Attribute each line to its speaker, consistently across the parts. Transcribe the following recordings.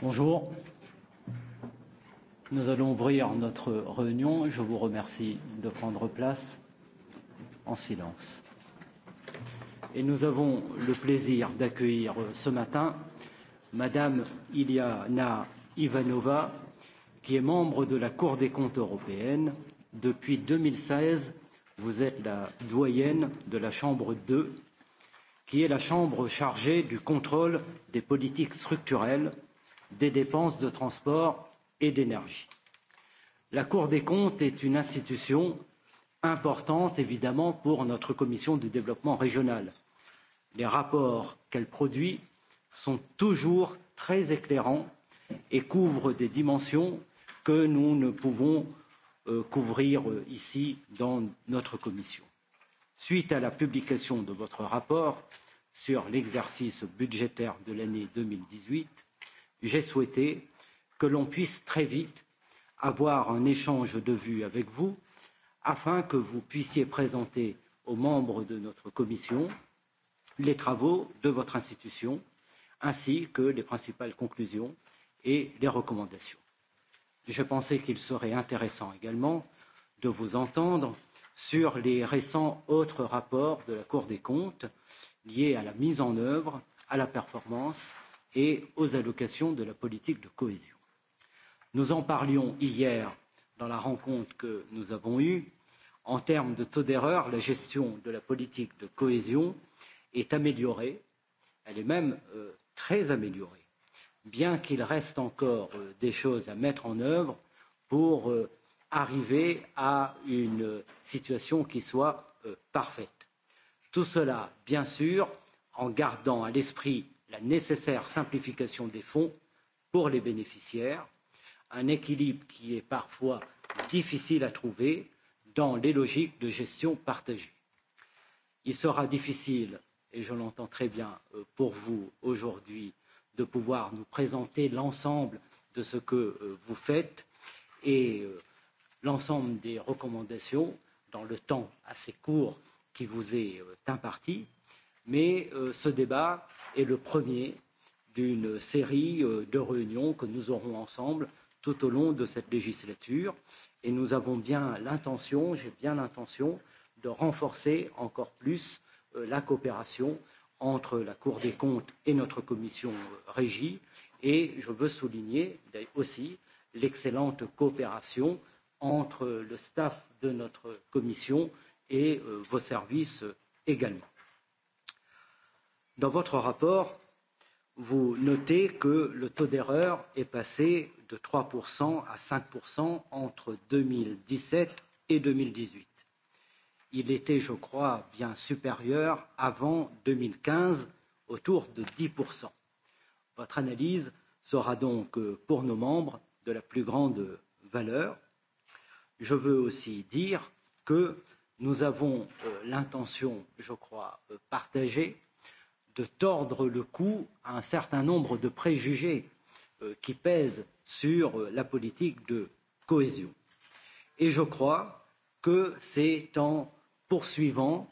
Speaker 1: Bonjour. Nous allons ouvrir notre réunion. Je vous remercie de prendre place en silence. Et nous avons le plaisir d'accueillir ce matin Madame Iliana Ivanova, qui est membre de la Cour des comptes européenne. Depuis 2016, vous êtes la doyenne de la Chambre 2 qui est la chambre chargée du contrôle des politiques structurelles, des dépenses de transport et d'énergie. La Cour des comptes est une institution importante évidemment pour notre commission du développement régional. Les rapports qu'elle produit sont toujours très éclairants et couvrent des dimensions que nous ne pouvons euh, couvrir euh, ici dans notre commission suite à la publication de votre rapport sur l'exercice budgétaire de l'année 2018, j'ai souhaité que l'on puisse très vite avoir un échange de vues avec vous afin que vous puissiez présenter aux membres de notre commission les travaux de votre institution ainsi que les principales conclusions et les recommandations. Je pensais qu'il serait intéressant également de vous entendre sur les récents autres rapports de la Cour des comptes liés à la mise en œuvre, à la performance et aux allocations de la politique de cohésion. Nous en parlions hier dans la rencontre que nous avons eue. En termes de taux d'erreur, la gestion de la politique de cohésion est améliorée. Elle est même euh, très améliorée, bien qu'il reste encore euh, des choses à mettre en œuvre pour euh, arriver à une situation qui soit euh, parfaite. Tout cela, bien sûr, en gardant à l'esprit la nécessaire simplification des fonds pour les bénéficiaires, un équilibre qui est parfois difficile à trouver dans les logiques de gestion partagée. Il sera difficile, et je l'entends très bien euh, pour vous aujourd'hui, de pouvoir nous présenter l'ensemble de ce que euh, vous faites et l'ensemble des recommandations dans le temps assez court qui vous est euh, imparti, mais euh, ce débat est le premier d'une série euh, de réunions que nous aurons ensemble tout au long de cette législature et nous avons bien l'intention, j'ai bien l'intention de renforcer encore plus la coopération entre la Cour des comptes et notre commission régie et je veux souligner aussi l'excellente coopération entre le staff de notre commission et euh, vos services euh, également. Dans votre rapport, vous notez que le taux d'erreur est passé de 3% à 5% entre 2017 et 2018. Il était, je crois, bien supérieur avant 2015, autour de 10%. Votre analyse sera donc euh, pour nos membres de la plus grande valeur je veux aussi dire que nous avons euh, l'intention je crois euh, partagée de tordre le cou à un certain nombre de préjugés euh, qui pèsent sur la politique de cohésion et je crois que c'est en poursuivant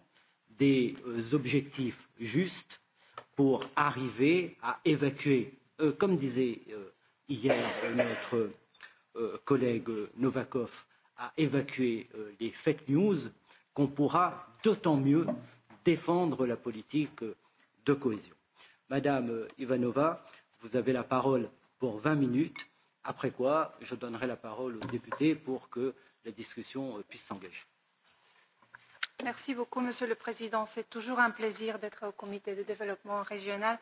Speaker 1: des objectifs justes pour arriver à évacuer comme disait hier notre collègue novakov à évacuer euh, les fake news qu'on pourra d'autant mieux défendre la politique euh, de cohésion. Madame euh, Ivanova, vous avez la parole pour 20 minutes, après quoi je donnerai la parole aux députés pour que la discussion puisse s'engager.
Speaker 2: Merci beaucoup, Monsieur le Président. C'est toujours un plaisir d'être au Comité de développement régional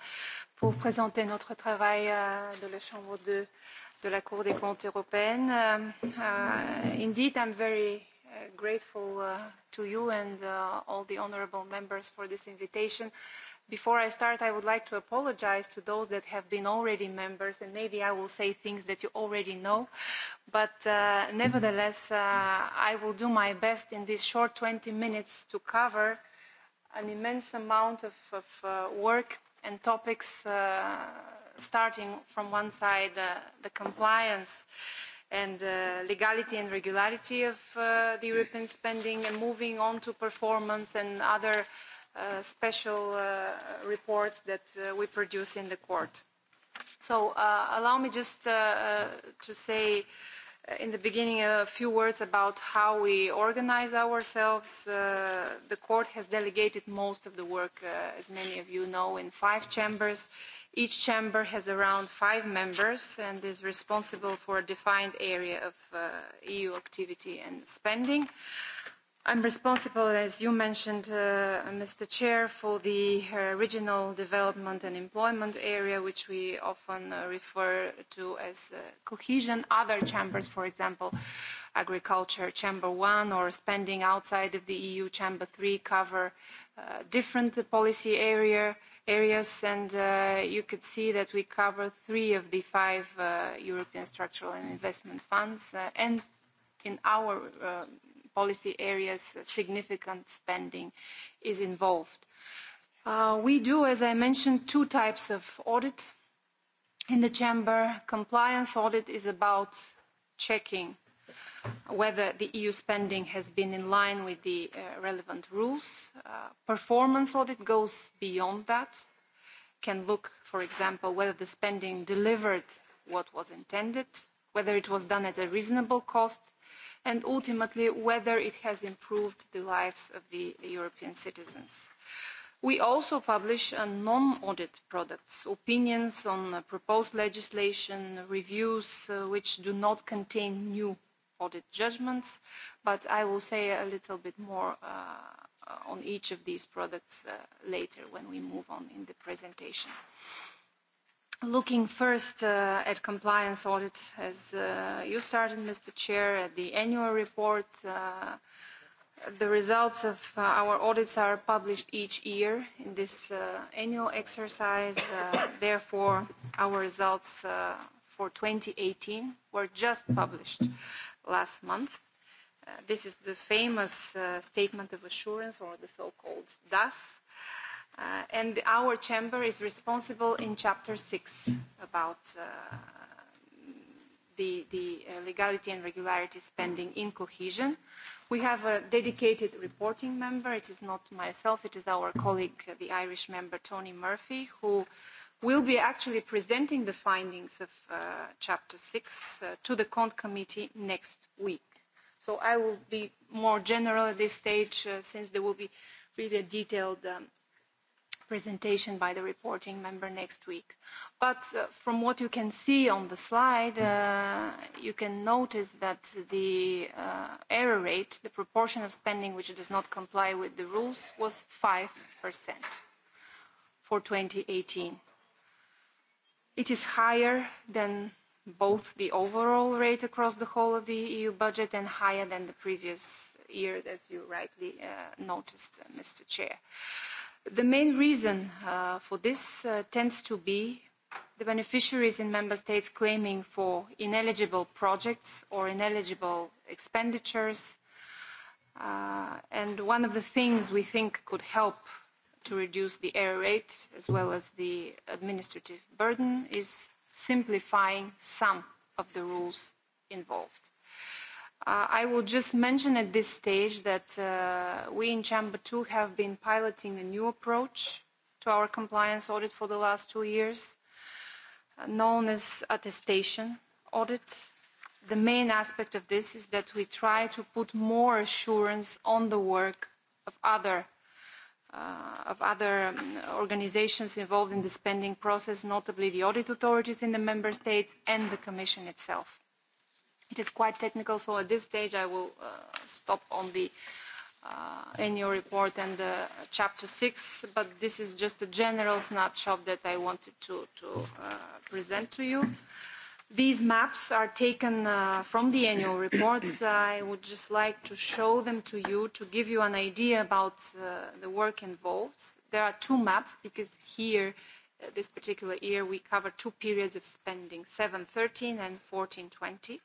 Speaker 2: pour présenter notre travail de la Chambre de de la Cour des comptes européenne. Uh, indeed, I'm very uh, grateful uh, to you and uh, all the honorable members for this invitation. Before I start, I would like to apologize to those that have been already members, and maybe I will say things that you already know. But uh, nevertheless, uh, I will do my best in these short 20 minutes to cover an immense amount of, of uh, work and topics uh, starting from one side uh, the compliance and uh, legality and regularity of uh, the European spending and moving on to performance and other uh, special uh, reports that uh, we produce in the court. So uh, allow me just uh, uh, to say uh, in the beginning a few words about how we organize ourselves. Uh, the court has delegated most of the work, uh, as many of you know, in five chambers. Each chamber has around five members and is responsible for a defined area of uh, EU activity and spending. I'm responsible, as you mentioned, uh, Mr. Chair, for the uh, regional development and employment area, which we often uh, refer to as uh, cohesion. Other chambers, for example, agriculture chamber one or spending outside of the EU chamber 3, cover uh, different policy areas areas and uh, you could see that we cover three of the five uh, European structural and investment funds uh, and in our uh, policy areas significant spending is involved. Uh, we do, as I mentioned, two types of audit in the chamber. Compliance audit is about checking whether the EU spending has been in line with the uh, relevant rules. Uh, performance audit goes beyond that, can look, for example, whether the spending delivered what was intended, whether it was done at a reasonable cost, and ultimately whether it has improved the lives of the European citizens. We also publish non-audit products, opinions on uh, proposed legislation, reviews which do not contain new audit judgments, but I will say a little bit more uh, uh, on each of these products uh, later when we move on in the presentation. Looking first uh, at compliance audit, as uh, you started, Mr. Chair, at the annual report, uh, the results of uh, our audits are published each year in this uh, annual exercise. Uh, therefore, our results uh, for 2018 were just published last month. Uh, this is the famous uh, statement of assurance or the so-called DAS. Uh, and our chamber is responsible in chapter 6 about uh, the, the uh, legality and regularity spending in cohesion. We have a dedicated reporting member. It is not myself, it is our colleague, the Irish member, Tony Murphy, who will be actually presenting the findings of uh, chapter 6 uh, to the cont committee next week so i will be more general at this stage uh, since there will be really a detailed um, presentation by the reporting member next week but uh, from what you can see on the slide uh, you can notice that the uh, error rate the proportion of spending which does not comply with the rules was 5% for 2018 It is higher than both the overall rate across the whole of the EU budget and higher than the previous year, as you rightly uh, noticed, uh, Mr. Chair. The main reason uh, for this uh, tends to be the beneficiaries in member states claiming for ineligible projects or ineligible expenditures. Uh, and one of the things we think could help to reduce the error rate as well as the administrative burden is simplifying some of the rules involved. Uh, I will just mention at this stage that uh, we in Chamber 2 have been piloting a new approach to our compliance audit for the last two years, uh, known as attestation audit. The main aspect of this is that we try to put more assurance on the work of other Uh, of other um, organizations involved in the spending process, notably the audit authorities in the member states and the commission itself. It is quite technical, so at this stage I will uh, stop on the uh, annual report and uh, chapter six, but this is just a general snapshot that I wanted to, to uh, present to you. These maps are taken uh, from the annual reports. I would just like to show them to you to give you an idea about uh, the work involved. There are two maps because here, uh, this particular year, we cover two periods of spending, 7.13 and 14.20.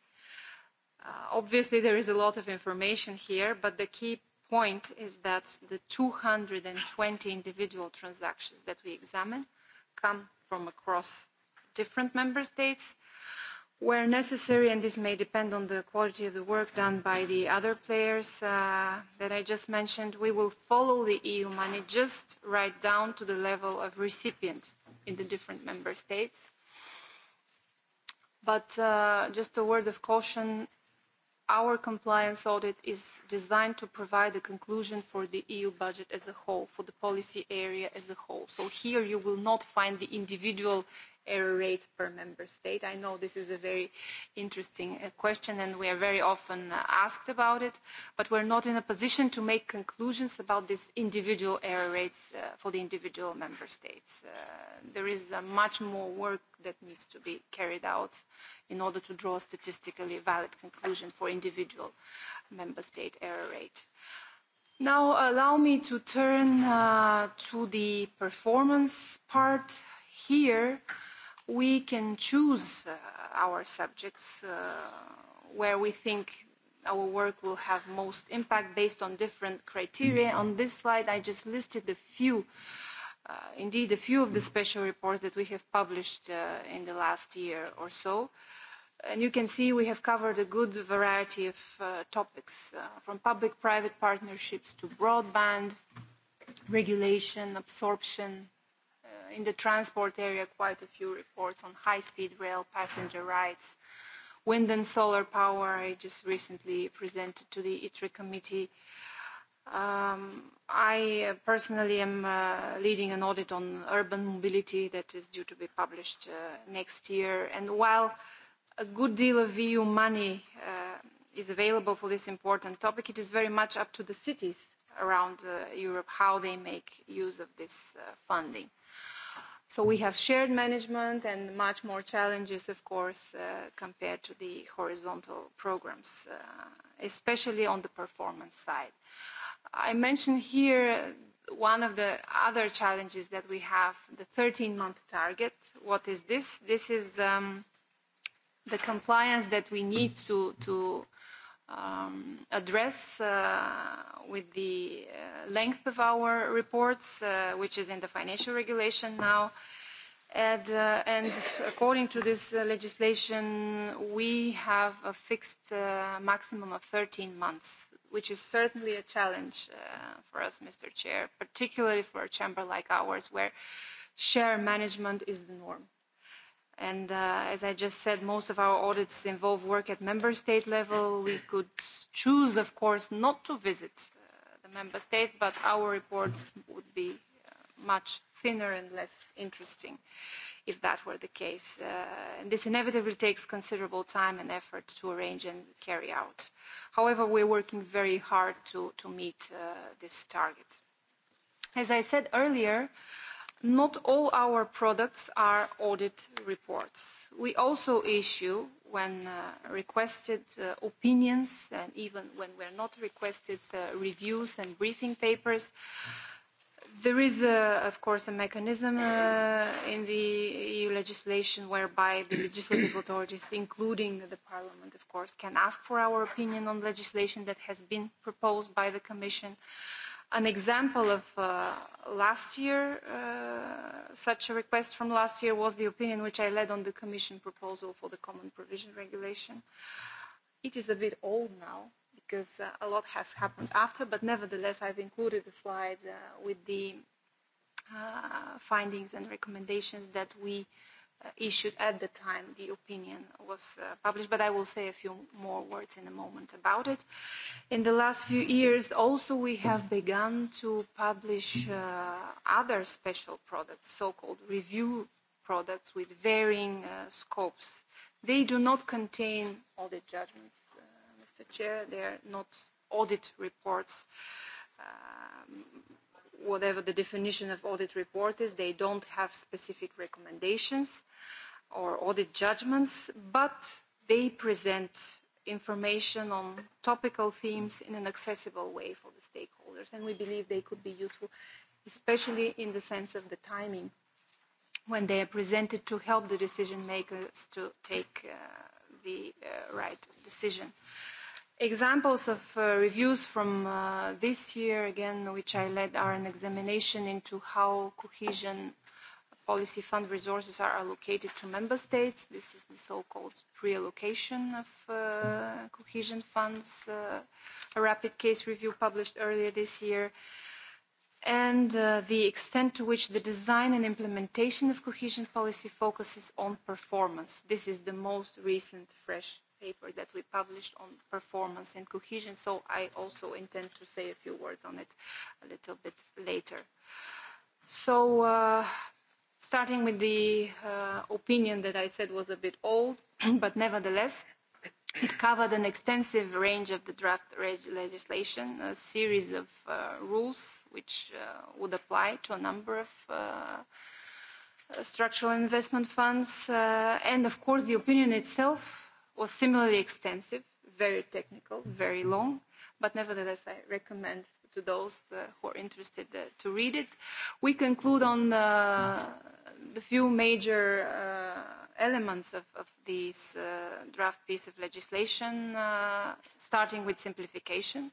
Speaker 2: Uh, obviously, there is a lot of information here, but the key point is that the 220 individual transactions that we examine come from across different member states where necessary and this may depend on the quality of the work done by the other players uh, that i just mentioned we will follow the eu money just right down to the level of recipient in the different member states but uh, just a word of caution our compliance audit is designed to provide a conclusion for the eu budget as a whole for the policy area as a whole so here you will not find the individual error rate per member state? I know this is a very interesting uh, question and we are very often uh, asked about it, but we're not in a position to make conclusions about these individual error rates uh, for the individual member states. there is much more work that needs to be carried out in order to draw statistically valid conclusion for individual member state error rate. Now allow me to turn uh, to the performance part here we can choose uh, our subjects uh, where we think our work will have most impact based on different criteria. Mm-hmm. On this slide, I just listed a few, uh, indeed, a few of the mm-hmm. special reports that we have published uh, in the last year or so. And you can see we have covered a good variety of uh, topics, uh, from public-private partnerships to broadband, regulation, absorption, in the transport area quite a few reports on high speed rail passenger rights wind and solar power i just recently presented to the itre committee um, i uh, personally am uh, leading an audit on urban mobility that is due to be published uh, next year and while a good deal of eu money uh, is available for this important topic it is very much up to the cities around uh, europe how they make use of this uh, funding So we have shared management and much more challenges, of course, uh, compared to the horizontal programs, uh, especially on the performance side. I mentioned here one of the other challenges that we have, the 13-month target. What is this? This is um, the compliance that we need to, to um, address uh, with the uh, length of our reports, uh, which is in the financial regulation now. And, uh, and according to this uh, legislation, we have a fixed uh, maximum of 13 months, which is certainly a challenge uh, for us, Mr. Chair, particularly for a chamber like ours, where share management is the norm. And uh, as I just said, most of our audits involve work at member state level. We could choose, of course, not to visit uh, the member states, but our reports would be uh, much thinner and less interesting if that were the case. Uh, and this inevitably takes considerable time and effort to arrange and carry out. However, we're working very hard to, to meet uh, this target. As I said earlier, not all our products are audit reports. We also issue, when uh, requested, uh, opinions and even when we're not requested, uh, reviews and briefing papers. There is, a, uh, of course, a mechanism uh, in the EU legislation whereby the legislative authorities, including the Parliament, of course, can ask for our opinion on legislation that has been proposed by the Commission an example of uh, last year, uh, such a request from last year was the opinion which I led on the Commission proposal for the Common Provision Regulation. It is a bit old now because uh, a lot has happened after, but nevertheless I've included the slide uh, with the uh, findings and recommendations that we uh, Uh, issued at the time the opinion was uh, published, but I will say a few more words in a moment about it. In the last few years, also, we have begun to publish uh, other special products, so-called review products with varying uh, scopes. They do not contain audit judgments, uh, Mr. Chair. They are not audit reports. Um, whatever the definition of audit report is they don't have specific recommendations or audit judgments but they present information on topical themes in an accessible way for the stakeholders and we believe they could be useful especially in the sense of the timing when they are presented to help the decision makers to take uh, the uh, right decision. Examples of uh, reviews from uh, this year, again, which I led, are an examination into how cohesion policy fund resources are allocated to member states. This is the so-called pre-allocation of uh, cohesion funds, uh, a rapid case review published earlier this year, and uh, the extent to which the design and implementation of cohesion policy focuses on performance. This is the most recent fresh paper that we published on performance and cohesion, so I also intend to say a few words on it a little bit later. So, uh, starting with the uh, opinion that I said was a bit old, but nevertheless, it covered an extensive range of the draft legislation, a series of uh, rules which uh, would apply to a number of uh, structural investment funds, uh, and of course the opinion itself was similarly extensive, very technical, very long, but nevertheless I recommend to those uh, who are interested uh, to read it. We conclude on the, uh, the few major uh, elements of, of this uh, draft piece of legislation, uh, starting with simplification.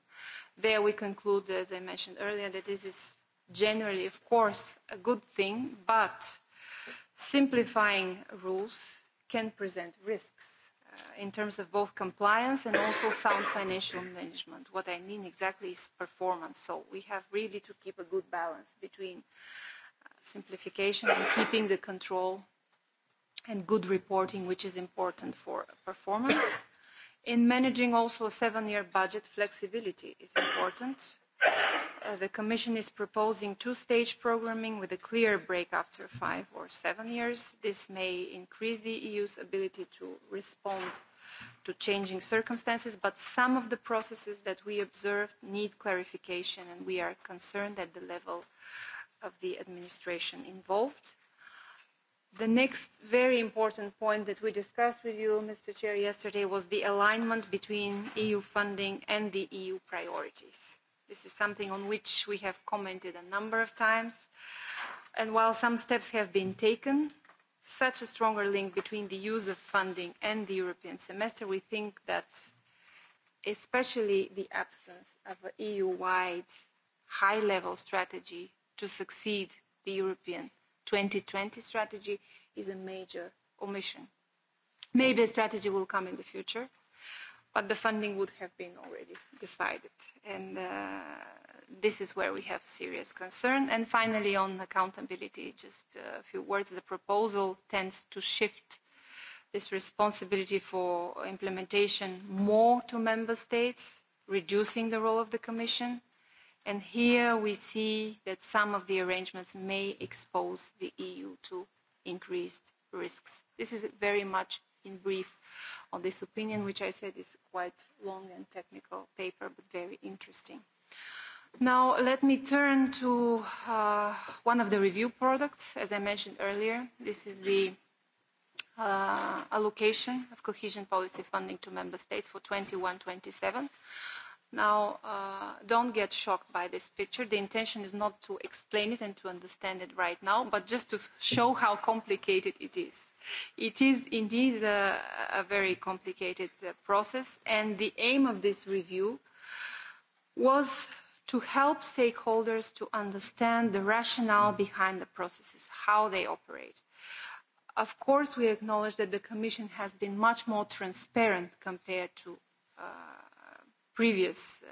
Speaker 2: There we conclude, as I mentioned earlier, that this is generally, of course, a good thing, but simplifying rules can present risks Uh, in terms of both compliance and also sound financial management. What I mean exactly is performance. So we have really to keep a good balance between uh, simplification and keeping the control and good reporting, which is important for performance. In managing also a seven-year budget, flexibility is important Uh, the Commission is proposing two-stage programming with a clear break after five or seven years. This may increase the EU's ability to respond to changing circumstances, but some of the processes that we observed need clarification, and we are concerned at the level of the administration involved. The next very important point that we discussed with you, Mr. Chair, yesterday was the alignment between EU funding and the EU priorities This is something on which we have commented a number of times. And while some steps have been taken, such a stronger link between the use of funding and the European semester, we think that especially the absence of an EU-wide high-level strategy to succeed the European 2020 strategy is a major omission. Maybe a strategy will come in the future, but the funding would have been already decided. And uh, this is where we have serious concern. And finally, on accountability, just a few words. The proposal tends to shift this responsibility for implementation more to member states, reducing the role of the Commission. And here we see that some of the arrangements may expose the EU to increased risks. This is very much in brief of this opinion, which I said is quite long and technical paper, but very interesting. Now, let me turn to uh, one of the review products, as I mentioned earlier. This is the uh, allocation of cohesion policy funding to member states for 21-27. Now, uh, don't get shocked by this picture. The intention is not to explain it and to understand it right now, but just to show how complicated it is. It is indeed a, uh, a very complicated uh, process, and the aim of this review was to help stakeholders to understand the rationale behind the processes, how they operate. Of course, we acknowledge that the Commission has been much more transparent compared to uh, previous uh,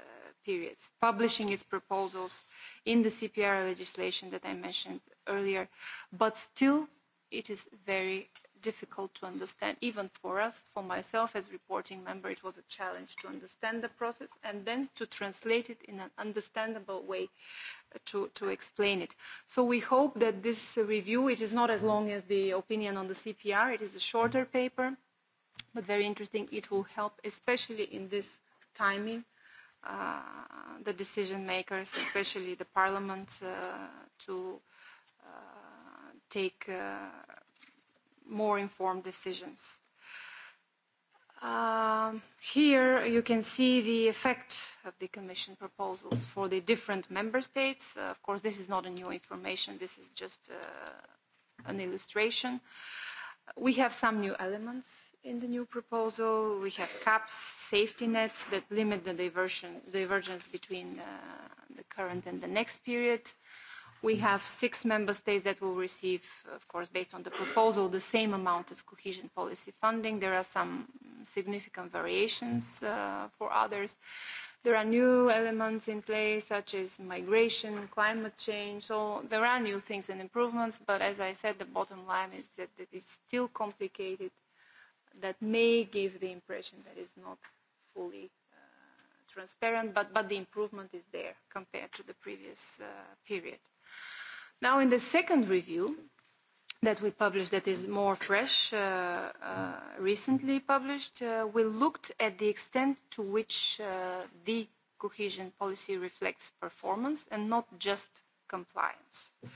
Speaker 2: periods, publishing its proposals in the CPR legislation that I mentioned earlier. But still, it is very difficult to understand, even for us, for myself as reporting member, it was a challenge to understand the process and then to translate it in an understandable way uh, to, to explain it. So we hope that this review, it is not as long as the opinion on the CPR, it is a shorter paper, but very interesting. It will help, especially in this timing. Uh, the decision makers, especially the parliament, uh, to uh, take uh, more informed decisions. Um, here you can see the effect of the Commission proposals for the different member states. Uh, of course, this is not a new information. This is just uh, an illustration. We have some new elements in the new proposal. We have caps, safety nets that limit the diversion, divergence between uh, the current and the next period. We have six member states that will receive, of course, based on the proposal, the same amount of cohesion policy funding. There are some significant variations uh, for others. There are new elements in place such as migration, climate change. So there are new things and improvements, but as I said, the bottom line is that it is still complicated that may give the impression that it's not fully uh, transparent, but, but the improvement is there compared to the previous uh, period. Now, in the second review that we published, that is more fresh, uh, uh, recently published, uh, we looked at the extent to which uh, the cohesion policy reflects performance and not just compliance. Uh,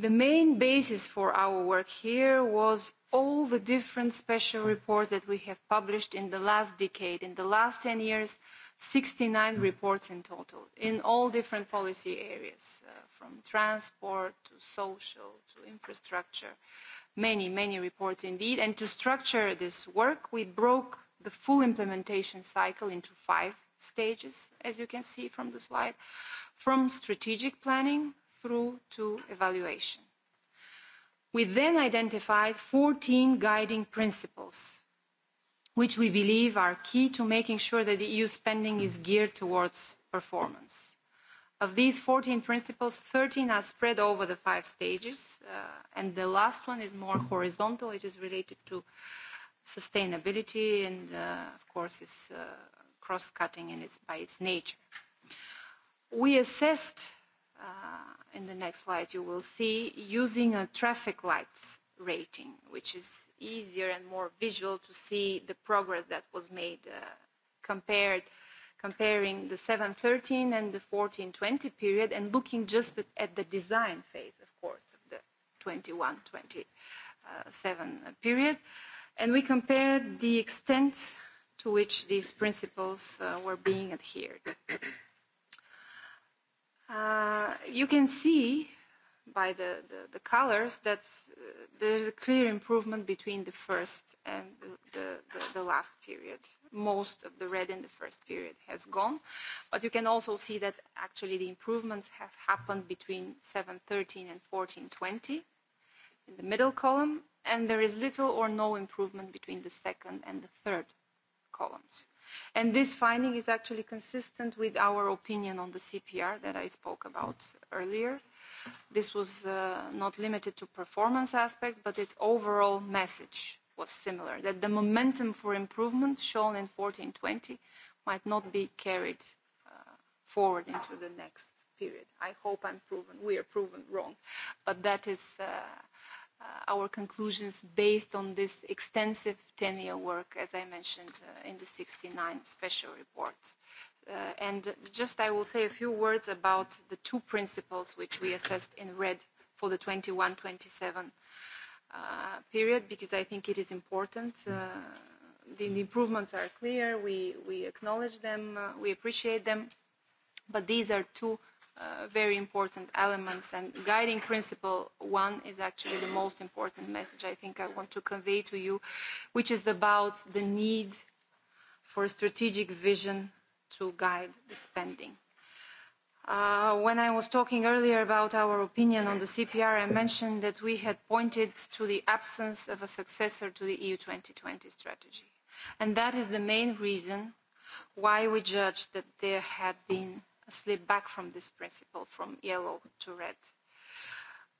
Speaker 2: the main basis for our work here was all the different special reports that we have published in the last decade in the last 10 years 69 reports in total in all different policy areas uh, from transport to social to infrastructure many many reports indeed and to structure this work we broke the full implementation cycle into five stages as you can see from the slide from strategic planning through to evaluation. We then identified 14 guiding principles, which we believe are key to making sure that the EU spending is geared towards performance. Of these 14 principles, 13 are spread over the five stages, uh, and the last one is more horizontal. It is related to sustainability and, uh, of course, is uh, cross-cutting in its, by its nature. We assessed uh, in the next slide you will see, using a traffic lights rating, which is easier and more visual to see the progress that was made uh, compared comparing the 713 and the 1420 period and looking just at, at the design phase, of course, of the 2127 uh, uh, period. And we compared the extent to which these principles uh, were being adhered. Uh, you can see by the, the, the colors that uh, there's a clear improvement between the first and the, the, the last period. Most of the red in the first period has gone, but you can also see that actually the improvements have happened between 7.13 and 14.20 in the middle column, and there is little or no improvement between the second and the third columns and this finding is actually consistent with our opinion on the cpr that i spoke about earlier this was uh, not limited to performance aspects but its overall message was similar that the momentum for improvement shown in 1420 might not be carried uh, forward into the next period i hope i'm proven we are proven wrong but that is uh, uh, our conclusions based on this extensive 10-year work, as I mentioned uh, in the 69 special reports. Uh, and just I will say a few words about the two principles which we assessed in red for the 21-27 uh, period, because I think it is important. Uh, the, the improvements are clear. We, we acknowledge them. Uh, we appreciate them. But these are two Uh, very important elements and guiding principle one is actually the most important message I think I want to convey to you, which is about the need for a strategic vision to guide the spending. Uh, when I was talking earlier about our opinion on the CPR, I mentioned that we had pointed to the absence of a successor to the EU 2020 strategy. And that is the main reason why we judged that there had been slip back from this principle from yellow to red.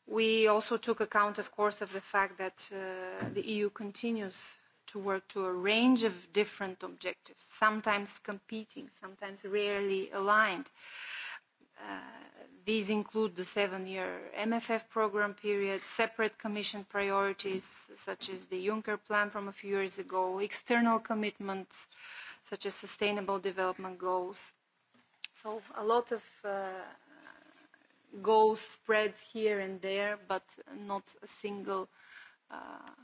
Speaker 2: We also took account, of course, of the fact that uh, the EU continues to work to a range of different objectives, sometimes competing, sometimes rarely aligned. Uh, these include the seven-year MFF program period, separate Commission priorities such as the Juncker plan from a few years ago, external commitments such as sustainable development goals, so a lot of uh, goals spread here and there but not a single uh,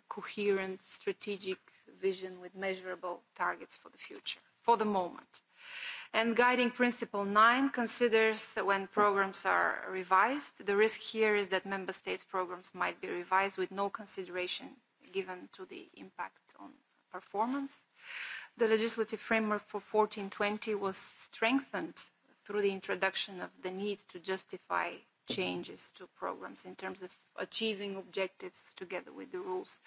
Speaker 2: coherent strategic vision with measurable targets for the future for the moment and guiding principle nine considers when programs are revised the risk here is that member states programs might be revised with no consideration given to the impact on performance the legislative framework for 1420 was strengthened through the introduction of the need to justify changes to programs in terms of achieving objectives together with the rules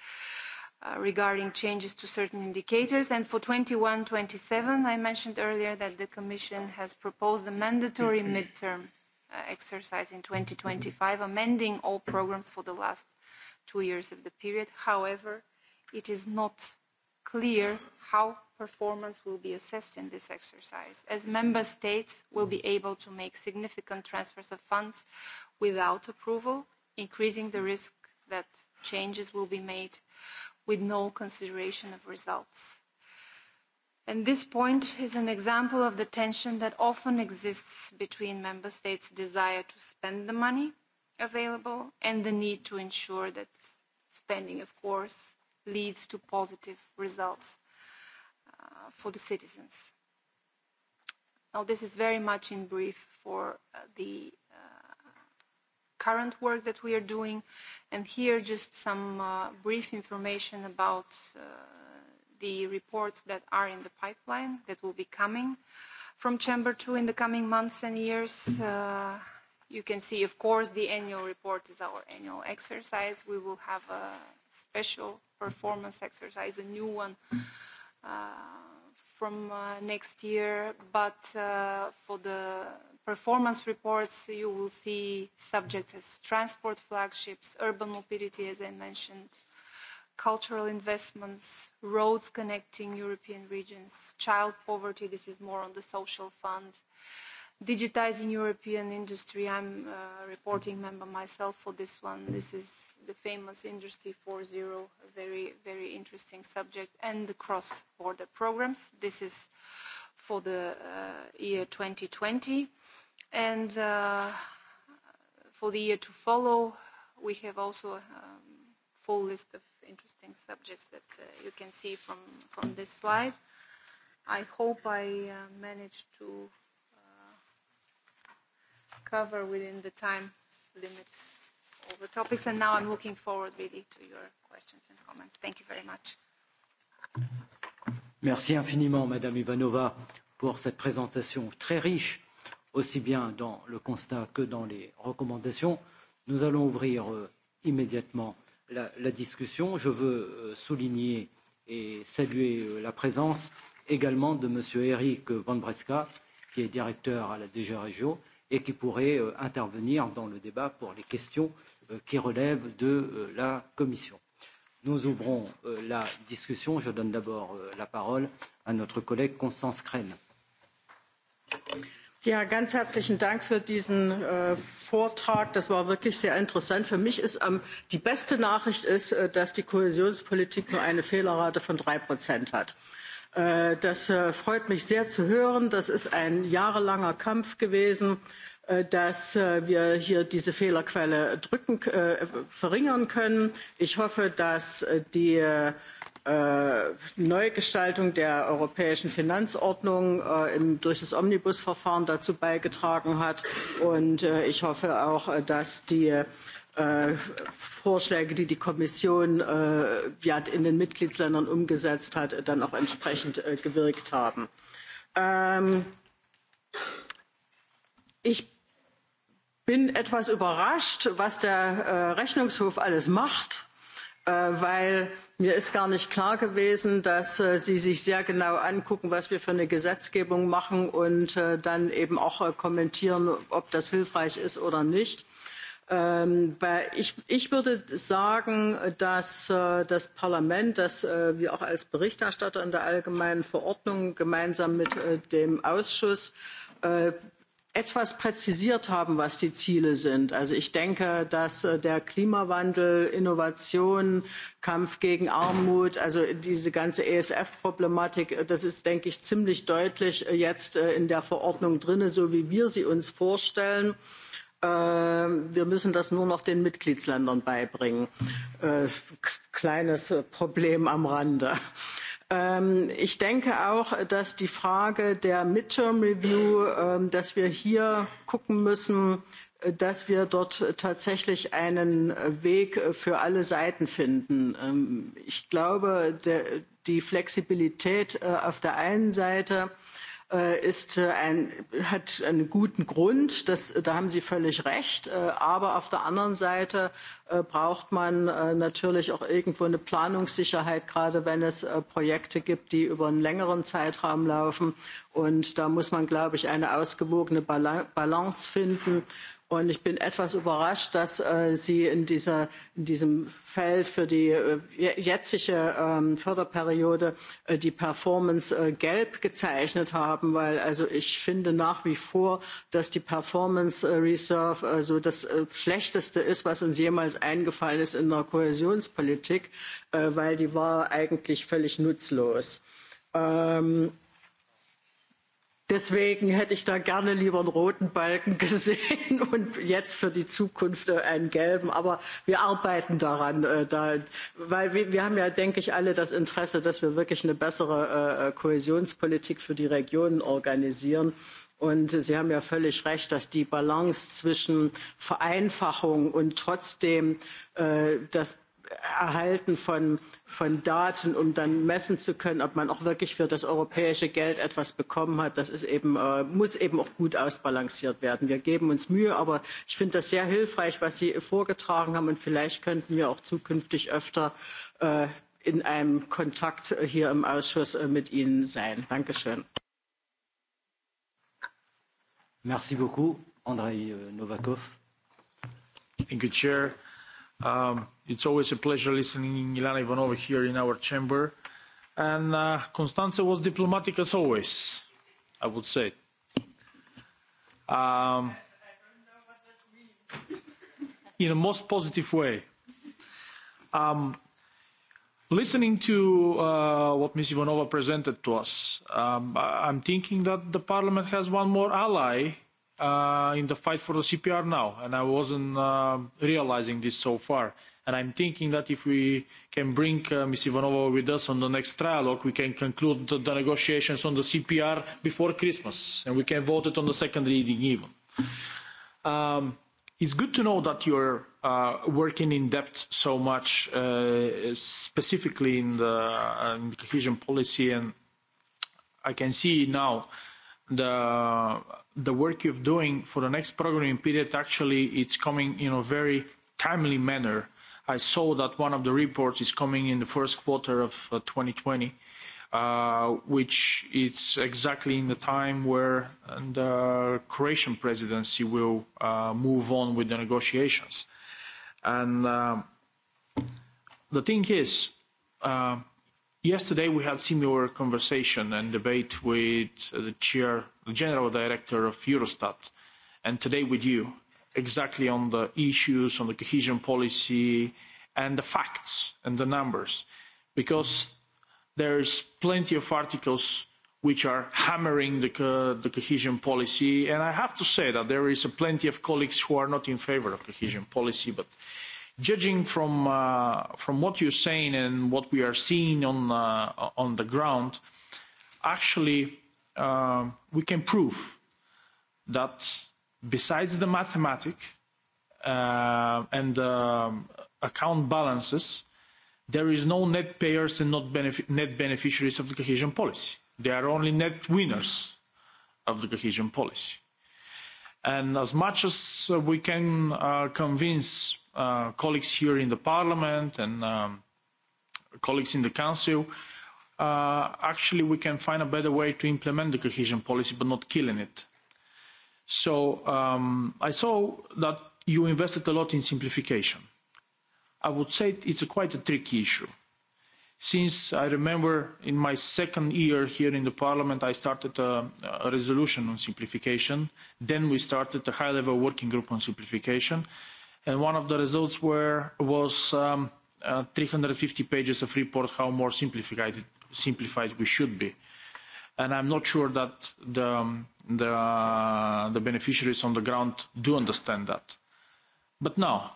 Speaker 2: uh, regarding changes to certain indicators. And for 21-27, I mentioned earlier that the Commission has proposed a mandatory midterm uh, exercise in 2025, amending all programs for the last two years of the period. However, it is not clear how performance will be assessed in this exercise, as member states will be able to make significant transfers of funds without approval, increasing the risk that changes will be made with no consideration of results. And this point is an example of the tension that often exists between member states' desire to spend the money available and the need to ensure that spending, of course, leads to positive results Uh, for the citizens. Now, this is very much in brief for uh, the uh, current work that we are doing, and here just some uh, brief information about uh, the reports that are in the pipeline that will be coming from Chamber 2 in the coming months and years. Uh, you can see, of course, the annual report is our annual exercise. We will have a special performance exercise, a new one. Uh, from uh, next year, but uh for the performance reports, you will see subjects as transport flagships, urban mobility, as I mentioned, cultural investments, roads connecting European regions, child poverty, this is more on the social fund, digitizing European industry, I'm a uh, reporting member myself for this one, this is the famous Industry 4.0, a very, very interesting subject, and the cross-border programs. This is for the uh, year 2020. And uh, for the year to follow, we have also a um, full list of interesting subjects that uh, you can see from, from this slide. I hope I uh, managed to uh, cover within the time limit all the topics. And now I'm looking forward really to your questions and comments. Thank you very much.
Speaker 1: Merci infiniment, Madame Ivanova, pour cette présentation très riche, aussi bien dans le constat que dans les recommandations. Nous allons ouvrir euh, immédiatement la, la discussion. Je veux euh, souligner et saluer euh, la présence également de Monsieur Eric Van Bresca, qui est directeur à la DG Régio et qui pourrait euh, intervenir dans le débat pour les questions Euh, qui relève de euh, la Commission. Nous ouvrons euh, la discussion. Je donne d'abord la parole à notre collègue Constance Crène.
Speaker 3: Ja, ganz herzlichen Dank für diesen äh, Vortrag. Das war wirklich sehr interessant. Für mich ist ähm, die beste Nachricht, ist, äh, dass die Kohäsionspolitik nur eine Fehlerrate von drei Prozent hat. Äh, das äh, freut mich sehr zu hören. Das ist ein jahrelanger Kampf gewesen Äh, dass äh, wir hier diese Fehlerquelle drücken, äh, verringern können. Ich hoffe, dass die Neugestaltung der europäischen Finanzordnung im, durch das Omnibusverfahren dazu beigetragen hat. Und ich hoffe auch, dass die Vorschläge, die die Kommission ja, in den Mitgliedsländern umgesetzt hat, dann auch entsprechend gewirkt haben. Ähm, ich bin etwas überrascht was der äh, rechnungshof alles macht äh, weil mir ist gar nicht klar gewesen dass äh, sie sich sehr genau angucken was wir für eine gesetzgebung machen und dann eben auch kommentieren ob das hilfreich ist oder nicht. Ähm, ich, würde sagen dass das parlament das wir auch als berichterstatter in der allgemeinen verordnung gemeinsam mit dem ausschuss etwas präzisiert haben, was die Ziele sind. Also ich denke, dass äh, der Klimawandel, Innovation, Kampf gegen Armut, also diese ganze ESF-Problematik, äh, das ist, denke ich, ziemlich deutlich äh, jetzt in der Verordnung drin, so wie wir sie uns vorstellen. Wir müssen das nur noch den Mitgliedsländern beibringen. Kleines Problem am Rande. Ähm, ich denke auch, dass die Frage der Midterm Review, ähm, dass wir hier gucken müssen, äh, dass wir dort tatsächlich einen äh, Weg äh, für alle Seiten finden. Ähm, ich glaube, die Flexibilität auf der einen Seite Äh, ist äh, ein, hat einen guten Grund, das, da haben Sie völlig recht. Äh, aber auf der anderen Seite braucht man natürlich auch irgendwo eine Planungssicherheit, gerade wenn es Projekte gibt, die über einen längeren Zeitraum laufen. Und da muss man, glaube ich, eine ausgewogene Balance finden und ich bin etwas überrascht dass äh, sie in, dieser, in diesem feld für die äh, jetzige ähm, förderperiode äh, die performance gelb gezeichnet haben weil also ich finde nach wie vor dass die performance reserve also das schlechteste ist was uns jemals eingefallen ist in der kohäsionspolitik weil die war eigentlich völlig nutzlos. Ähm, deswegen hätte ich da gerne lieber einen roten balken gesehen und jetzt für die zukunft äh, einen gelben aber wir arbeiten daran äh, weil wir haben ja denke ich alle das interesse dass wir wirklich eine bessere äh, kohäsionspolitik für die regionen organisieren und sie haben ja völlig recht dass die balance zwischen vereinfachung und trotzdem dass Erhalten von, von Daten, um dann messen zu können, ob man auch wirklich für das europäische Geld etwas bekommen hat. Das ist eben, äh, muss eben auch gut ausbalanciert werden. Wir geben uns Mühe, aber ich finde das sehr hilfreich, was Sie vorgetragen haben. Und vielleicht könnten wir auch zukünftig öfter äh, in einem Kontakt hier im Ausschuss äh, mit Ihnen sein. Dankeschön.
Speaker 4: Merci beaucoup, Andrei Novakov. Chair. Um, it's always a pleasure listening to Ilana Ivanova here in our chamber. And uh, Constanze was diplomatic as always, I would say. Um, in a most positive way. Um, listening to uh, what Ms. Ivanova presented to us, um, I'm thinking that the Parliament has one more ally uh, in the fight for the CPR now, and I wasn't uh, realizing this so far. And I'm thinking that if we can bring uh, Ms. Ivanova with us on the next trialogue, we can conclude the, the negotiations on the CPR before Christmas, and we can vote it on the second reading even. Um, it's good to know that you're uh, working in depth so much, uh, specifically in the uh, cohesion policy, and I can see now the the work you're doing for the next programming period actually it's coming in a very timely manner. I saw that one of the reports is coming in the first quarter of 2020, uh, uh, which is exactly in the time where uh, the Croatian presidency will uh, move on with the negotiations. And uh, the thing is, uh, Yesterday we had similar conversation and debate with the chair, the general director of Eurostat, and today with you, exactly on the issues, on the cohesion policy, and the facts and the numbers, because there's plenty of articles which are hammering the, co the cohesion policy, and I have to say that there is a plenty of colleagues who are not in favour of cohesion policy, but Judging from uh, from what you're saying and what we are seeing on uh, on the ground, actually uh, we can prove that besides the mathematic uh, and um, account balances, there is no net payers and not benef net beneficiaries of the cohesion policy. They are only net winners of the cohesion policy and as much as uh, we can uh, convince uh, colleagues here in the parliament and um, colleagues in the council uh, actually we can find a better way to implement the cohesion policy but not killing it so um, i saw that you invested a lot in simplification i would say it's a quite a tricky issue since i remember in my second year here in the parliament i started a, resolution on simplification then we started a high level working group on simplification and one of the results were was um, uh, 350 pages of report how more simplified simplified we should be and i'm not sure that the um, the, uh, the beneficiaries on the ground do understand that but now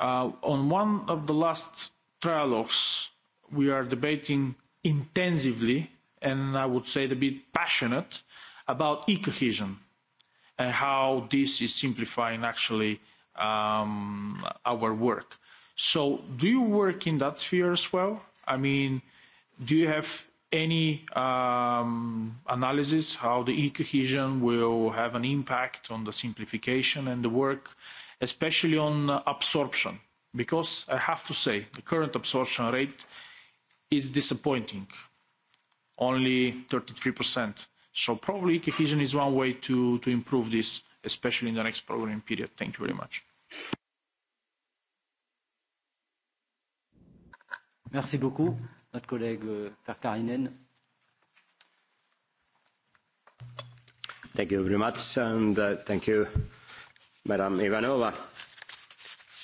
Speaker 4: uh, on one of the last trialogues we are debating intensively and i would say a bit passionate about ecohesion and how this is simplifying actually um, our work. So do you work in that sphere as well? I mean, do you have any um, analysis how the ecohesion will have an impact on the simplification and the work, especially on absorption? Because I have to say, the current absorption rate is disappointing only 33%. so probably cohesion is one way to, to improve this especially in the next programming period. thank you very much.
Speaker 1: Merci beaucoup, notre collègue euh,
Speaker 5: Thank you very much, and uh, thank you, Madam Ivanova.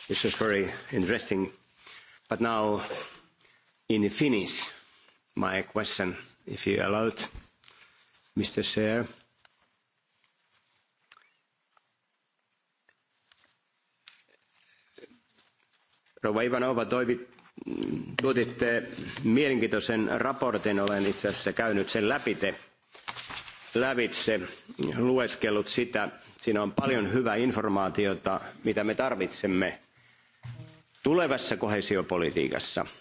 Speaker 5: This is very interesting. But now in Finnish. My question, if you allowed, Mr. Chair. Rouva Ivanova, toivit, mielenkiintoisen raportin. Olen itse asiassa käynyt sen läpite, lävitse, lueskellut sitä. Siinä on paljon hyvää informaatiota, mitä me tarvitsemme tulevassa kohesiopolitiikassa –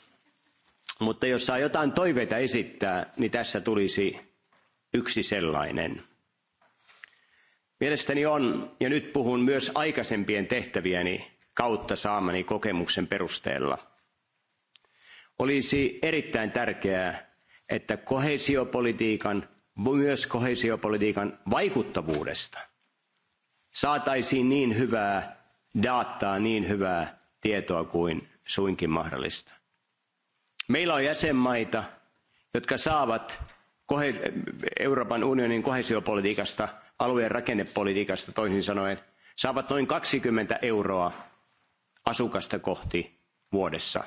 Speaker 5: mutta jos saa jotain toiveita esittää niin tässä tulisi yksi sellainen. mielestäni on ja nyt puhun myös aikaisempien tehtävieni kautta saamani kokemuksen perusteella olisi erittäin tärkeää että koheesiopolitiikan myös kohesiopolitiikan vaikuttavuudesta saataisiin niin hyvää dataa niin hyvää tietoa kuin suinkin mahdollista meillä on jäsenmaita jotka saavat euroopan unionin koheesiopolitiikasta alueen rakennepolitiikasta toisin sanoen saavat noin 20 euroa asukasta kohti vuodessa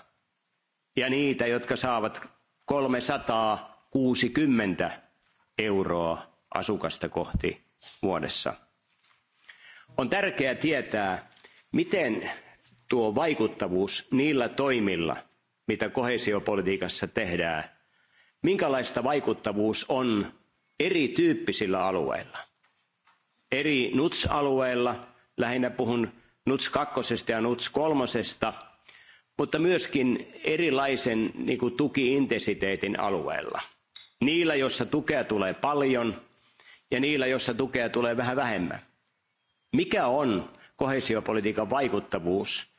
Speaker 5: ja niitä jotka saavat 360 euroa asukasta kohti vuodessa. on tärkeää tietää miten tuo vaikuttavuus niillä toimilla mitä kohesiopolitiikassa tehdään minkälaista vaikuttavuus on erityyppisillä alueilla eri nuts alueilla lähinnä puhun nuts kakkosesta ja nuts kolmosesta mutta myöskin erilaisen niin tuki intensiteetin niillä joissa tukea tulee paljon ja niillä joissa tukea tulee vähän vähemmän. mikä on kohesiopolitiikan vaikuttavuus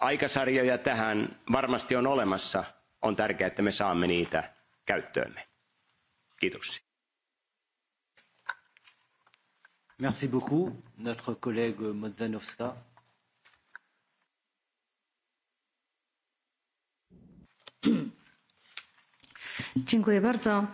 Speaker 5: aikasarjoja tähän varmasti on olemassa on tärkeää että me saamme niitä käyttöömme. Kiitos.
Speaker 1: Merci
Speaker 6: Dziękuję bardzo.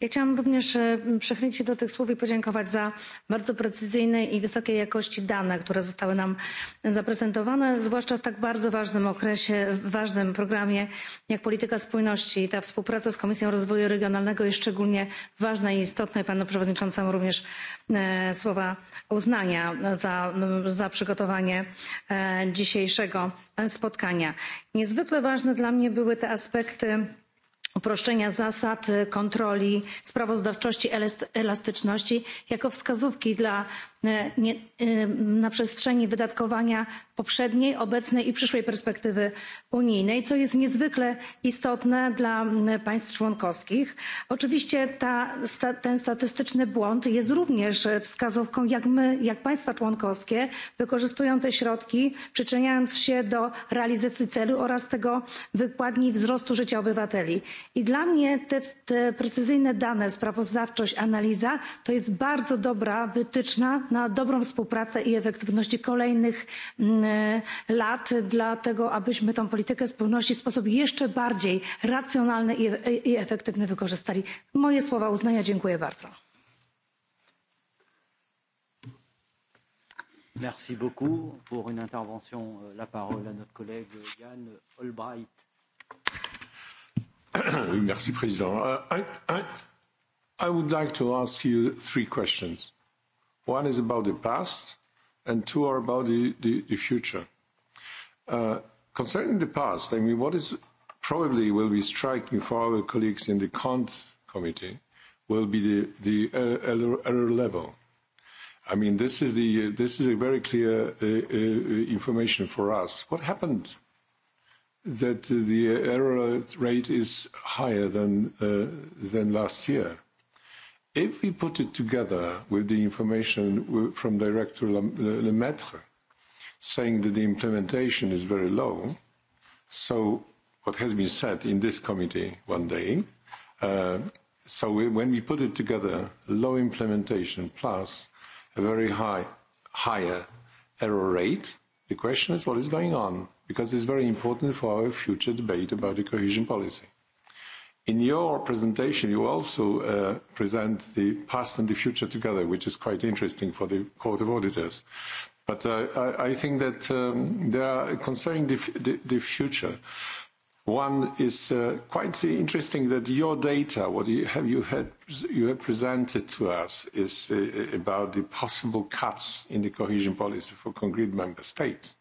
Speaker 6: Ja chciałam również e, przychylić się do tych słów i podziękować za bardzo precyzyjne i wysokiej jakości dane, które zostały nam zaprezentowane, zwłaszcza w tak bardzo ważnym okresie, w ważnym programie jak polityka spójności i ta współpraca z Komisją Rozwoju Regionalnego jest szczególnie ważna i istotna i panu przewodniczącemu również e, słowa uznania za, za przygotowanie e, dzisiejszego spotkania. Niezwykle ważne dla mnie były te aspekty uproszczenia zasad kontroli sprawozdawczości elastyczności jako wskazówki dla E, e, na przestrzeni wydatkowania poprzedniej obecnej i przyszłej perspektywy unijnej co jest niezwykle istotne dla państw członkowskich. oczywiście ten statystyczny błąd jest również wskazówką jak my jak państwa członkowskie wykorzystują te środki przyczyniając się do realizacji celu oraz tego wykładni wzrostu życia obywateli. i dla mnie te precyzyjne dane sprawozdawczość analiza to jest bardzo dobra wytyczna na dobrą współpracę i efektywność kolejnych mm, lat dlatego abyśmy tą politykę spójności w sposób jeszcze bardziej racjonalny e, i efektywny wykorzystali. moje słowa uznania dziękuję bardzo.
Speaker 1: Merci beaucoup pour une intervention. Euh, la parole à notre collègue Yann Albright.
Speaker 7: Merci, Président. Uh, I, I, I would like to ask you three questions. One is about the past, and two are about the, the, the future. Uh, concerning the past, I mean, what is probably will be striking for our colleagues in the Cont committee will be the, the uh, error level. I mean, this is the uh, this is a very clear uh, uh information for us. What happened? That the error rate is higher than uh, than last year. If we put it together with the information from Director Lemaitre saying that the implementation is very low, so what has been said in this committee one day, uh, so when we put it together, low implementation plus a very high, higher error rate, the question is what is going on? Because it's very important for our future debate about the cohesion policy. In your presentation, you also uh, present the past and the future together, which is quite interesting for the Court of Auditors. But uh, I, I think that um, there are concerning the, the, the future. One is uh, quite interesting that your data, what you have, you had, you have presented to us, is uh, about the possible cuts in the cohesion policy for concrete member states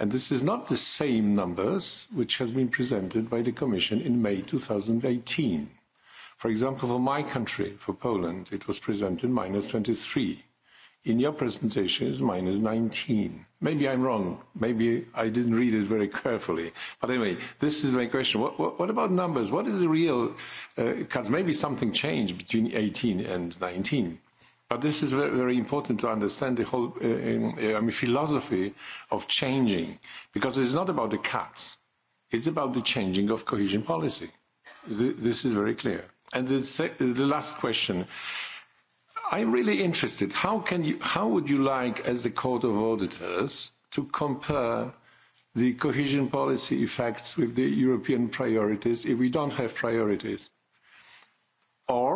Speaker 7: and this is not the same numbers which has been presented by the commission in may 2018 for example for my country for poland it was presented minus 23 in your presentation is minus 19 maybe i'm wrong maybe i didn't read it very carefully but anyway this is my question what, what, what about numbers what is the real uh, maybe something changed between 18 and 19 But this is very, very important to understand the whole uh, um uh, I mean, philosophy of changing, because it's not about the cuts, it's about the changing of cohesion policy. Th this is very clear. And the, the last question. I'm really interested. How, can you, how would you like, as the Court of Auditors, to compare the cohesion policy effects with the European priorities if we don't have priorities? Or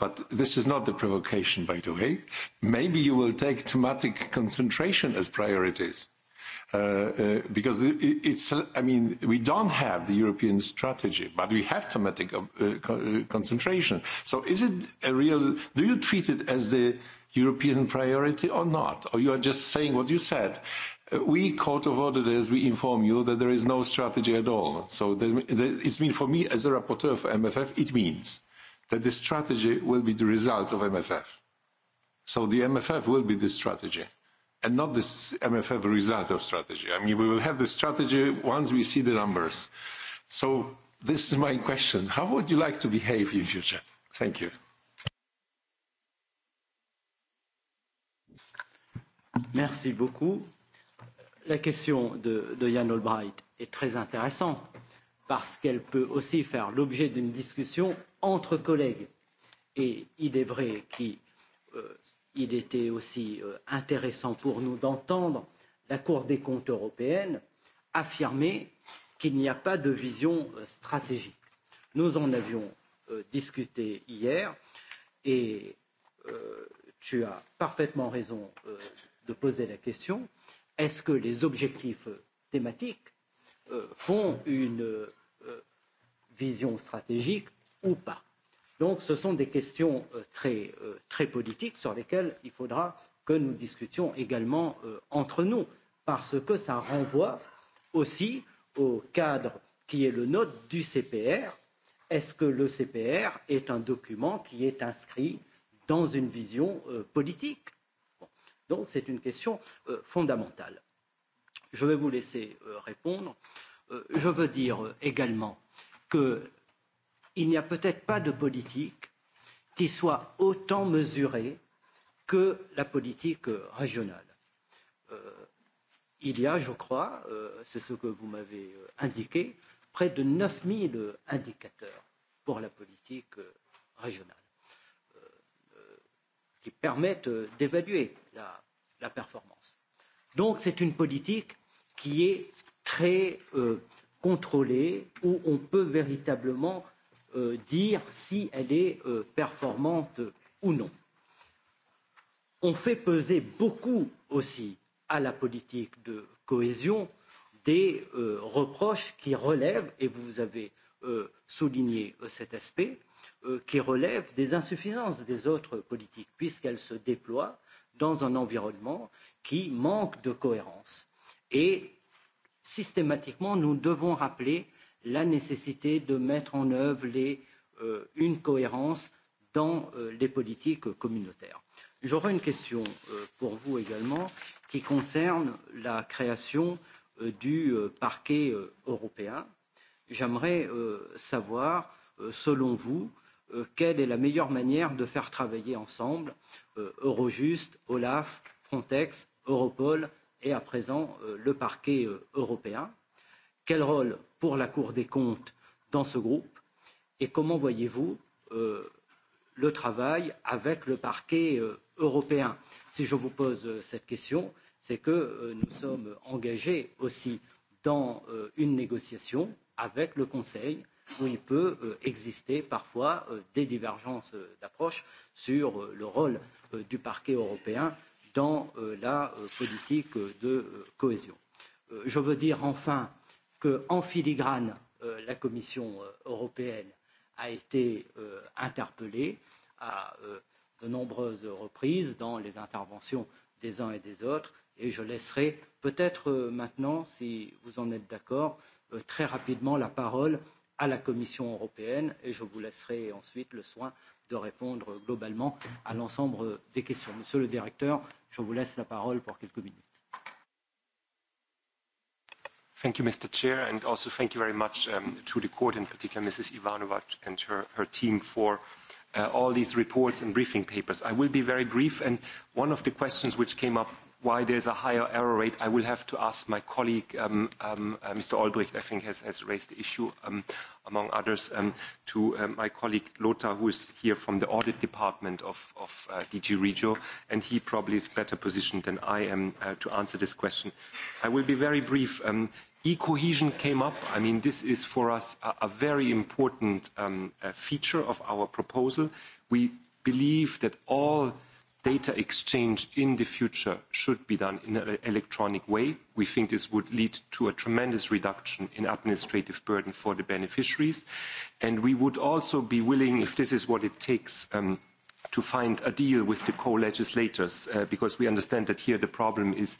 Speaker 7: but this is not the provocation, by the way. Maybe you will take thematic concentration as priorities. Uh, uh, because it, it's, I mean, we don't have the European strategy, but we have thematic uh, co uh, concentration. So is it a real, do you treat it as the European priority or not? Or you are just saying what you said? Uh, we, Court of Auditors, we inform you that there is no strategy at all. So the, the, it's mean for me as a rapporteur for MFF, it means that this strategy will be the result of MFF. So the MFF will be the strategy and not this MFF result of strategy. I mean, we will have the strategy once we see the numbers. So this is my question. How would you like to behave
Speaker 1: in future? Thank you. Merci beaucoup. La question de, de Jan Albright est très intéressante parce qu'elle peut aussi faire l'objet d'une discussion entre collègues. Et il est vrai qu'il euh, était aussi euh, intéressant pour nous d'entendre la Cour des comptes européenne affirmer qu'il n'y a pas de vision euh, stratégique. Nous en avions euh, discuté hier et euh, tu as parfaitement raison euh, de poser la question est-ce que les objectifs thématiques font une vision stratégique ou pas. Donc ce sont des questions euh, très, euh, très politiques sur lesquelles il faudra que nous discutions également euh, entre nous, parce que ça renvoie aussi au cadre qui est le nôtre du CPR. Est-ce que le CPR est un document qui est inscrit dans une vision euh, politique bon. Donc c'est une question euh, fondamentale. Je vais vous laisser euh, répondre. Je veux dire également qu'il n'y a peut être pas de politique qui soit autant mesurée que la politique euh, régionale. Euh, il y a, je crois, euh, c'est ce que vous m'avez euh, indiqué, près de 9000 euh, indicateurs pour la politique euh, régionale qui permettent d'évaluer la, la performance. Donc c'est une politique qui est très contrôlée où on peut véritablement euh, dire si elle est euh, performante ou non. On fait peser beaucoup aussi à la politique de cohésion des euh, reproches qui relèvent et vous avez euh, souligné euh, cet aspect euh, qui relèvent des insuffisances des autres politiques puisqu'elles se déploient dans un environnement qui manque de cohérence et systématiquement, nous devons rappeler la nécessité de mettre en œuvre les, euh, une cohérence dans euh, les politiques communautaires. J'aurais une question euh, pour vous également qui concerne la création euh, du euh, parquet euh, européen. J'aimerais savoir, selon vous, quelle est la meilleure manière de faire travailler ensemble Eurojust, Olaf, Frontex, Europol et à présent euh, le parquet euh, européen. Quel rôle pour la Cour des comptes dans ce groupe et comment voyez-vous euh, le travail avec le parquet européen Si je vous pose cette question, c'est que nous sommes engagés aussi dans une négociation avec le Conseil où il peut exister parfois des divergences d'approche sur le rôle du parquet européen dans euh, la euh, politique de euh, cohésion. Je veux dire enfin qu'en filigrane, la Commission européenne a été interpellée à de nombreuses reprises dans les interventions des uns et des autres et je laisserai peut-être maintenant, si vous en êtes d'accord, très rapidement la parole à la Commission européenne et je vous laisserai ensuite le soin de répondre globalement à l'ensemble des questions. Monsieur le directeur, je vous laisse la parole pour quelques minutes.
Speaker 8: Thank you, Mr. Chair, and also thank you very much um, to the court, in particular Mrs. Ivanova and her, her team for uh, all these reports and briefing papers. I will be very brief, and one of the questions which came up why there's a higher error rate, I will have to ask my colleague, um, um, uh, Mr. Albrecht, I think, has, has raised the issue. Um, among others, um, to um, my colleague Lothar, who is here from the audit department of, of uh, DG Regio, and he probably is better positioned than I am uh, to answer this question. I will be very brief. Um, E-cohesion came up. I mean, this is for us a, a very important um, uh, feature of our proposal. We believe that all data exchange in the future should be done in an electronic way. We think this would lead to a tremendous reduction in administrative burden for the beneficiaries. And we would also be willing, if this is what it takes, um, to find a deal with the co-legislators, uh, because we understand that here the problem is,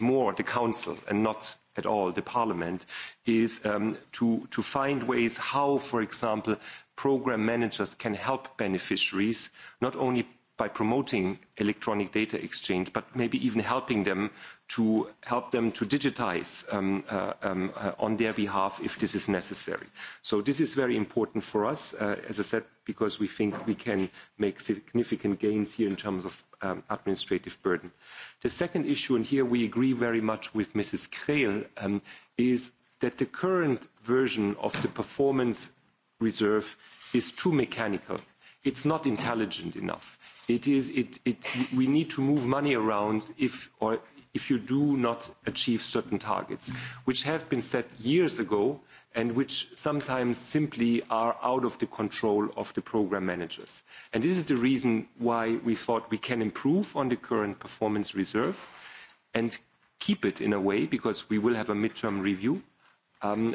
Speaker 8: more the council and not at all the parliament, is um, to, to find ways how, for example, program managers can help beneficiaries not only by promoting electronic data exchange, but maybe even helping them to help them to digitize um, uh, um, uh, on their behalf if this is necessary. So this is very important for us, uh, as I said, because we think we can make significant gains here in terms of um, administrative burden. The second issue, and here we agree very much with Mrs. Krehl, um, is that the current version of the performance reserve is too mechanical it's not intelligent enough. It is, it, it, we need to move money around if, or if you do not achieve certain targets, which have been set years ago and which sometimes simply are out of the control of the program managers. And this is the reason why we thought we can improve on the current performance reserve and keep it in a way because we will have a midterm review. Um,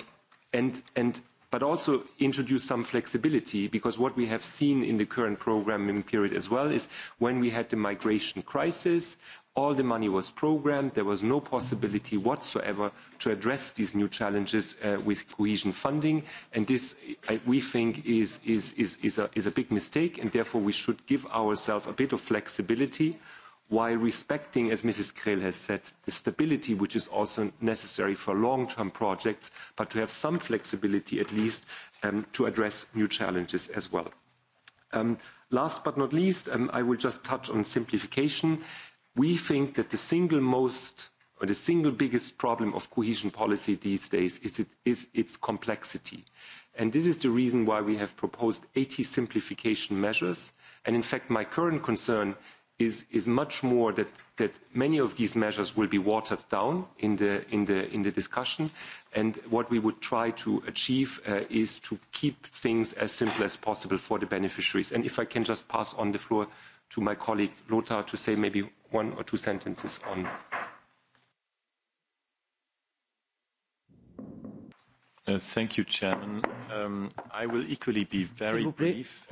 Speaker 8: and, and but also introduce some flexibility because what we have seen in the current programming period as well is when we had the migration crisis all the money was programmed there was no possibility whatsoever to address these new challenges uh, with cohesion funding and this I, we think is is is is a, is a big mistake and therefore we should give ourselves a bit of flexibility while respecting, as Mrs. Krehl has said, the stability which is also necessary for long-term projects, but to have some flexibility at least um, to address new challenges as well. Um, last but not least, um, I will just touch on simplification. We think that the single most or the single biggest problem of cohesion policy these days is, is its complexity. And this is the reason why we have proposed 80 simplification measures. And in fact, my current concern is, is much more that, that many of these measures will be watered down in the, in the, in the discussion. And what we would try to achieve uh, is to keep things as simple as possible for the beneficiaries. And if I can just pass on the floor to my colleague Lothar to say maybe one or two sentences on. Uh, thank you, Chairman. Um, I will equally be very
Speaker 1: brief.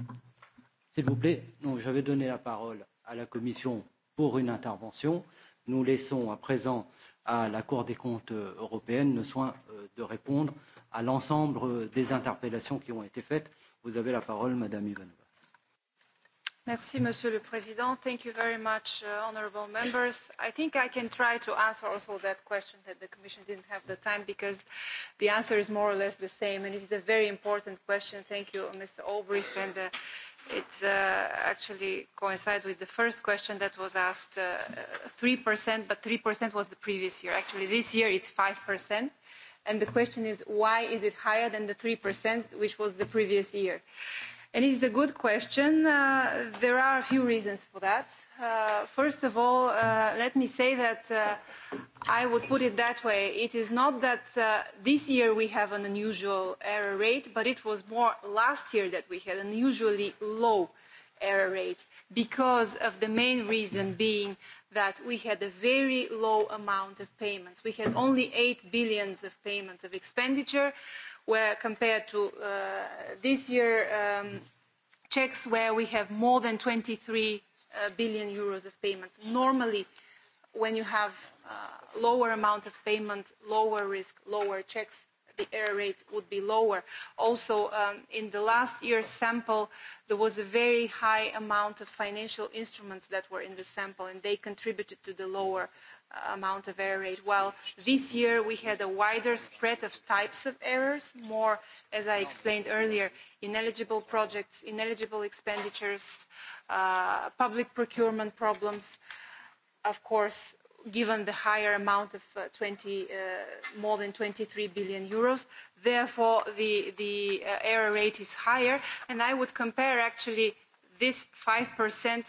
Speaker 1: S'il vous plaît, non, j'avais donné la parole à la Commission pour une intervention. Nous laissons à présent à la Cour des comptes euh, européenne le soin euh, de répondre à l'ensemble euh, des interpellations qui ont été faites. Vous avez la parole, Madame Ivanova.
Speaker 2: Merci, Monsieur le Président. Thank you very much, uh, honorable members. I think I can try to answer also that question that the Commission didn't have the time because the answer is more or less the same and it is a very important question. Thank you, Mr. Olbrich and uh, it uh, actually coincides with the first question that was asked, uh, 3%, but 3% was the previous year. Actually, this year it's 5%. And the question is, why is it higher than the 3%, which was the previous year? And it is a good question. Uh, there are a few reasons for that. Uh, first of all, uh, let me say that uh, I would put it that way. It is not that uh, this year we have an unusual error rate, but it was more last year that we had an unusually low error rate because of the main reason being that we had a very low amount of payments. We had only 8 billion of payments of expenditure where compared to uh, this year um, checks where we have more than 23 uh, billion euros of payments. Normally, when you have uh, lower amount of payment, lower risk, lower checks, the error rate would be lower. Also, um, in the last year's sample, there was a very high amount of financial instruments that were in the sample, and they contributed to the lower amount of error rate. Well, this year we had a wider spread of types of errors, more, as I explained earlier, ineligible projects, ineligible expenditures, uh, public procurement problems. Of course, given the higher amount of uh, 20, uh, more than 23 billion euros, therefore the, the uh, error rate is higher. And I would compare actually this 5%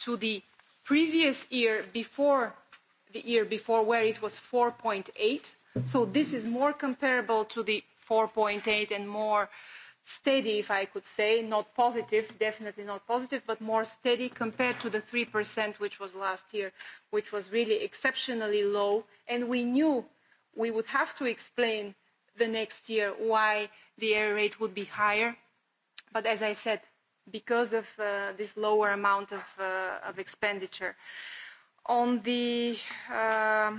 Speaker 2: to the previous year before the year before where it was 4.8 so this is more comparable to the 4.8 and more steady if i could say not positive definitely not positive but more steady compared to the 3% which was last year which was really exceptionally low and we knew we would have to explain the next year why the error rate would be higher but as i said because of uh, this lower amount of, uh, of expenditure on the uh,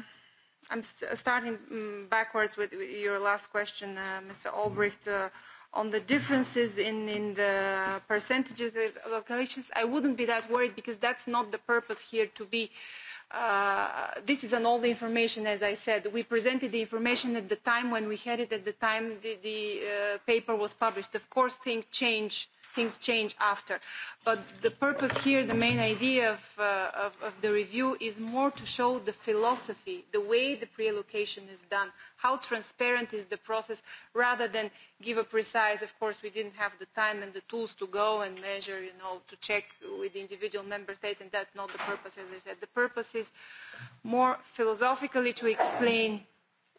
Speaker 2: I'm starting mm, backwards with your last question, uh, Mr. Albrecht, uh, on the differences in, in the percentages of allocations. I wouldn't be that worried because that's not the purpose here to be. Uh, this is on all the information, as I said. We presented the information at the time when we had it, at the time the, the uh, paper was published. Of course, things change things change after. But the purpose here, the main idea of, uh, of, of the review is more to show the philosophy, the way the pre-allocation is done, how transparent is the process, rather than give a precise, of course, we didn't have the time and the tools to go and measure, you know, to check with individual member states, and that's not the purpose, as I said. The purpose is more philosophically to explain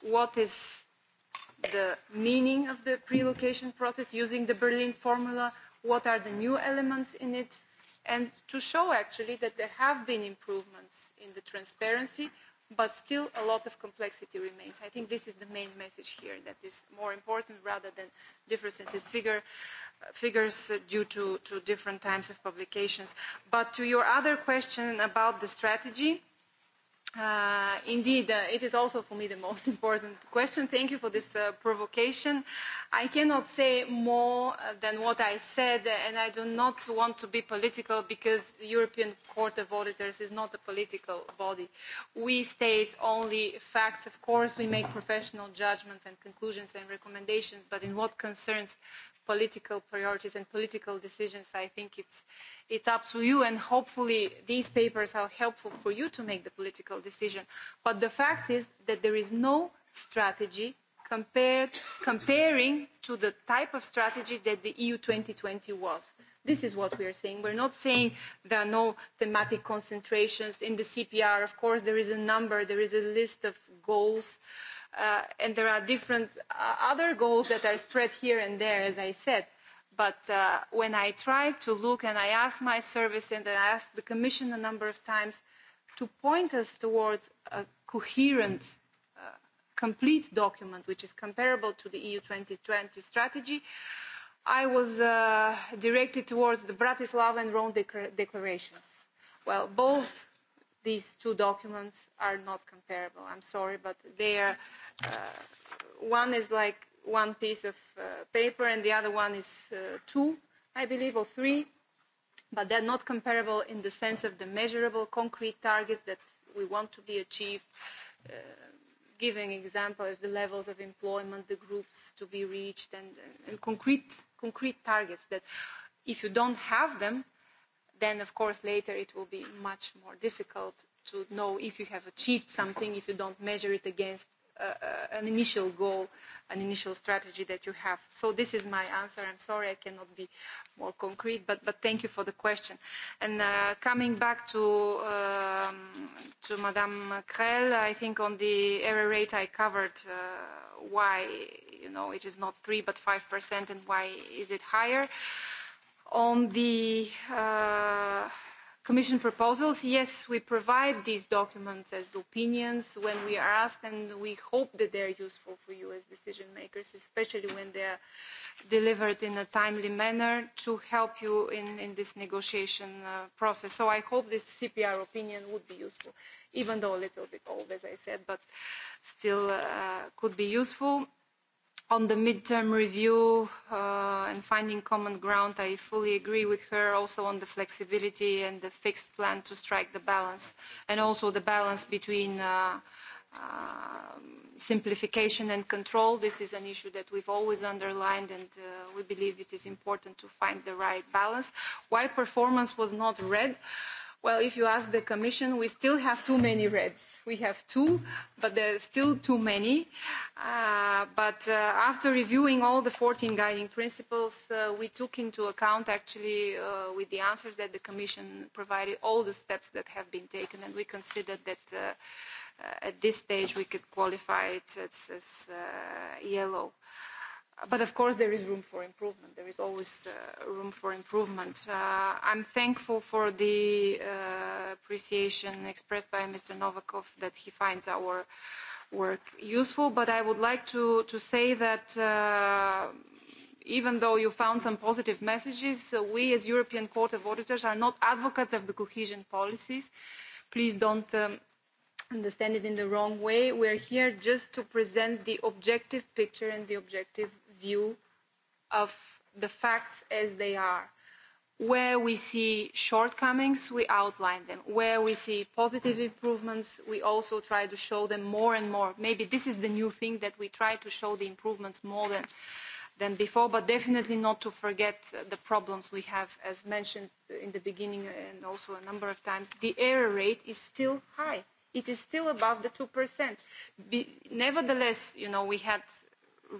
Speaker 2: what is the meaning of the pre-allocation process using the Berlin formula, what are the new elements in it and to show actually that there have been improvements in the transparency but still a lot of complexity remains. I think this is the main message here that is more important rather than differences in figure, figures due to, to different times of publications. But to your other question about the strategy, Uh, indeed, uh, it is also for me the most important question. Thank you for this uh, provocation. I cannot say more uh, than what I said, and I do not want to be political because the European Court of Auditors is not a political body. We state only facts. Of course, we make professional judgments and conclusions and recommendations, but in what concerns political priorities and political decisions i think it's it's up to you and hopefully these papers are helpful for you to make the political decision but the fact is that there is no strategy compared comparing to the type of strategy that the eu 2020 was this is what we are saying we're not saying there are no thematic concentrations in the cpr of course there is a number there is a list of goals Uh, and there are different uh, other goals that are spread here and there as i said but uh, when i try to look and i ask my service and i asked the commission a number of times to point us towards a coherent uh, complete document which is comparable to the eu 2020 strategy i was uh, directed towards the bratislava and rome declarations well both these two documents are not comparable i'm sorry but they are uh, one is like one piece of uh, paper and the other one is uh, two, I believe, or three, but they're not comparable in the sense of the measurable concrete targets that we want to be achieved. Uh, giving example is the levels of employment, the groups to be reached, and, and concrete, concrete targets that if you don't have them, then of course later it will be much more difficult to know if you have achieved something if you don't measure it against uh, an initial goal, an initial strategy that you have. So this is my answer. I'm sorry I cannot be more concrete, but, but thank you for the question. And uh, coming back to, um, to Madame Krell, I think on the error rate I covered uh, why you know, it is not 3 but 5% and why is it higher. On the uh, commission proposals yes we provide these documents as opinions when we are asked and we hope that they are useful for you as decision makers especially when they are delivered in a timely manner to help you in, in this negotiation uh, process so i hope this cpr opinion would be useful even though a little bit old as i said but still uh, could be useful on the midterm review uh, and finding common ground, I fully agree with her also on the flexibility and the fixed plan to strike the balance, and also the balance between uh, uh, simplification and control. This is an issue that we've always underlined, and uh, we believe it is important to find the right balance. Why performance was not read? Uh, Well, if you ask the Commission, we still have too many reds. We have two, but there are still too many. Uh, but uh, after reviewing all the 14 guiding principles, uh, we took into account actually uh, with the answers that the Commission provided all the steps that have been taken, and we considered that uh, uh at this stage we could qualify it as, as uh, yellow but of course there is room for improvement there is always uh, room for improvement uh, i'm thankful for the uh, appreciation expressed by mr novakov that he finds our work useful but i would like to to say that uh, even though you found some positive messages uh, we as european court of auditors are not advocates of the cohesion policies please don't um, understand it in the wrong way we are here just to present the objective picture and the objective view of the facts as they are. Where we see shortcomings, we outline them. Where we see positive improvements, we also try to show them more and more. Maybe this is the new thing that we try to show the improvements more than, than before, but definitely not to forget the problems we have, as mentioned in the beginning and also a number of times. The error rate is still high. It is still above the 2%. Be, nevertheless, you know, we had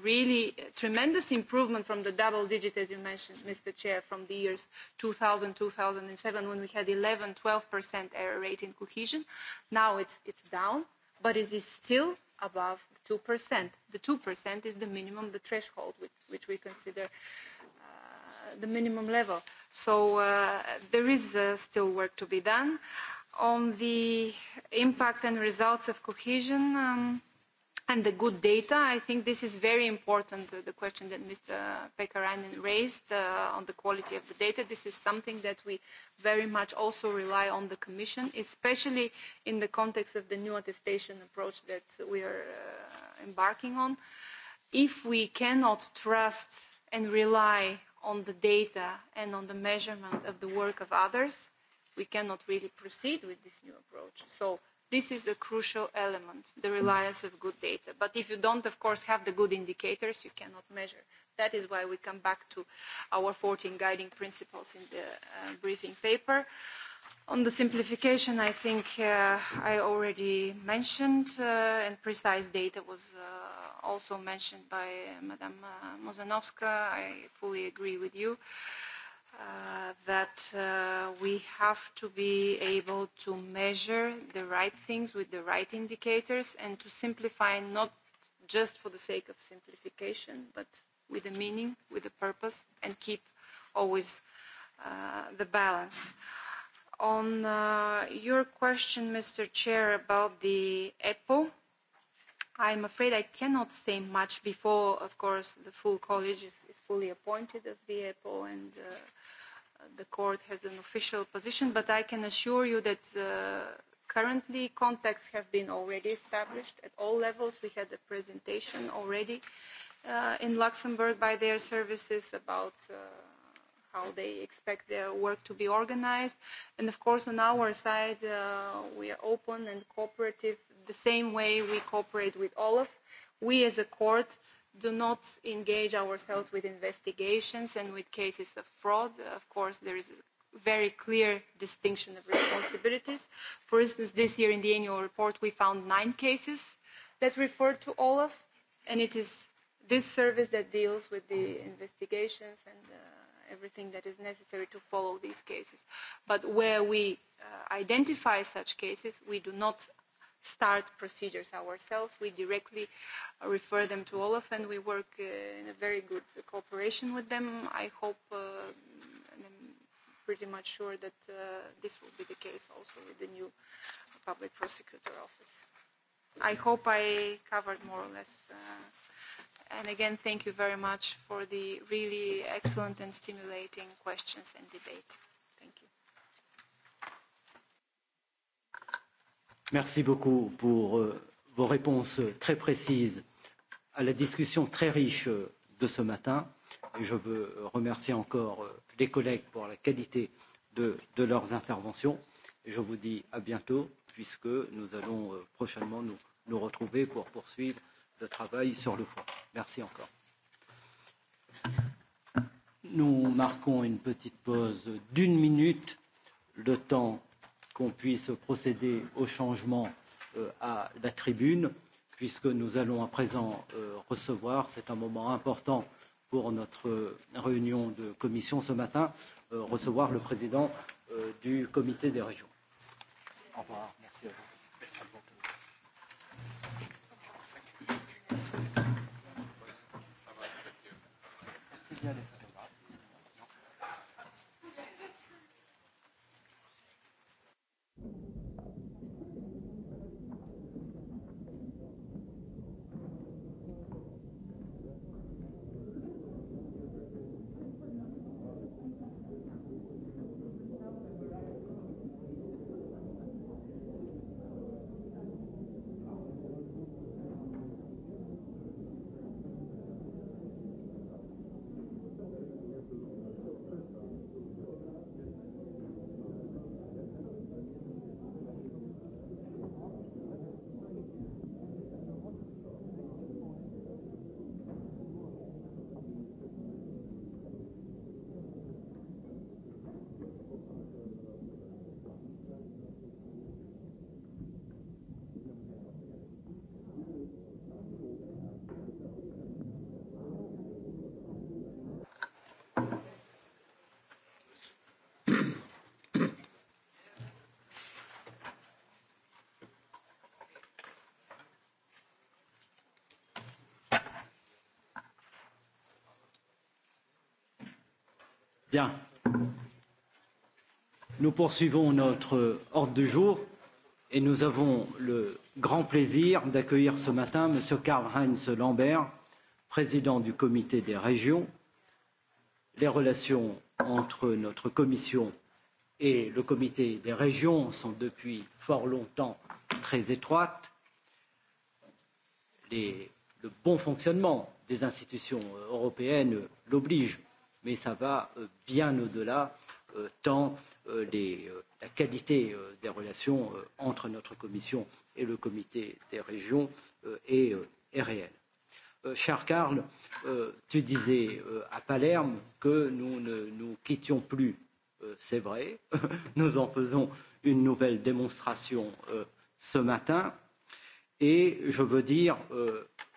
Speaker 2: really tremendous improvement from the double digit, as you mentioned, Mr. Chair, from the years 2000, 2007, when we had 11, 12% error rate in cohesion. Now it's, it's down, but it is still above two percent. The 2% is the minimum, the threshold, which, which we consider uh, the minimum level. So uh, there is uh, still work to be done. On the impacts and results of cohesion, um, and the good data. I think this is very important, the question that Mr. Pekarainen raised uh, on the quality of the data. This is something that we very much also rely on the Commission, especially in the context of the new attestation approach that we are uh, embarking on. If we cannot trust and rely on the data and on the measurement of the work of others, we cannot really proceed with this new approach. So this is a crucial element the reliance of good data but if you don't of course have the good indicators you cannot measure that is why we come back to our 14 guiding principles in the uh, briefing paper on the simplification i think uh, i already mentioned uh, and precise data was uh, also mentioned by madam uh, mozanowska i fully agree with you uh, Uh, that uh, we have to be able to measure the right things with the right indicators and to simplify not just for the sake of simplification, but with a meaning, with a purpose, and keep always uh, the balance. On uh, your question, Mr. Chair, about the EPO, I'm afraid I cannot say much before, of course, the full college is, is fully appointed of the EPO and uh, the court has an official position, but I can assure you that uh, currently contacts have been already established at all levels. We had a presentation already uh, in Luxembourg by their services about uh, how they expect their work to be organized. And of course, on our side, uh, we are open and cooperative the same way we cooperate with OLAF. We as a court do not engage ourselves with investigations and with cases of fraud. Of course, there is a very clear distinction of responsibilities. For instance, this year in the annual report, we found nine cases that referred to Olaf, and it is this service that deals with the investigations and uh, everything that is necessary to follow these cases. But where we uh, identify such cases, we do not start procedures ourselves. We directly uh, refer them to Olaf and we work uh, in a very good cooperation with them. I hope uh, and I'm pretty much sure that uh, this will be the case also with the new public prosecutor office. I hope I covered more or less. Uh, and again, thank you very much for the really excellent and stimulating questions and debate.
Speaker 1: Merci beaucoup pour euh, vos réponses très précises à la discussion très riche euh, de ce matin. Et je veux remercier encore euh, les collègues pour la qualité de, de leurs interventions. je vous dis à bientôt, puisque nous allons prochainement nous, nous retrouver pour poursuivre le travail sur le fond. Merci encore. Nous marquons une petite pause d'une minute, le temps qu'on puisse procéder au changement euh, à la tribune, puisque nous allons à présent euh, recevoir, c'est un moment important pour notre réunion de commission ce matin, euh, recevoir le président du comité des régions. Au revoir. Merci à vous. Merci Bien. Nous poursuivons notre ordre du jour et nous avons le grand plaisir d'accueillir ce matin M. Karl-Heinz Lambert, président du comité des régions. Les relations entre notre commission et le comité des régions sont depuis fort longtemps très étroites. Les, le bon fonctionnement des institutions européennes l'oblige mais ça va euh, bien au-delà, euh, tant euh, les, la qualité des relations entre notre commission et le comité des régions est, est réelle. Cher Karl, tu disais à Palerme que nous ne nous quittions plus. C'est vrai, nous en faisons une nouvelle démonstration ce matin et je veux dire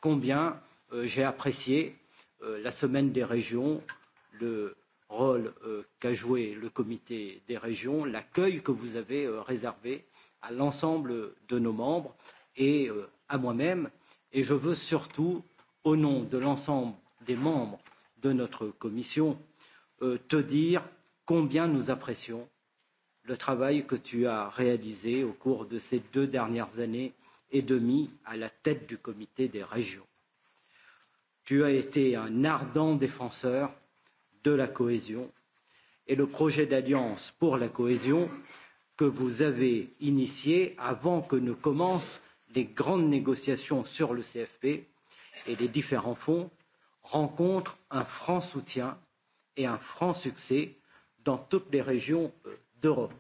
Speaker 1: combien j'ai apprécié la semaine des régions le rôle euh, qu'a joué le comité des régions, l'accueil que vous avez euh, réservé à l'ensemble de nos membres et euh, à moi-même. Et je veux surtout, au nom de l'ensemble des membres de notre commission, te dire combien nous apprécions le travail que tu as réalisé au cours de ces deux dernières années et demie à la tête du comité des régions. Tu as été un ardent défenseur de la cohésion et le projet d'alliance pour la cohésion que vous avez initié avant que ne commencent les grandes négociations sur le CFP et les différents fonds rencontrent un franc soutien et un franc succès dans toutes les régions euh, d'Europe.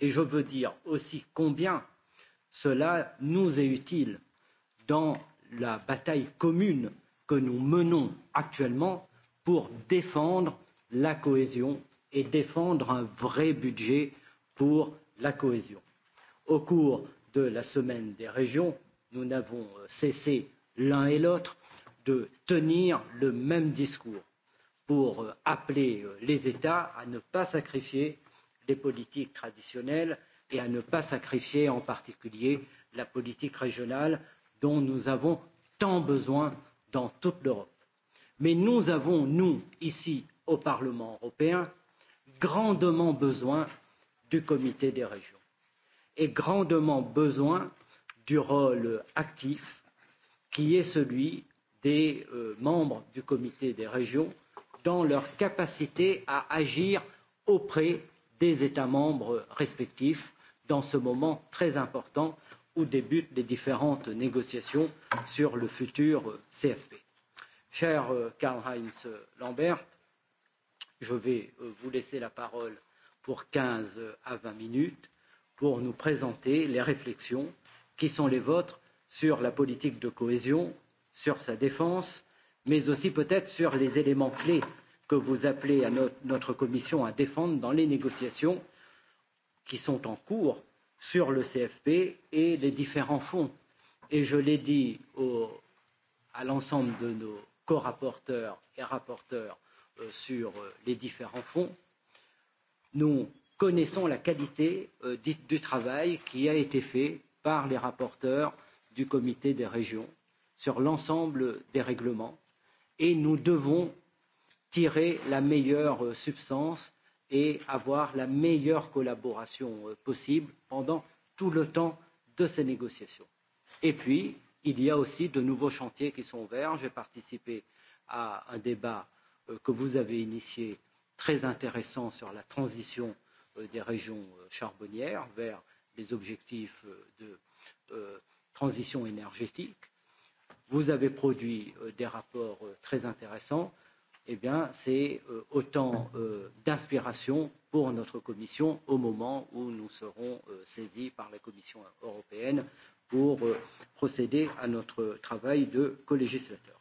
Speaker 1: Et je veux dire aussi combien cela nous est utile dans la bataille commune que nous menons actuellement pour défendre la cohésion et défendre un vrai budget pour la cohésion. Au cours de la semaine des régions, nous n'avons euh, cessé l'un et l'autre de tenir le même discours pour euh, appeler euh, les États à ne pas sacrifier les politiques traditionnelles et à ne pas sacrifier en particulier la politique régionale dont nous avons tant besoin dans toute l'Europe mais nous avons nous ici au parlement européen grandement besoin du comité des régions et grandement besoin du rôle actif qui est celui des euh, membres du comité des régions dans leur capacité à agir auprès des états membres respectifs dans ce moment très important où débutent les différentes négociations sur le futur euh, cfp. Cher euh, Karl-Heinz Lambert, je vais euh, vous laisser la parole pour 15 à 20 minutes pour nous présenter les réflexions qui sont les vôtres sur la politique de cohésion, sur sa défense, mais aussi peut-être sur les éléments clés que vous appelez à notre commission à défendre dans les négociations qui sont en cours sur le CFP et les différents fonds. Et je l'ai dit au, à l'ensemble de nos rapporteurs et rapporteurs euh, sur euh, les différents fonds, nous connaissons la qualité euh, du, du travail qui a été fait par les rapporteurs du comité des régions sur l'ensemble des règlements et nous devons tirer la meilleure euh, substance et avoir la meilleure collaboration euh, possible pendant tout le temps de ces négociations. Et puis, il y a aussi de nouveaux chantiers qui sont ouverts. J'ai participé à un débat euh, que vous avez initié très intéressant sur la transition euh, des régions euh, charbonnières vers des objectifs de transition énergétique. Vous avez produit des rapports très intéressants. Eh bien, c'est autant d'inspiration pour notre Commission au moment où nous serons saisis par la Commission européenne pour euh, procéder à notre travail de colégislateur.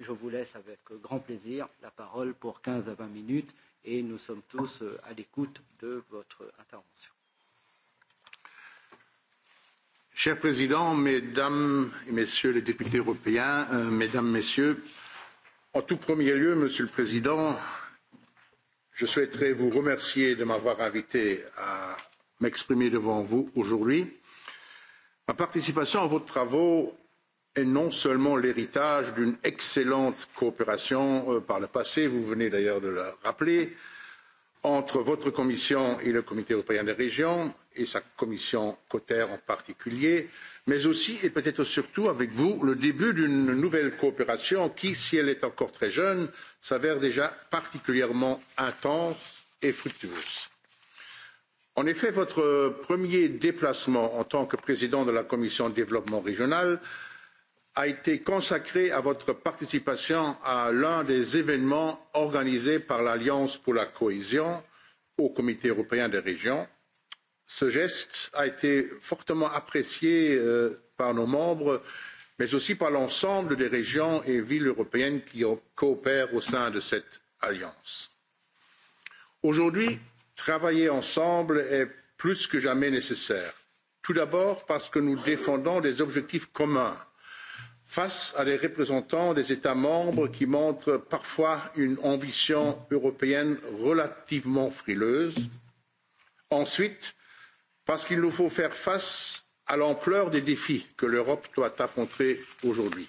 Speaker 1: Je vous laisse avec grand plaisir la parole pour 15 à 20 minutes et nous sommes tous euh, à l'écoute de votre intervention.
Speaker 9: Cher Président, Mesdames et Messieurs les députés européens, euh, Mesdames, Messieurs, en tout premier lieu, Monsieur le Président, je souhaiterais vous remercier de m'avoir invité à m'exprimer devant vous aujourd'hui ma participation à vos travaux est non seulement l'héritage d'une excellente coopération euh, par le passé vous venez d'ailleurs de le rappeler entre votre commission et le comité européen des régions et sa commission coter en particulier mais aussi et peut être surtout avec vous le début d'une nouvelle coopération qui si elle est encore très jeune s'avère déjà particulièrement intense et fructueuse en effet votre premier déplacement en tant que président de la commission du développement régional a été consacré à votre participation à l'un des événements organisés par l'alliance pour la cohésion au comité européen des régions. ce geste a été fortement apprécié euh, par nos membres mais aussi par l'ensemble des régions et villes européennes qui coopèrent au sein de cette alliance. aujourd'hui travailler ensemble est plus que jamais nécessaire tout d'abord parce que nous défendons des objectifs communs face à des représentants des états membres qui montrent parfois une ambition européenne relativement frileuse ensuite parce qu'il nous faut faire face à l'ampleur des défis que l'europe doit affronter aujourd'hui.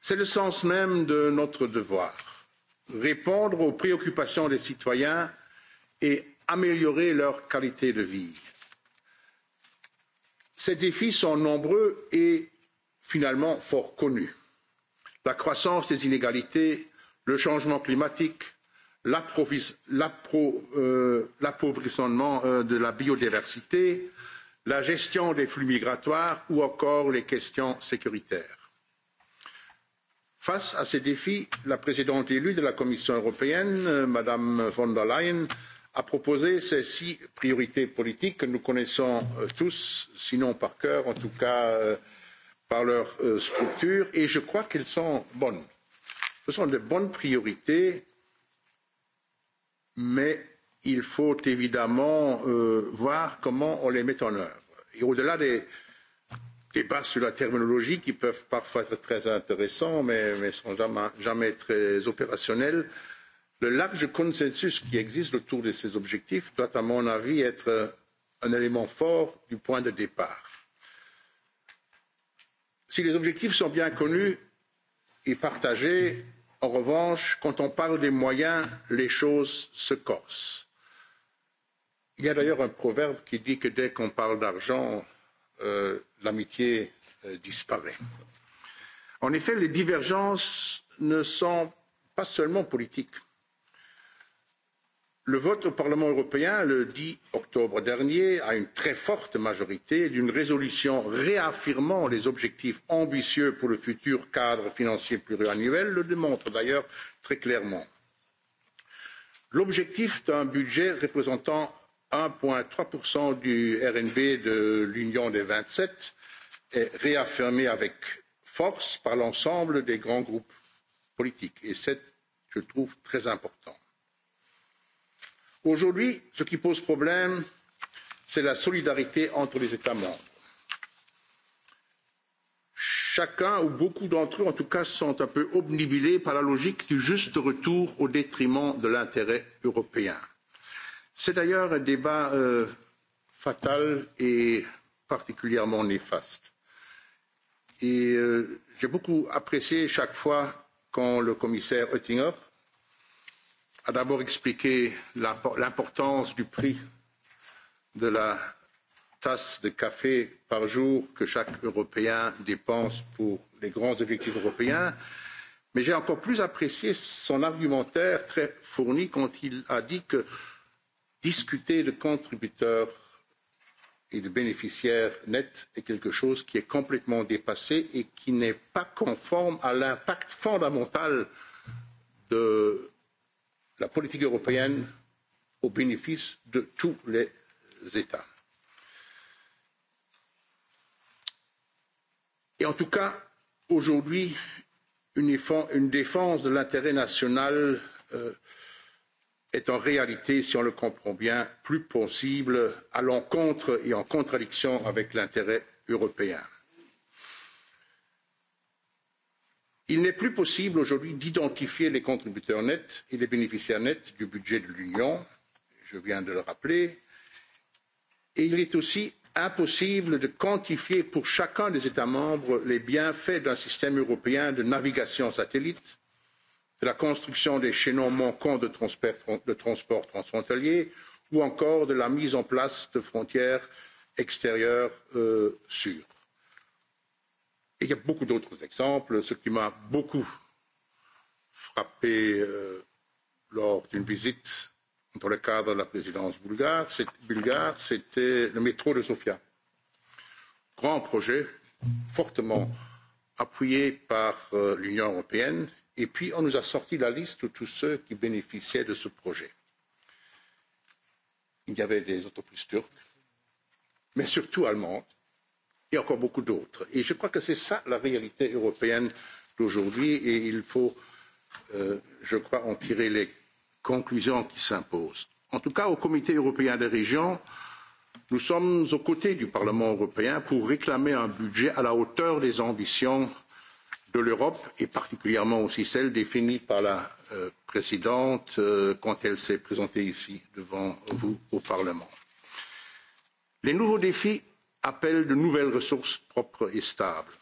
Speaker 9: c'est le sens même de notre devoir répondre aux préoccupations des citoyens et améliorer leur qualité de vie. ces défis sont nombreux et finalement fort connus la croissance des inégalités le changement climatique euh, l'appauvrissement euh, de la biodiversité la gestion des flux migratoires ou encore les questions sécuritaires face à ces défis la présidente élue de la commission européenne euh, mme von der leyen a proposé ces six priorités politiques que nous connaissons euh, tous sinon par cœur en tout cas euh, par leur structure et je crois qu'elles sont bonnes. ce sont de bonnes priorités mais il faut évidemment voir comment on les met en œuvre et au delà des débats sur la terminologie qui peuvent parfois être très intéressants mais ne sont jamais, jamais très opérationnels. Le large consensus qui existe autour de ces objectifs doit, à mon avis, être un élément fort du point de départ. Si les objectifs sont bien connus et partagés, en revanche, quand on parle des moyens, les choses se corsent. Il y a d'ailleurs un proverbe qui dit que dès qu'on parle d'argent, Euh, l'amitié euh, disparaît. En effet, les divergences ne sont pas seulement politiques. Le vote au Parlement européen le 10 octobre dernier a une très forte majorité d'une résolution réaffirmant les objectifs ambitieux pour le futur cadre financier pluriannuel le démontre d'ailleurs très clairement. L'objectif d'un budget représentant 1,3 du RNB de l'Union des 27 est réaffirmé avec force par l'ensemble des grands groupes politiques et c'est, je trouve, très important. Aujourd'hui, ce qui pose problème, c'est la solidarité entre les États membres. Chacun ou beaucoup d'entre eux, en tout cas, sont un peu obnubilés par la logique du juste retour au détriment de l'intérêt européen c'est d'ailleurs un débat euh, fatal et particulièrement néfaste et euh, j'ai beaucoup apprécié chaque fois quand le commissaire oettinger a d'abord expliqué l'importance du prix de la tasse de café par jour que chaque européen dépense pour les grands objectifs européens mais j'ai encore plus apprécié son argumentaire très fourni quand il a dit que discuter de contributeurs et de bénéficiaires nets est quelque chose qui est complètement dépassé et qui n'est pas conforme à l'impact fondamental de la politique européenne au bénéfice de tous les états. et en tout cas aujourd'hui une défense de l'intérêt national euh, est en réalité si on le comprend bien plus possible à l'encontre et en contradiction avec l'intérêt européen. il n'est plus possible aujourd'hui d'identifier les contributeurs nets et les bénéficiaires nets du budget de l'union je viens de le rappeler et il est aussi impossible de quantifier pour chacun des états membres les bienfaits d'un système européen de navigation satellite de la construction des chaînons manquants de transport transfrontalier ou encore de la mise en place de frontières extérieures euh, sûres. il y a beaucoup d'autres exemples. ce qui m'a beaucoup frappé euh, lors d'une visite dans le cadre de la présidence bulgare c'était le métro de sofia grand projet fortement appuyé par euh, l'union européenne et puis on nous a sorti la liste de tous ceux qui bénéficiaient de ce projet. il y avait des entreprises turques mais surtout allemandes et encore beaucoup d'autres. et je crois que c'est ça la réalité européenne d'aujourd'hui et il faut euh, je crois en tirer les conclusions qui s'imposent. en tout cas au comité européen des régions nous sommes aux côtés du parlement européen pour réclamer un budget à la hauteur des ambitions de l'Europe et particulièrement aussi celle définie par la euh, présidente euh, quand elle s'est présentée ici devant vous au Parlement. Les nouveaux défis appellent de nouvelles ressources propres et stables.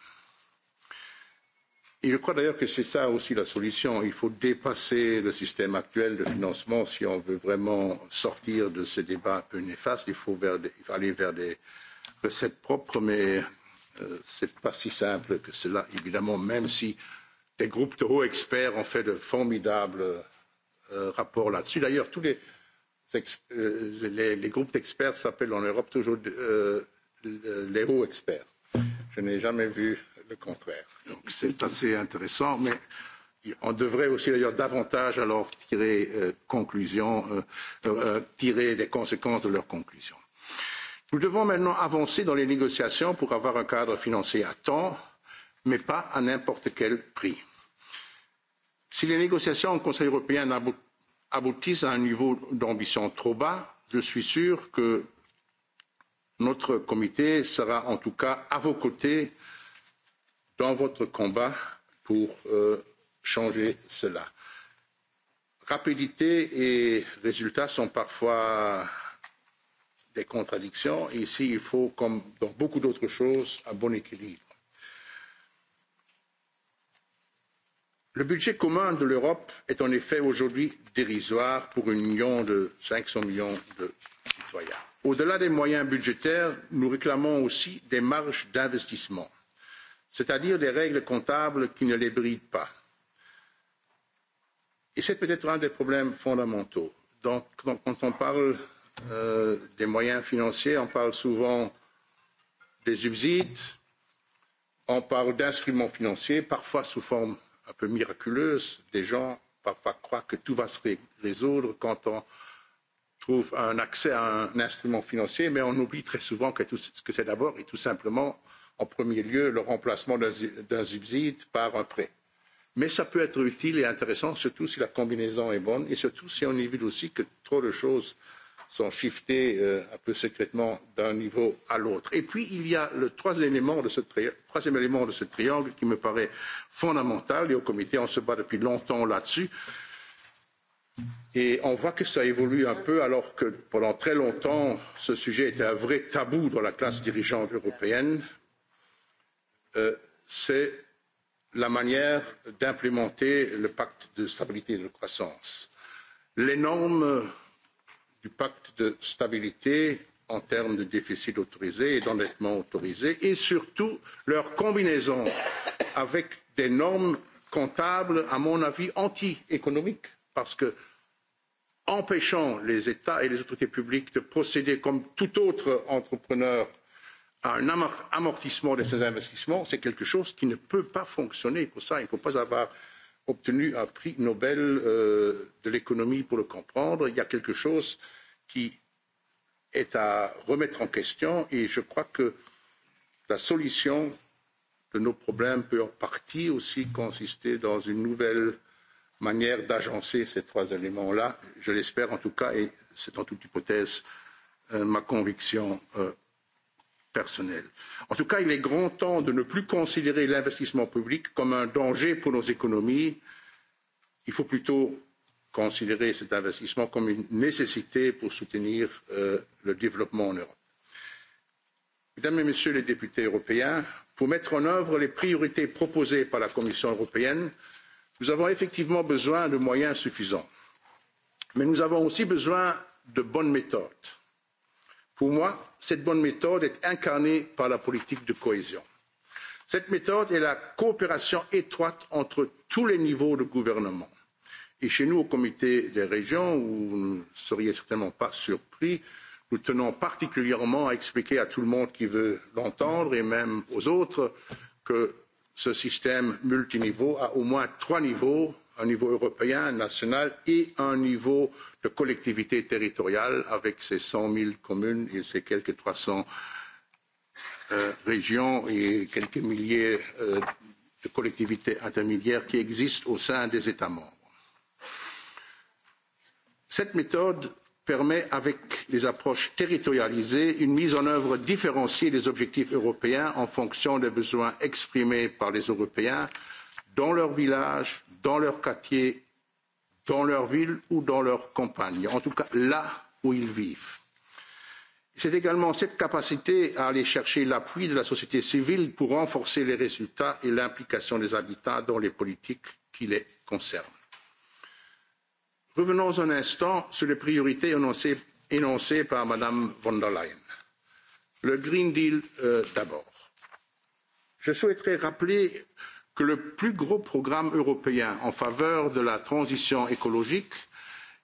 Speaker 9: Et je crois d'ailleurs que c'est ça aussi la solution. Il faut dépasser le système actuel de financement si on veut vraiment sortir de ce débat un peu néfaste. Il faut aller vers des recettes propres, mais Euh, ce n'est pas si simple que cela évidemment même si des groupes de hauts experts ont fait de formidables euh, rapports là dessus. d'ailleurs tous les, euh, les, les groupes d'experts s'appellent en europe toujours euh, les hauts experts. je n'ai jamais vu le contraire. donc c'est assez intéressant mais on devrait aussi d'ailleurs davantage alors tirer euh, conclusion euh, tirer les conséquences de leurs conclusions nous devons maintenant avancer dans les négociations pour avoir un cadre financier à temps mais pas à n'importe quel prix. si les négociations au conseil européen aboutissent à un niveau d'ambition trop bas je suis sûr que notre comité sera en tout cas à vos côtés dans votre combat pour euh, changer cela. rapidité et résultats sont parfois des contradictions. Et ici, il faut, comme dans beaucoup d'autres choses, un bon équilibre. Le budget commun de l'Europe est en effet aujourd'hui dérisoire pour une union de 500 millions de citoyens. Au-delà des moyens budgétaires, nous réclamons aussi des marges d'investissement, c'est-à-dire des règles comptables qui ne les brident pas. Et c'est peut-être un des problèmes fondamentaux. Donc, quand on parle Euh, des moyens financiers, on parle souvent des subsides, on parle d'instruments financiers, parfois sous forme un peu miraculeuse. des gens parfois croient que tout va se résoudre quand on trouve un accès à un instrument financier, mais on oublie très souvent que, tout, que c'est d'abord et tout simplement, en premier lieu, le remplacement d'un subside par un prêt. Mais ça peut être utile et intéressant, surtout si la combinaison est bonne et surtout si on évite aussi que trop de choses sont shiftés euh, un peu secrètement d'un niveau à l'autre. Et puis, il y a le troisième élément, de ce troisième élément de ce triangle qui me paraît fondamental, et au comité, on se bat depuis longtemps là-dessus. Et on voit que ça évolue un peu, alors que pendant très longtemps, ce sujet était un vrai tabou dans la classe dirigeante européenne. Euh, C'est la manière d'implémenter le pacte de stabilité et de croissance. Les normes du pacte de stabilité en termes de déficit autorisé et d'endettement autorisé et surtout leur combinaison avec des normes comptables à mon avis anti économiques parce que empêchant les états et les autorités publiques de procéder comme tout autre entrepreneur à un amortissement de ces investissements c'est quelque chose qui ne peut pas fonctionner. pour cela il ne faut pas avoir obtenu un prix Nobel euh, de l'économie pour le comprendre. Il y a quelque chose qui est à remettre en question et je crois que la solution de nos problèmes peut en partie aussi consister dans une nouvelle manière d'agencer ces trois éléments-là. Je l'espère en tout cas et c'est en toute hypothèse euh, ma conviction euh, personnel. en tout cas il est grand temps de ne plus considérer l'investissement public comme un danger pour nos économies il faut plutôt considérer cet investissement comme une nécessité pour soutenir euh, le développement en europe. mesdames et messieurs les députés européens pour mettre en œuvre les priorités proposées par la commission européenne nous avons effectivement besoin de moyens suffisants mais nous avons aussi besoin de bonnes méthodes pour moi cette bonne méthode est incarnée par la politique de cohésion. cette méthode est la coopération étroite entre tous les niveaux de gouvernement et chez nous au comité des régions où vous ne seriez certainement pas surpris nous tenons particulièrement à expliquer à tout le monde qui veut l'entendre et même aux autres que ce système multiniveau a au moins trois niveaux un niveau européen, national et un niveau de collectivité territoriale avec ses 100 000 communes et ses quelques 300 euh, régions et quelques milliers euh, de collectivités intermédiaires qui existent au sein des États membres. Cette méthode permet, avec les approches territorialisées, une mise en œuvre différenciée des objectifs européens en fonction des besoins exprimés par les Européens dans leur village, dans leur quartier, dans leur ville ou dans leur campagne, en tout cas là où ils vivent. C'est également cette capacité à aller chercher l'appui de la société civile pour renforcer les résultats et l'implication des habitants dans les politiques qui les concernent. Revenons un instant sur les priorités énoncées, énoncées par Mme von der Leyen. Le Green Deal euh, d'abord. Je souhaiterais rappeler que le plus gros programme européen en faveur de la transition écologique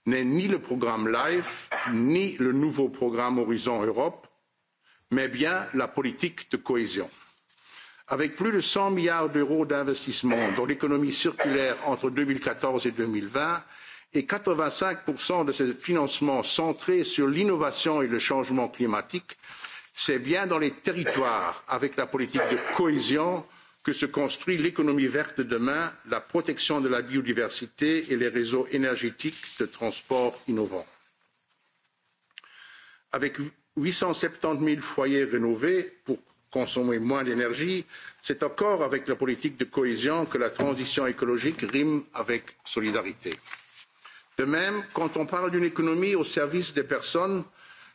Speaker 9: n'est ni le programme life ni le nouveau programme horizon europe mais bien la politique de cohésion. avec plus de cent milliards d'euros d'investissement dans l'économie circulaire entre deux mille quatorze et deux mille vingt et quatre vingt cinq de ces financements centrés sur l'innovation et le changement climatique c'est bien dans les territoires avec la politique de cohésion que se construit l'économie verte de demain la protection de la biodiversité et les réseaux énergétiques de transport innovants. avec huit cent foyers rénovés pour consommer moins d'énergie c'est encore avec la politique de cohésion que la transition écologique rime avec solidarité. de même quand on parle d'une économie au service des personnes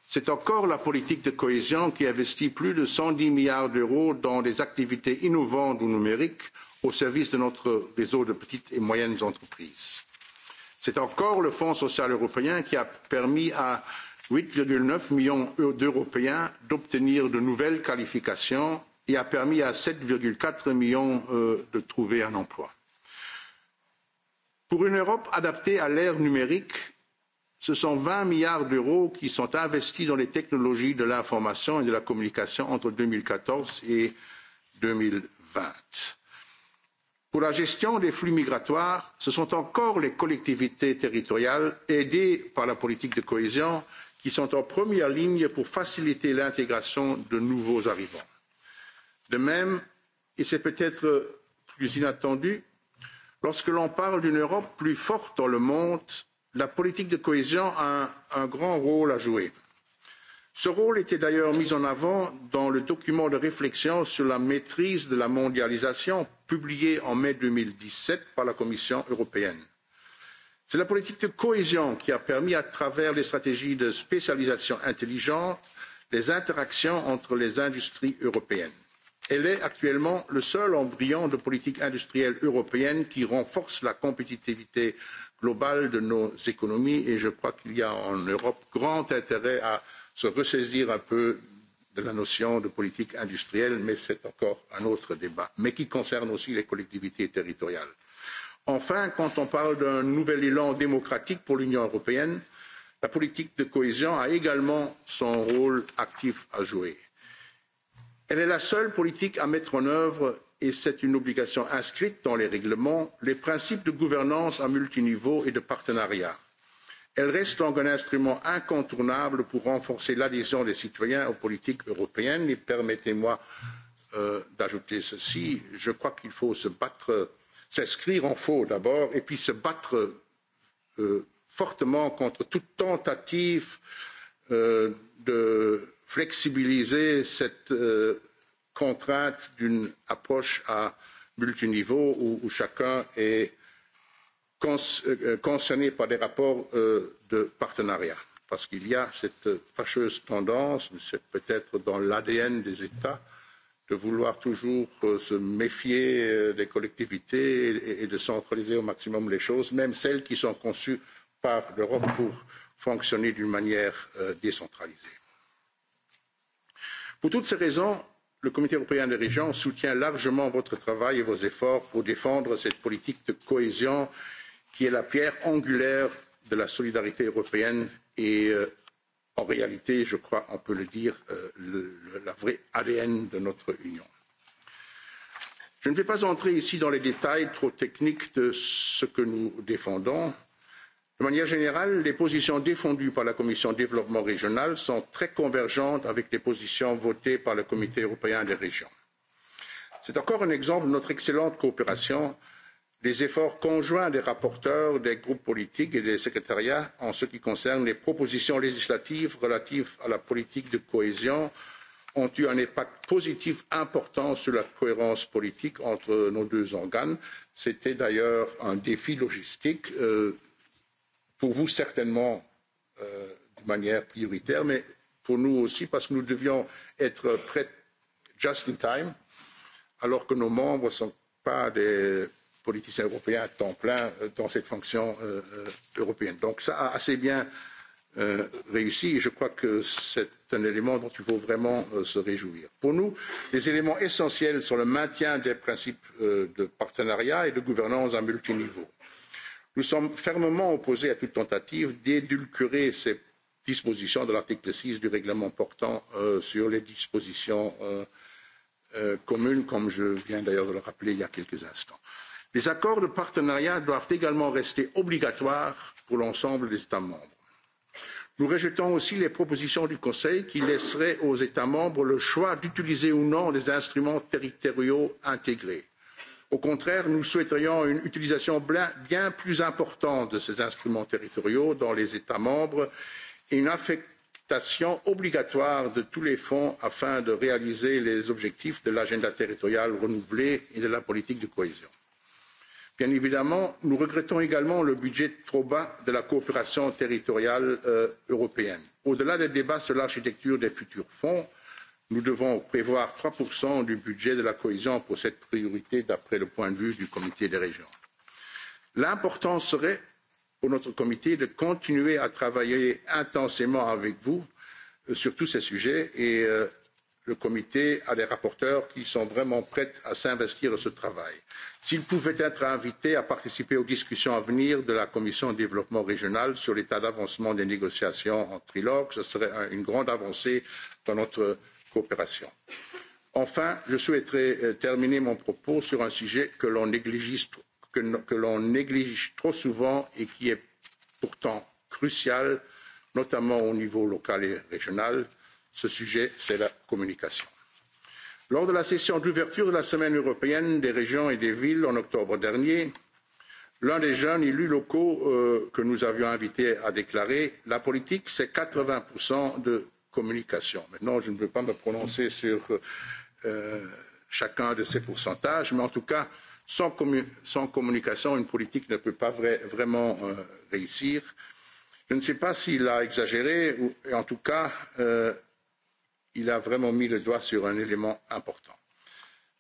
Speaker 9: c'est encore la politique de cohésion qui investit plus de cent dix milliards d'euros dans des activités innovantes ou numériques au service de notre réseau de petites et moyennes entreprises. c'est encore le fonds social européen qui a permis à huit neuf millions d'européens d'obtenir de nouvelles qualifications et a permis à sept quatre millions euh, de trouver un emploi. pour une europe adaptée à l'ère numérique ce sont vingt milliards d'euros qui sont investis dans les technologies de l'information et de la communication entre deux mille quatorze et. deux mille vingt pour la gestion des flux migratoires ce sont encore les collectivités territoriales aidées par la politique de cohésion qui sont en première ligne pour faciliter l'intégration de nouveaux arrivants. de même et c'est peut être plus inattendu lorsque l'on parle d'une europe plus forte dans le monde la politique de cohésion a un, grand rôle à jouer. ce rôle était d'ailleurs mis en avant dans le document de réflexion sur la maîtrise de la mondialisation publié en mai deux mille dix sept par la commission européenne. c'est la politique de cohésion qui a permis à travers les stratégies de spécialisation intelligente les interactions entre les industries européennes. elle est actuellement le seul embryon de politique industrielle européenne qui renforce la compétitivité globale de nos économies et je crois qu'il y a en Europe grand intérêt à se ressaisir un peu de la notion de politique industrielle, mais c'est encore un autre débat, mais qui concerne aussi les collectivités territoriales. Enfin, quand on parle d'un nouvel élan démocratique pour l'Union européenne, la politique de cohésion a également son rôle actif à jouer. Elle est la seule politique à mettre en œuvre et c'est une obligation inscrite dans les règlements les principes de gouvernance à multiniveau et de partenariat. elle reste donc un instrument incontournable pour renforcer l'adhésion des citoyens aux politiques européennes et permettez moi euh, d'ajouter ceci je crois qu'il faut se battre s'inscrire en faux d'abord et puis se battre euh, fortement contre toute tentative euh, de flexibiliser cette contrainte d'une approche à multiniveau où, chacun est euh, concerné par des rapports euh, de partenariat parce qu'il y a cette fâcheuse tendance c'est peut être dans l'adn des états de vouloir toujours euh, se méfier des collectivités et, de centraliser au maximum les choses même celles qui sont conçues par l'europe pour fonctionner d'une manière décentralisée. pour toutes ces raisons le comité européen des régions soutient largement votre travail et vos efforts pour défendre cette politique de cohésion qui est la pierre angulaire de la solidarité européenne et euh, en réalité je crois on peut le dire euh, le, la vraie adn de notre union. je ne vais pas entrer ici dans les détails trop techniques de ce que nous défendons de manière générale les positions défendues par la commission du développement régional sont très convergentes avec les positions votées par le comité européen des régions. c'est encore un exemple de notre excellente coopération des efforts conjoints des rapporteurs des groupes politiques et des secrétariats en ce qui concerne les propositions législatives relatives à la politique de cohésion ont eu un impact positif important sur la cohérence politique entre nos deux organes. c'était d'ailleurs un défi logistique euh, pour vous certainement euh, de manière prioritaire, mais pour nous aussi, parce que nous devions être prêts just in time, alors que nos membres ne sont pas des politiciens européens à temps plein euh, dans cette fonction euh, euh, européenne. Donc ça a assez bien euh, réussi et je crois que c'est un élément dont il faut vraiment euh, se réjouir. Pour nous, les éléments essentiels sont le maintien des principes euh, de partenariat et de gouvernance à multiniveau nous sommes fermement opposés à toute tentative d'édulcorer ces dispositions de l'article six du règlement portant euh, sur les dispositions euh, euh, communes comme je viens d'ailleurs de le rappeler il y a quelques instants. les accords de partenariat doivent également rester obligatoires pour l'ensemble des états membres. nous rejetons aussi les propositions du conseil qui laisseraient aux états membres le choix d'utiliser ou non les instruments territoriaux intégrés au contraire nous souhaiterions une utilisation bien plus importante de ces instruments territoriaux dans les états membres et une affectation obligatoire de tous les fonds afin de réaliser les objectifs de l'agenda territorial renouvelé et de la politique de cohésion. bien évidemment nous regrettons également le budget trop bas de la coopération territoriale euh, européenne. au delà des débats sur l'architecture des futurs fonds nous devons prévoir trois du budget de la cohésion pour cette priorité d'après le point de vue du comité des régions. l'important serait pour notre comité de continuer à travailler intensément avec vous euh, sur tous ces sujets et euh, le comité a des rapporteurs qui sont vraiment prêts à s'investir dans ce travail. s'ils pouvaient être invités à participer aux discussions à venir de la commission du développement régional sur l'état d'avancement des négociations en trilogue ce serait une grande avancée dans notre coopération. enfin je souhaiterais euh, terminer mon propos sur un sujet que l'on néglige, néglige trop souvent et qui est pourtant crucial notamment au niveau local et régional ce sujet c'est la communication. lors de la session d'ouverture de la semaine européenne des régions et des villes en octobre dernier l'un des jeunes élus locaux euh, que nous avions invités a déclaré la politique c'est quatre vingts de communication. Maintenant, je ne veux pas me prononcer sur euh, chacun de ces pourcentages, mais en tout cas, sans, commun sans communication, une politique ne peut pas vraiment euh, réussir. Je ne sais pas s'il a exagéré, ou, et en tout cas, euh, il a vraiment mis le doigt sur un élément important.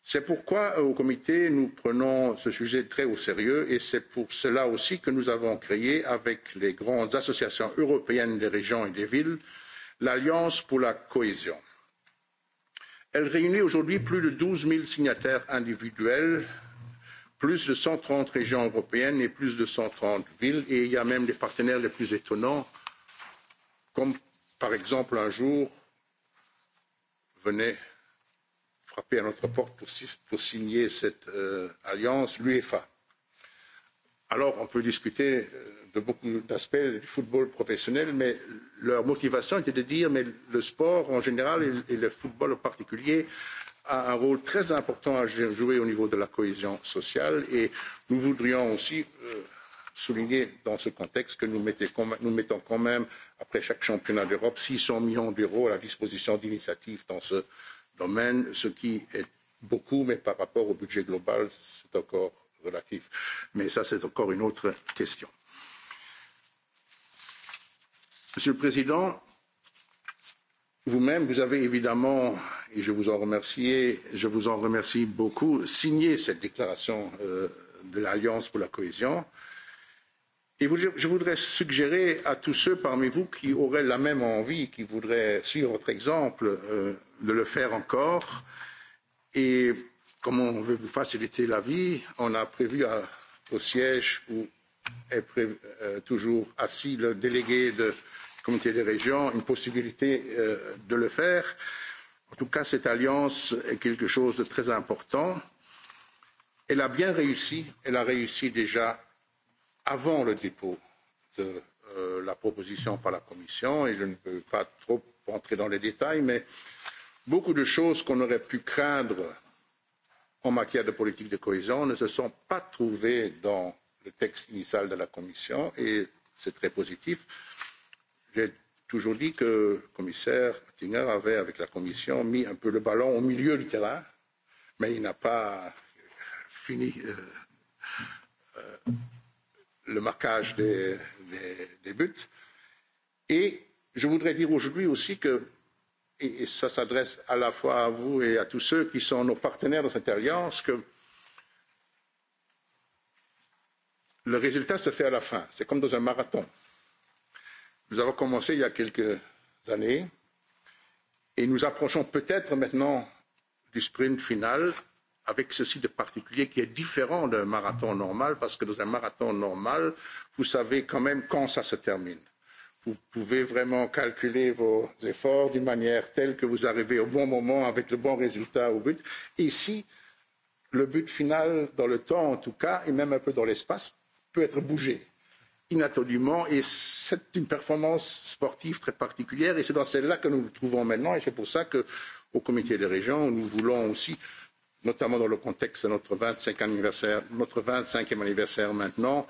Speaker 9: C'est pourquoi, au comité, nous prenons ce sujet très au sérieux et c'est pour cela aussi que nous avons créé, avec les grandes associations européennes des régions et des villes, l'alliance pour la cohésion. elle réunit aujourd'hui plus de douze zéro signataires individuels plus de cent trente régions européennes et plus de cent trente villes et il y a même des partenaires les plus étonnants comme par exemple un jour venait frapper à notre porte pour, signer cette euh, alliance l'uefa. alors on peut discuter euh, de beaucoup d'aspects du football professionnel, mais leur motivation était de dire mais le sport en général et le football en particulier a un rôle très important à jouer au niveau de la cohésion sociale et nous voudrions aussi euh, souligner dans ce contexte que nous, nous mettons quand même, après chaque championnat d'Europe, 600 millions d'euros à la disposition d'initiatives dans ce domaine, ce qui est beaucoup, mais par rapport au budget global, c'est encore relatif. Mais ça, c'est encore une autre question monsieur le président vous même vous avez évidemment et je vous en remercie je vous en remercie beaucoup signé cette déclaration euh, de l'alliance pour la cohésion et je voudrais suggérer à tous ceux parmi vous qui auraient la même envie qui voudraient suivre votre exemple euh, de le faire encore et comme on veut vous faciliter la vie on a prévu au siège où est euh, toujours assis le délégué de comité des régions une possibilité euh, de le faire. en tout cas cette alliance est quelque chose de très important. elle a bien réussi elle a réussi déjà avant le dépôt de euh, la proposition par la commission et je ne peux pas trop entrer dans les détails mais beaucoup de choses qu'on aurait pu craindre en matière de politique de cohésion ne se sont pas trouvées dans le texte initial de la commission et c'est très positif j'ai toujours dit que le commissaire Oettinger avait, avec la Commission, mis un peu le ballon au milieu du terrain, mais il n'a pas euh, fini euh, euh, le marquage des, des, des buts. Et je voudrais dire aujourd'hui aussi que, et ça s'adresse à la fois à vous et à tous ceux qui sont nos partenaires dans cette alliance, que le résultat se fait à la fin. C'est comme dans un marathon. Nous avons commencé il y a quelques années et nous approchons peut-être maintenant du sprint final avec ceci de particulier qui est différent d'un marathon normal parce que dans un marathon normal, vous savez quand même quand ça se termine. Vous pouvez vraiment calculer vos efforts d'une manière telle que vous arrivez au bon moment avec le bon résultat au but. Ici, le but final, dans le temps en tout cas, et même un peu dans l'espace, peut être bougé inattendument et c'est une performance sportive très particulière et c'est dans celle là que nous nous trouvons maintenant et c'est pour ça que au comité des régions nous voulons aussi notamment dans le contexte de notre vingt e anniversaire notre vingt cinquième anniversaire maintenant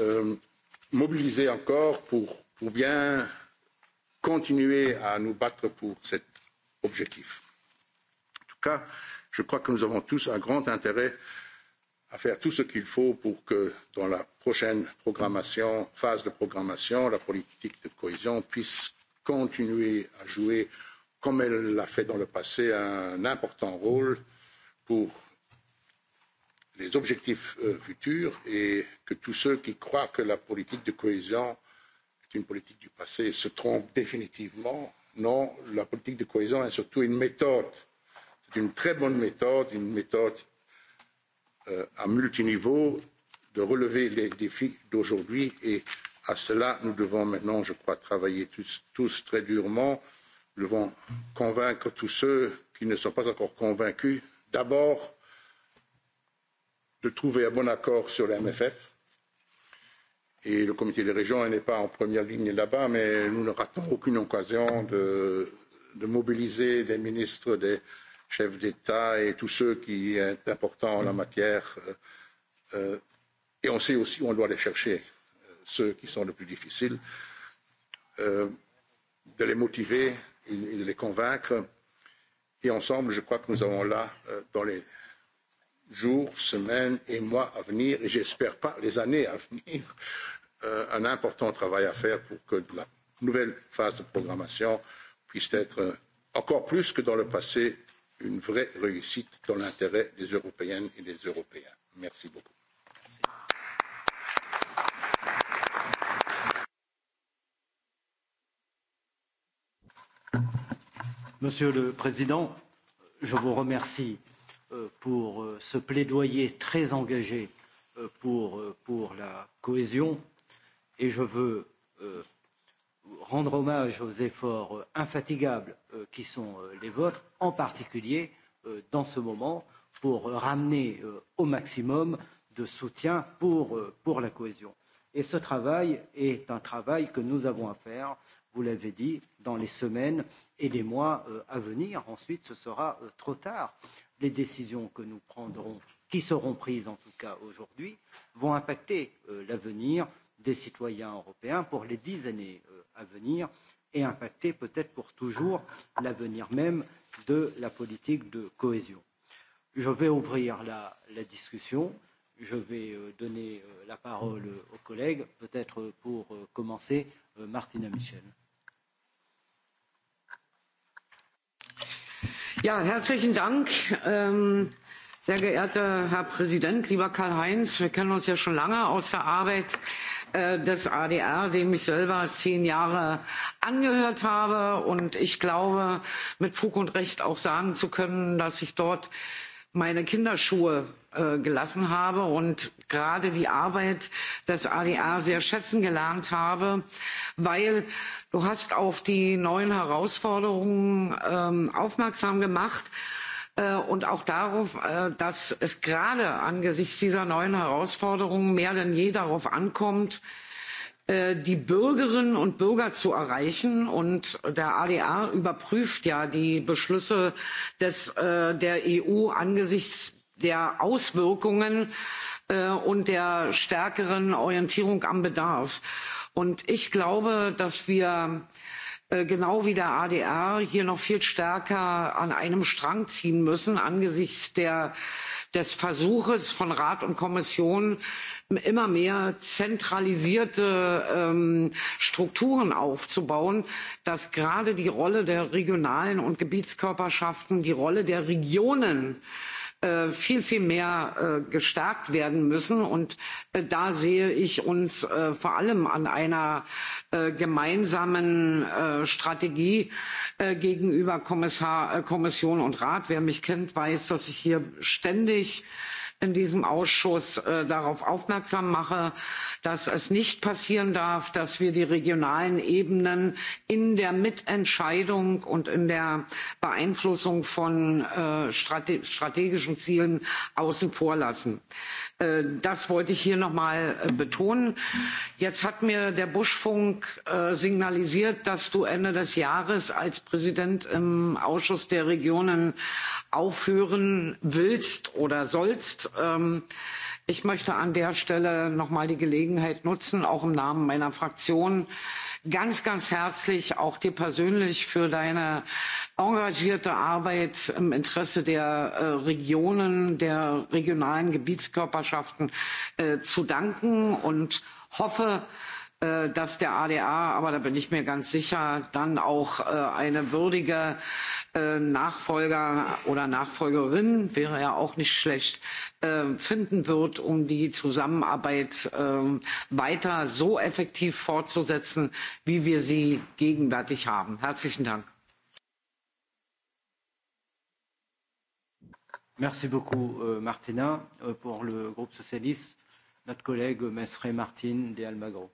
Speaker 9: euh, mobiliser encore pour, pour bien continuer à nous battre pour cet objectif. en tout cas je crois que nous avons tous un grand intérêt à faire tout ce qu'il faut pour que dans la prochaine programmation, phase de programmation, la politique de cohésion puisse continuer à jouer, comme elle l'a fait dans le passé, un important rôle pour les objectifs euh, futurs et que tous ceux qui croient que la politique de cohésion est une politique du passé se trompent définitivement. Non, la politique de cohésion est surtout une méthode. C'est une très bonne méthode, une méthode Euh, à multiniveau de relever les défis d'aujourd'hui et à cela nous devons maintenant je crois travailler tous, tous très durement nous devons convaincre tous ceux qui ne sont pas encore convaincus d'abord de trouver un bon accord sur le MFF et le comité des régions n'est pas en première ligne là bas mais nous ne ratons aucune occasion de, de mobiliser des ministres des chef d'État et tous ceux qui sont importants en la mm. matière. Euh, euh, et on sait aussi où on doit aller chercher euh, ceux qui sont les plus difficiles, de les motiver et de les convaincre. Et ensemble, je crois que nous avons là, dans les jours, semaines et mois à venir, et j'espère pas les années à venir, un important travail à faire pour que la nouvelle phase de programmation puisse être encore plus que dans le passé une vraie réussite dans l'intérêt des Européennes et des Européens. Merci beaucoup.
Speaker 1: Monsieur le Président, je vous remercie euh, pour euh, ce plaidoyer très engagé euh, pour, pour la cohésion et je veux rendre hommage aux efforts euh, infatigables euh, qui sont euh, les vôtres, en particulier dans ce moment, pour ramener au maximum de soutien pour, pour la cohésion. Et ce travail est un travail que nous avons à faire, vous l'avez dit, dans les semaines et les mois à venir. Ensuite, ce sera trop tard. Les décisions que nous prendrons, qui seront prises en tout cas aujourd'hui, vont impacter l'avenir des citoyens européens pour les dix années euh, à venir et impacter peut-être pour toujours l'avenir même de la politique de cohésion. Je vais ouvrir la, la discussion. Je vais euh, donner euh, la parole aux collègues, peut-être pour commencer, Martina Michel.
Speaker 10: Ja, herzlichen Dank. Ähm, sehr geehrter Herr Präsident, lieber Karl-Heinz, wir kennen uns ja schon lange aus der Arbeit Äh, des adr dem ich selber zehn jahre angehört habe und ich glaube mit fug und recht auch sagen zu können dass ich dort meine kinderschuhe äh, gelassen habe und gerade die arbeit des adr sehr schätzen gelernt habe weil du hast auf die neuen herausforderungen ähm, aufmerksam gemacht Äh, und auch darauf, äh, dass es gerade angesichts dieser neuen Herausforderungen mehr denn je darauf ankommt, äh, die Bürgerinnen und Bürger zu erreichen. Und der ADA überprüft ja die Beschlüsse des, der EU angesichts der Auswirkungen und der stärkeren Orientierung am Bedarf. Und ich glaube, dass wir Äh, genau wie der adr hier noch viel stärker an einem strang ziehen müssen angesichts der, des versuches von rat und kommission immer mehr zentralisierte ähm, strukturen aufzubauen dass gerade die rolle der regionalen und gebietskörperschaften die rolle der regionen Äh, viel, viel mehr äh, gestärkt werden müssen. Und äh, da sehe ich uns vor allem an einer gemeinsamen Strategie gegenüber Kommissar, Kommission und Rat. Wer mich kennt, weiß, dass ich hier ständig in diesem ausschuss äh, darauf aufmerksam mache dass es nicht passieren darf dass wir die regionalen ebenen in der mitentscheidung und in der beeinflussung von äh, strategischen zielen außen vor lassen. Äh, das wollte ich hier noch mal äh, betonen. Jetzt hat mir der Buschfunk äh, signalisiert, dass du Ende des Jahres als Präsident im Ausschuss der Regionen aufhören willst oder sollst. Ähm, ich möchte an der Stelle noch mal die Gelegenheit nutzen, auch im Namen meiner Fraktion ganz, ganz herzlich auch dir persönlich für deine engagierte Arbeit im Interesse der äh, Regionen, der regionalen Gebietskörperschaften äh, zu danken und hoffe, Äh, dass der ADA, aber da bin ich mir ganz sicher, dann auch äh, eine würdige äh, Nachfolger oder Nachfolgerin, wäre ja auch nicht schlecht, finden wird, um die Zusammenarbeit ähm, weiter so effektiv fortzusetzen, wie wir sie gegenwärtig haben. Herzlichen Dank.
Speaker 1: Merci beaucoup, euh, euh, Pour le groupe socialiste, notre collègue
Speaker 11: Mesre Martin de Almagro.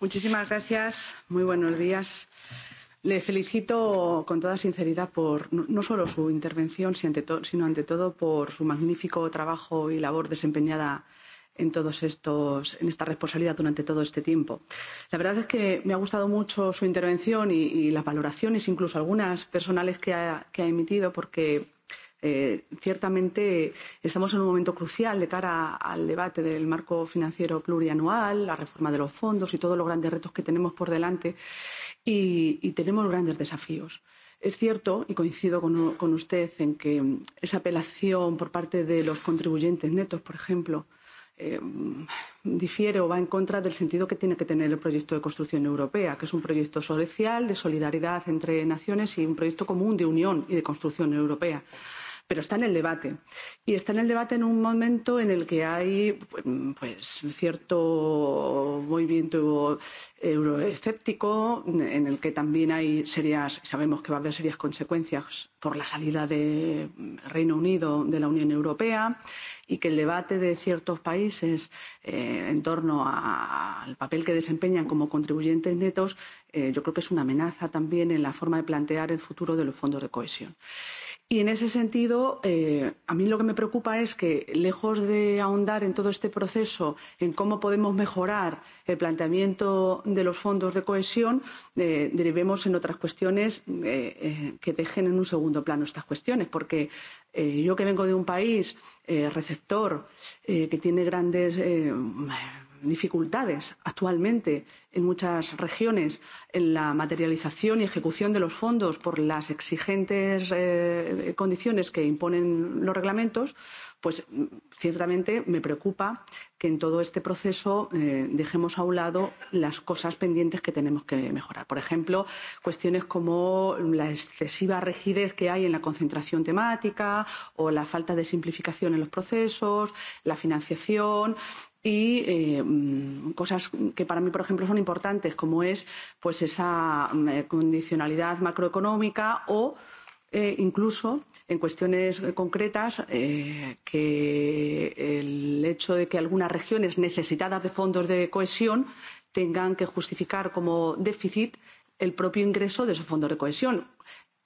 Speaker 11: Muchísimas gracias. Muy buenos días. Le felicito con toda sinceridad por no solo su intervención, sino ante todo por su magnífico trabajo y labor desempeñada en, todos estos, en esta responsabilidad durante todo este tiempo. La verdad es que me ha gustado mucho su intervención y, y las valoraciones, incluso algunas personales que ha emitido, porque Eh, ciertamente estamos en un momento crucial de cara al debate del marco financiero plurianual, la reforma de los fondos y todos los grandes retos que tenemos por delante y, y tenemos grandes desafíos. Es cierto, y coincido con, con usted, en que esa apelación por parte de los contribuyentes netos, por ejemplo, eh, difiere o va en contra del sentido que tiene que tener el proyecto de construcción europea, que es un proyecto social, de solidaridad entre naciones y un proyecto común de unión y de construcción europea pero está en el debate y está en el debate en un momento en el que hay pues cierto movimiento euroescéptico en el que también hay serias sabemos que va a haber serias consecuencias por la salida del reino unido de la unión europea y que el debate de ciertos países eh, en torno al papel que desempeñan como contribuyentes netos eh, yo creo que es una amenaza también en la forma de plantear el futuro de los fondos de cohesión y en ese sentido eh, a mí lo que me preocupa es que lejos de ahondar en todo este proceso en cómo podemos mejorar el planteamiento de los fondos de cohesión eh, derivemos en otras cuestiones eh, eh que dejen en un segundo plano estas cuestiones porque eh, yo que vengo de un país eh, receptor que tiene grandes dificultades actualmente en muchas regiones en la materialización y ejecución de los fondos por las exigentes eh, condiciones que imponen los reglamentos pues ciertamente me preocupa que en todo este proceso eh, dejemos a un lado las cosas pendientes que tenemos que mejorar. Por ejemplo, cuestiones como la excesiva rigidez que hay en la concentración temática o la falta de simplificación en los procesos, la financiación, y eh, mm, cosas que para mí por ejemplo son importantes como es pues esa mm, eh, condicionalidad macroeconómica o eh, incluso en cuestiones concretas eh, que el hecho de que algunas regiones necesitadas de fondos de cohesión tengan que justificar como déficit el propio ingreso de esos fondos de cohesión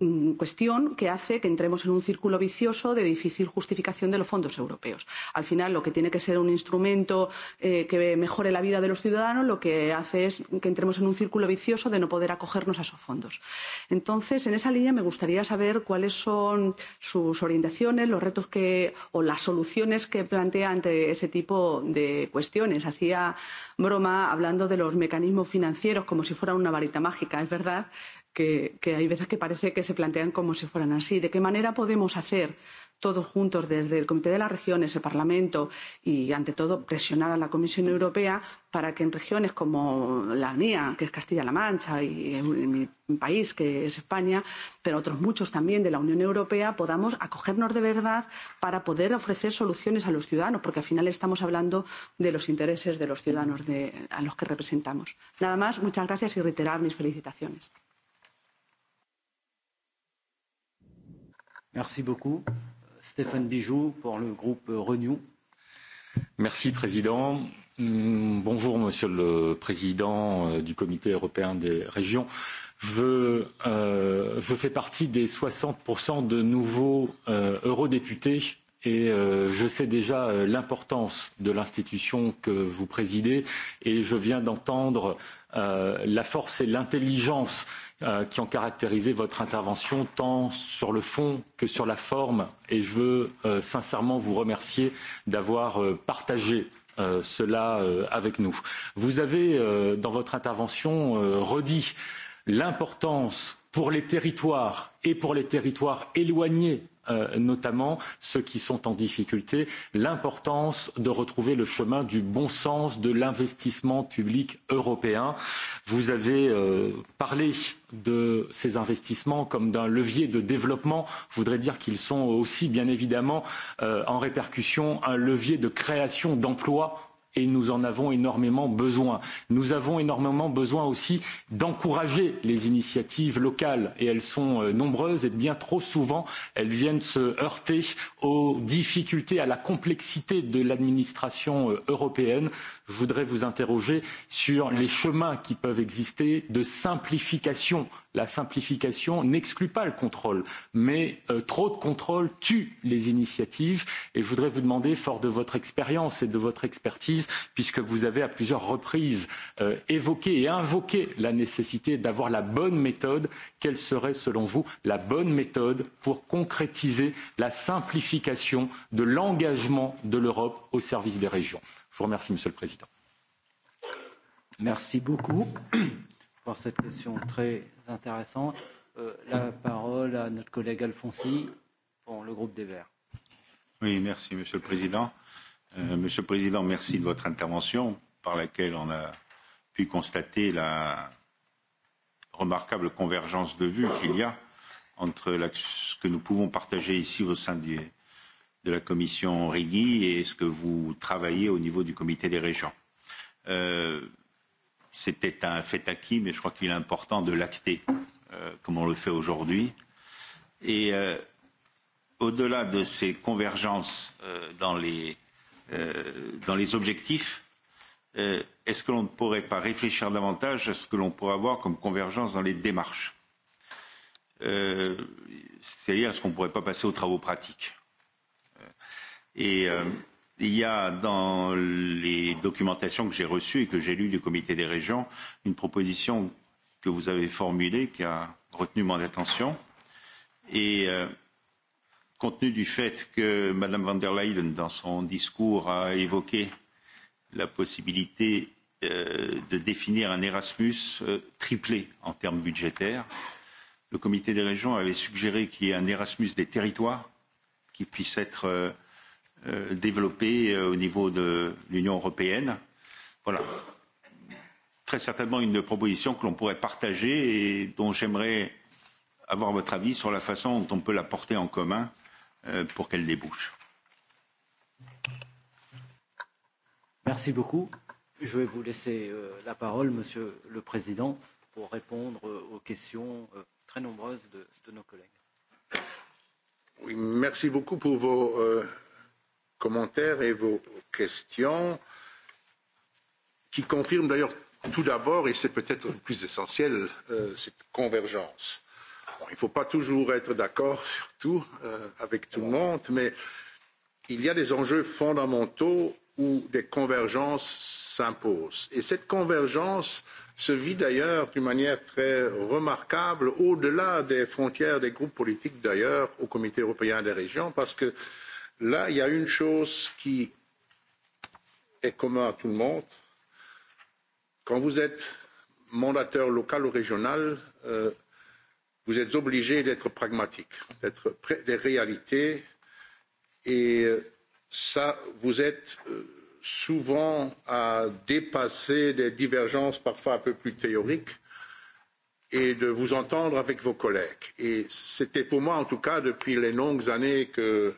Speaker 11: Mm, cuestión que hace que entremos en un círculo vicioso de difícil justificación de los fondos europeos. al final lo que tiene que ser un instrumento eh, que mejore la vida de los ciudadanos lo que hace es que entremos en un círculo vicioso de no poder acogernos a esos fondos. entonces en esa línea me gustaría saber cuáles son sus orientaciones los retos que, o las soluciones que plantea ante ese tipo de cuestiones. hacía broma hablando de los mecanismos financieros como si fuera una varita mágica es verdad que, que hay veces que parece que se plantean como si fueran así. ¿De qué manera podemos hacer todos juntos desde el Comité de las Regiones, el Parlamento y, ante todo, presionar a la Comisión Europea para que en regiones como la mía, que es Castilla-La Mancha, y en mi país, que es España, pero otros muchos también de la Unión Europea, podamos acogernos de verdad para poder ofrecer soluciones a los ciudadanos, porque al final estamos hablando de los intereses de los ciudadanos de, a los que representamos. Nada más, muchas gracias y reiterar mis felicitaciones.
Speaker 1: Merci beaucoup. Stéphane Bijoux pour le groupe Renew.
Speaker 12: Merci Président. Mm, bonjour Monsieur le Président euh, du Comité européen des régions. Je, euh, je fais partie des 60% de nouveaux euh, eurodéputés et euh, je sais déjà euh, l'importance de l'institution que vous présidez et je viens d'entendre euh, la force et l'intelligence euh, qui ont caractérisé votre intervention tant sur le fond que sur la forme et je veux euh, sincèrement vous remercier d'avoir euh, partagé cela avec nous. Vous avez dans votre intervention redit l'importance pour les territoires et pour les territoires éloignés Euh, notamment ceux qui sont en difficulté, l'importance de retrouver le chemin du bon sens de l'investissement public européen. Vous avez euh, parlé de ces investissements comme d'un levier de développement. Je voudrais dire qu'ils sont aussi, bien évidemment, euh, en répercussion, un levier de création d'emplois et nous en avons énormément besoin. Nous avons énormément besoin aussi d'encourager les initiatives locales et elles sont euh, nombreuses et bien trop souvent elles viennent se heurter aux difficultés, à la complexité de l'administration euh, européenne. Je voudrais vous interroger sur les chemins qui peuvent exister de simplification la simplification n'exclut pas le contrôle mais euh, trop de contrôle tue les initiatives et je voudrais vous demander fort de votre expérience et de votre expertise puisque vous avez à plusieurs reprises euh, évoqué et invoqué la nécessité d'avoir la bonne méthode quelle serait selon vous la bonne méthode pour concrétiser la simplification de l'engagement de l'Europe au service des régions je vous remercie monsieur le président
Speaker 1: merci beaucoup pour cette question très intéressante. Euh, la parole à notre collègue Alfonsi pour le groupe des Verts.
Speaker 13: Oui, merci Monsieur le Président. Euh, Monsieur le Président, merci de votre intervention par laquelle on a pu constater la remarquable convergence de vues qu'il y a entre la, ce que nous pouvons partager ici au sein du, de la commission Righi et ce que vous travaillez au niveau du comité des régions. Euh, C'était un fait acquis, mais je crois qu'il est important de l'acter, euh, comme on le fait aujourd'hui. Et euh, au-delà de ces convergences euh, dans, les, euh, dans les objectifs, euh, est-ce que l'on ne pourrait pas réfléchir davantage à ce que l'on pourrait avoir comme convergence dans les démarches euh, C'est-à-dire, est-ce qu'on ne pourrait pas passer aux travaux pratiques Et il y a dans les documentations que j'ai reçues et que j'ai lues du comité des régions une proposition que vous avez formulée qui a retenu mon attention et euh, compte tenu du fait que mme van der leyen dans son discours a évoqué la possibilité euh, de définir un erasmus euh, triplé en termes budgétaires le comité des régions avait suggéré qu'il y ait un erasmus des territoires qui puisse être euh, Euh, développée euh, au niveau de l'Union européenne. Voilà très certainement une proposition que l'on pourrait partager et dont j'aimerais avoir votre avis sur la façon dont on peut la porter en commun euh, pour qu'elle débouche.
Speaker 1: Merci beaucoup. Je vais vous laisser la parole, Monsieur le Président, pour répondre aux questions très nombreuses de, de nos collègues.
Speaker 9: Oui, merci beaucoup pour vos euh, commentaires et vos questions qui confirment d'ailleurs tout d'abord et c'est peut être le plus essentiel euh, cette convergence. Bon, il ne faut pas toujours être d'accord sur tout euh, avec tout le monde mais il y a des enjeux fondamentaux où des convergences s'imposent et cette convergence se vit d'ailleurs d'une manière très remarquable au delà des frontières des groupes politiques d'ailleurs au comité européen des régions parce que là il y a une chose qui est commune à tout le monde quand vous êtes mandateur local ou régional euh, vous êtes obligé d'être pragmatique d'être près des réalités et euh, ça vous êtes euh, souvent à dépasser des divergences parfois un peu plus théoriques et de vous entendre avec vos collègues et c'était pour moi en tout cas depuis les longues années que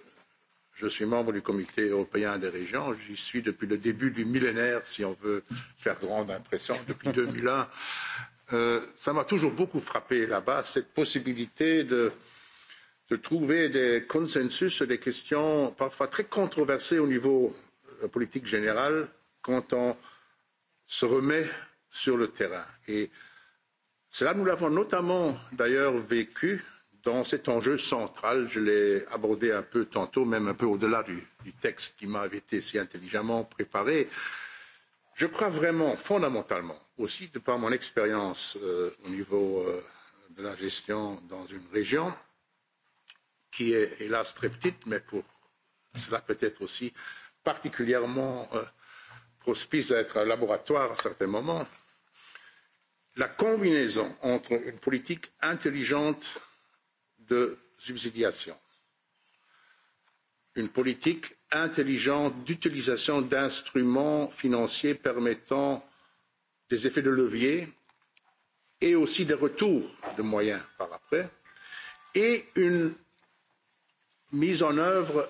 Speaker 9: je suis membre du Comité européen des régions. J'y suis depuis le début du millénaire, si on veut faire grande impression, depuis 2001. Euh, ça m'a toujours beaucoup frappé là-bas, cette possibilité de, de trouver des consensus sur des questions parfois très controversées au niveau euh, politique général quand on se remet sur le terrain. Et cela, nous l'avons notamment d'ailleurs vécu dans cet enjeu central, je l'ai abordé un peu tantôt, même un peu au-delà du, du texte qui m'avait été si intelligemment préparé, je crois vraiment fondamentalement, aussi de par mon expérience euh, au niveau euh, de la gestion dans une région qui est hélas très petite, mais pour cela peut être aussi particulièrement euh, prospice à être un laboratoire à certains moments, la combinaison entre une politique intelligente de subsidiation une politique intelligente d'utilisation d'instruments financiers permettant des effets de levier et aussi des retours de moyens par après et une mise en œuvre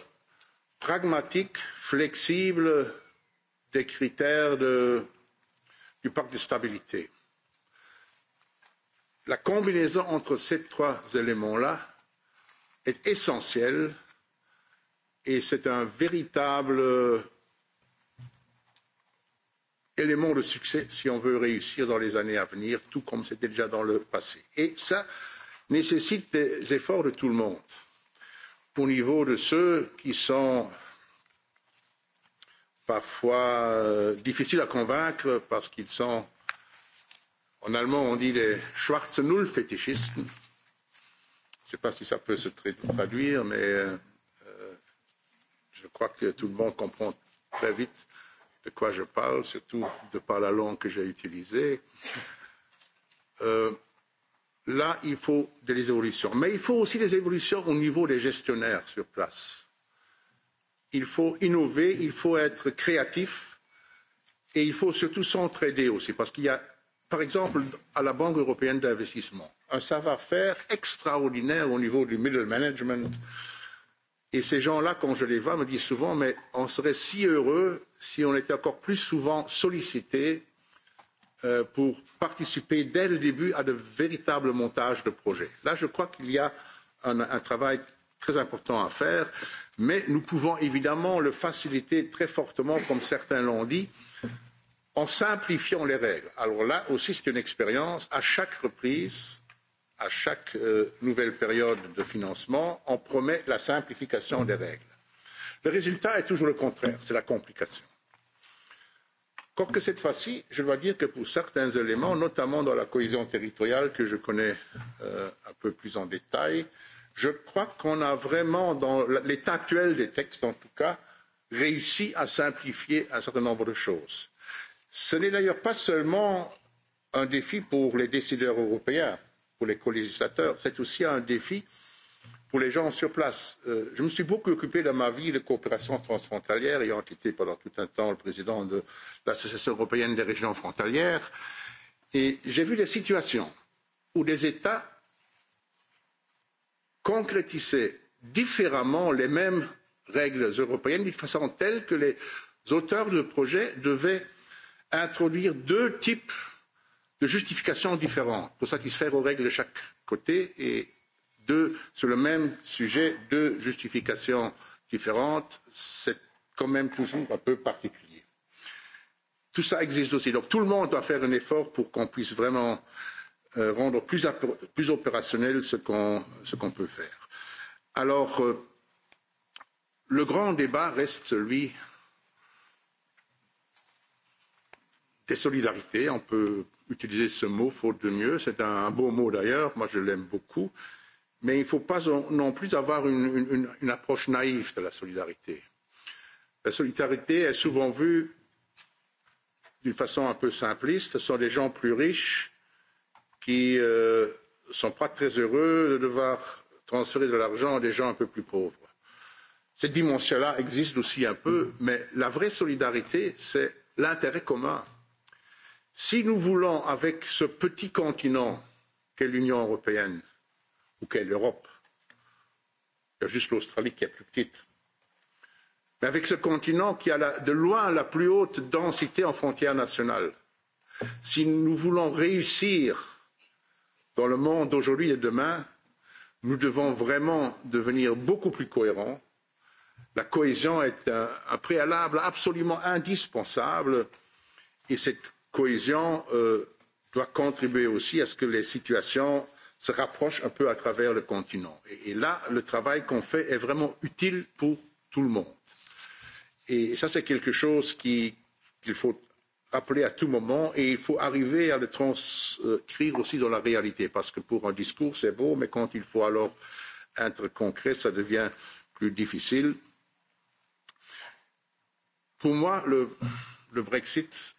Speaker 9: pragmatique flexible des critères du pacte de stabilité. la combinaison entre ces trois éléments là est essentiel et c'est un véritable élément de succès si on veut réussir dans les années à venir, tout comme c'était déjà dans le passé. Et ça nécessite des efforts de tout le monde, au niveau de ceux qui sont parfois euh, difficiles à convaincre parce qu'ils sont, en allemand on dit des Schwarze Null fétichistes, ne sais pas si ça peut se traduire, mais euh, euh, je crois que tout le monde comprend très vite de quoi je parle, surtout de par la langue que j'ai utilisée. Euh, là, il faut des évolutions. Mais il faut aussi des évolutions au niveau des gestionnaires sur place. Il faut innover, il faut être créatif et il faut surtout s'entraider aussi, parce qu'il y a par exemple à la Banque européenne d'investissement, un euh, savoir-faire extraordinaire au niveau du middle management. Et ces gens-là, quand je les vois, me disent souvent, mais on serait si heureux si on était encore plus souvent sollicités euh, pour participer dès le début à de véritables montages de projets. Là, je crois qu'il y a un, un travail très important à faire, mais nous pouvons évidemment le faciliter très fortement, comme certains l'ont dit, en simplifiant les règles. Alors là aussi, c'est une expérience à chaque reprise, à chaque euh, nouvelle période de financement, on promet la simplification des règles. Le résultat est toujours le contraire, c'est la complication. Quoique cette fois-ci, je dois dire que pour certains éléments, notamment dans la cohésion territoriale que je connais euh, un peu plus en détail, je crois qu'on a vraiment, dans l'état actuel des textes en tout cas, réussi à simplifier un certain nombre de choses ce n'est d'ailleurs pas seulement un défi pour les décideurs européens pour les colégislateurs c'est aussi un défi pour les gens sur place. Euh, je me suis beaucoup occupé dans ma vie de coopération transfrontalière ayant été pendant tout un temps le président de l'association européenne des régions frontalières et j'ai vu des situations où des états concrétisaient différemment les mêmes règles européennes d'une façon telle que les auteurs de projets devaient introduire deux types de justifications différentes pour satisfaire aux règles de chaque côté et deux sur le même sujet deux justifications différentes c'est quand même toujours un peu particulier. tout cela existe aussi donc tout le monde doit faire un effort pour qu'on puisse vraiment euh, rendre plus, plus opérationnel ce qu'on peut faire. alors euh, le grand débat reste celui des solidarité, On peut utiliser ce mot faute de mieux. C'est un beau mot d'ailleurs. Moi, je l'aime beaucoup. Mais il ne faut pas non plus avoir une, une, une approche naïve de la solidarité. La solidarité est souvent vue d'une façon un peu simpliste. Ce sont des gens plus riches qui ne euh, sont pas très heureux de devoir transférer de l'argent à des gens un peu plus pauvres. Cette dimension-là existe aussi un peu, mm-hmm. mais la vraie solidarité, c'est l'intérêt commun si nous voulons avec ce petit continent qu'est l'union européenne ou qu'est l'europe il y a juste l'australie qui est plus petite mais avec ce continent qui a la, de loin la plus haute densité en frontières nationales si nous voulons réussir dans le monde d'aujourd'hui et de demain nous devons vraiment devenir beaucoup plus cohérents la cohésion est un, un préalable absolument indispensable et cette cohésion euh, doit contribuer aussi à ce que les situations se rapprochent un peu à travers le continent. Et là, le travail qu'on fait est vraiment utile pour tout le monde. Et ça, c'est quelque chose qu'il faut rappeler à tout moment et il faut arriver à le transcrire aussi dans la réalité. Parce que pour un discours, c'est beau, mais quand il faut alors être concret, ça devient plus difficile. Pour moi, le, le Brexit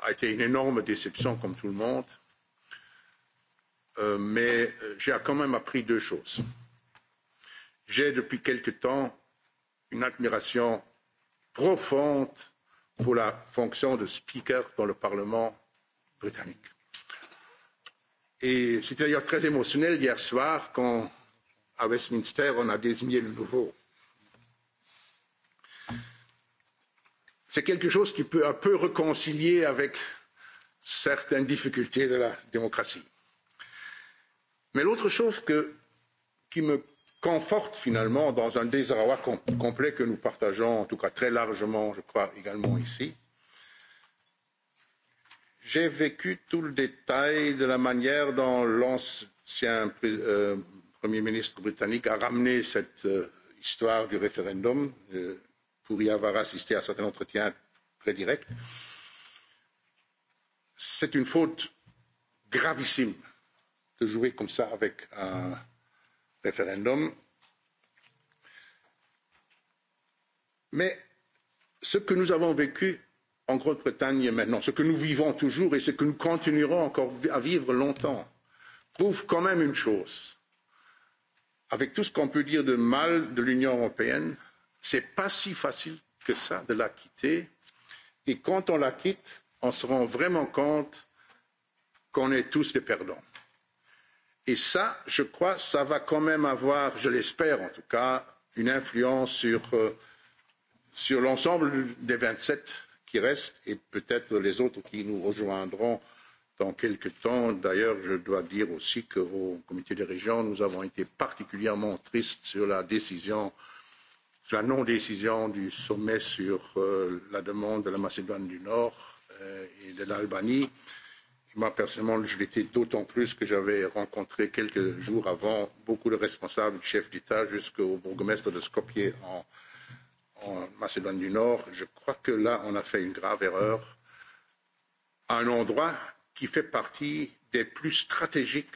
Speaker 9: a été une énorme déception comme tout le monde euh, mais euh, j'ai quand même appris deux choses j'ai depuis quelque temps une admiration profonde pour la fonction de speaker dans le parlement britannique et c'était d'ailleurs très émotionnel hier soir quand à Westminster on a désigné le nouveau c'est quelque chose qui peut un peu réconcilier avec certaines difficultés de la démocratie. mais l'autre chose que, qui me conforte finalement dans un désarroi complet que nous partageons en tout cas très largement je crois également ici j'ai vécu tout le détail de la manière dont l'ancien euh, premier ministre britannique a ramené cette euh, histoire du référendum euh, pour y avoir assisté à certains entretiens très directs c'est une faute gravissime de jouer comme ça avec un référendum mais ce que nous avons vécu en grande bretagne maintenant ce que nous vivons toujours et ce que nous continuerons encore à vivre longtemps prouve quand même une chose avec tout ce qu'on peut dire de mal de l'union européenne ce n'est pas si facile que ça de la quitter et quand on la quitte on se rend vraiment compte qu'on est tous des perdants. et ça je crois ça va quand même avoir je l'espère en tout cas une influence sur, euh, sur l'ensemble des vingt sept qui restent et peut être les autres qui nous rejoindront dans quelques temps. d'ailleurs je dois dire aussi qu'au comité des régions nous avons été particulièrement tristes sur la décision sur la non-décision du sommet sur euh, la demande de la Macédoine du Nord euh, et de l'Albanie. Moi, personnellement, je l'étais d'autant plus que j'avais rencontré quelques jours avant beaucoup de responsables, chefs d'État, jusqu'au bourgmestre de Skopje en, en Macédoine du Nord. Je crois que là, on a fait une grave erreur à un endroit qui fait partie des plus stratégiques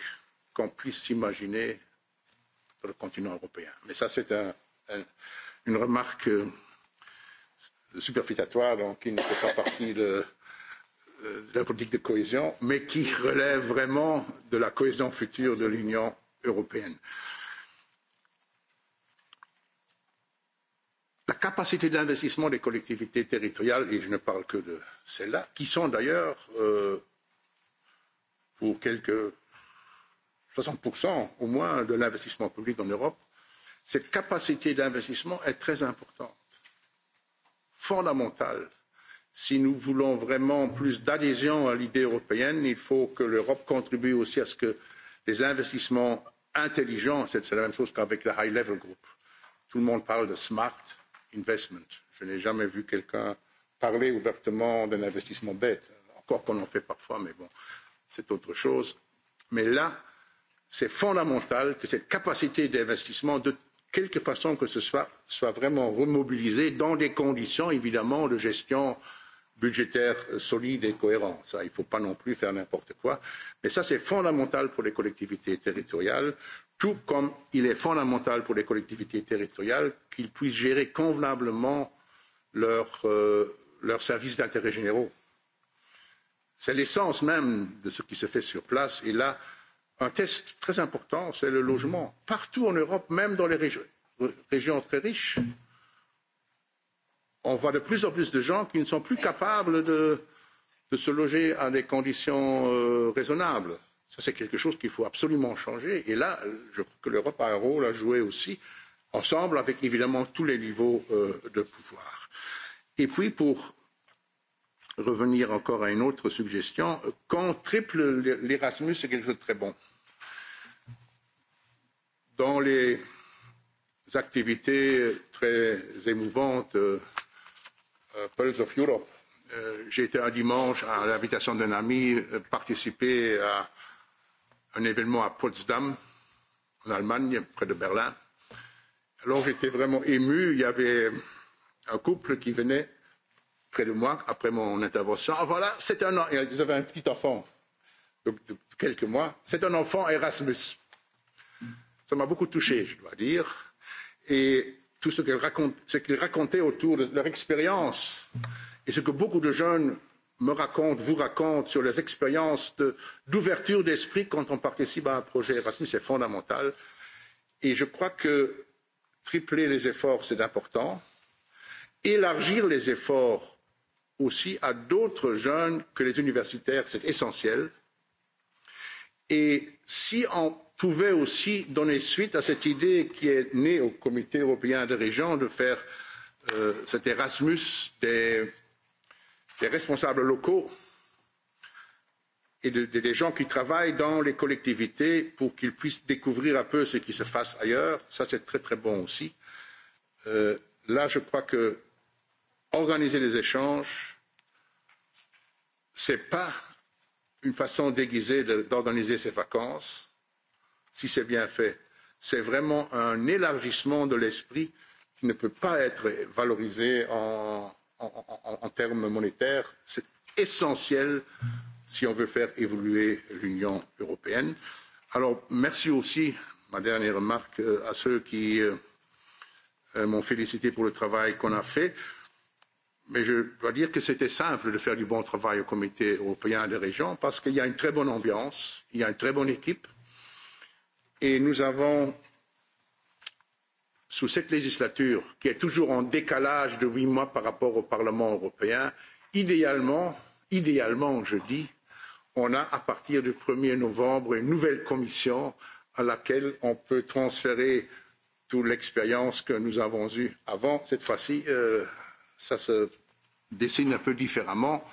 Speaker 9: qu'on puisse imaginer sur le continent européen. Mais ça, c'est un, un, une remarque euh, superfétatoire, donc qui ne fait pas partie de, euh, de la politique de cohésion, mais qui relève vraiment de la cohésion future de l'Union européenne. La capacité d'investissement des collectivités territoriales, et je ne parle que de celles-là, qui sont d'ailleurs euh, pour quelques 60% au moins de l'investissement public en Europe, cette capacité d'investissement est très importante, fondamentale. Si nous voulons vraiment plus d'adhésion à l'idée européenne, il faut que l'Europe contribue aussi à ce que les investissements intelligents, c'est la même chose qu'avec le High Level Group. Tout le monde parle de smart investment. Je n'ai jamais vu quelqu'un parler ouvertement d'un investissement bête, encore qu'on en fait parfois, mais bon, c'est autre chose. Mais là, c'est fondamental que cette capacité d'investissement de quelque façon que ce soit, soit vraiment remobilisé dans des conditions évidemment de gestion budgétaire solide et cohérente. Ça, il ne faut pas non plus faire n'importe quoi. Mais ça, c'est fondamental pour les collectivités territoriales, tout comme il est fondamental pour les collectivités territoriales qu'ils puissent gérer convenablement euh, leurs euh, leur services d'intérêt généraux. C'est l'essence même de ce qui se fait sur place. Et là, un test très important, c'est le logement. Partout en Europe, même dans les régi régions très riches, on voit de plus en plus de gens qui ne sont plus capables de, de se loger à des conditions euh, raisonnables. Ça, c'est quelque chose qu'il faut absolument changer. Et là, je crois que l'Europe a un rôle à jouer aussi, ensemble, avec évidemment tous les niveaux euh, de pouvoir. Et puis, pour revenir encore à une autre suggestion. Quand triple l'Erasmus, c'est quelque chose de très bon. Dans les activités très émouvantes, euh, Pulse of Europe, euh, j'ai été un dimanche, à l'invitation d'un ami, euh, participer à un événement à Potsdam, en Allemagne, près de Berlin. Alors j'étais vraiment ému. Il y avait un couple qui venait près de moi après mon intervention. Ah voilà, c'est un an. Ils avaient un petit enfant de, quelques mois. C'est un enfant Erasmus. Ça m'a beaucoup touché, je dois dire. Et tout ce qu'ils racontaient, qu racontaient autour de leur expérience et ce que beaucoup de jeunes me racontent, vous racontent sur les expériences d'ouverture de, d'esprit quand on participe à un projet Erasmus, c'est fondamental. Et je crois que tripler les efforts, c'est important. Élargir les efforts aussi à d'autres jeunes que les universitaires c'est essentiel et si on pouvait aussi donner suite à cette idée qui est née au comité européen des régions de faire euh, cet erasmus des, des responsables locaux et des gens qui travaillent dans les collectivités pour qu'ils puissent découvrir un peu ce qui se passe ailleurs ça c'est très très bon aussi. Euh, là je crois que organiser les échanges ce n'est pas une façon déguisée d'organiser ses vacances si c'est bien fait c'est vraiment un élargissement de l'esprit qui ne peut pas être valorisé en, en, en, en termes monétaires c'est essentiel si on veut faire évoluer l'union européenne. alors merci aussi ma dernière remarque euh, à ceux qui euh, euh, m'ont félicité pour le travail qu'on a fait mais je dois dire que c'était simple de faire du bon travail au comité européen des régions parce qu'il y a une très bonne ambiance, il y a une très bonne équipe et nous avons sous cette législature qui est toujours en décalage de huit mois par rapport au Parlement européen, idéalement, idéalement je dis, on a à partir du 1er novembre une nouvelle commission à laquelle on peut transférer toute l'expérience que nous avons eue avant cette fois-ci. Euh, ça se dessine un peu différemment,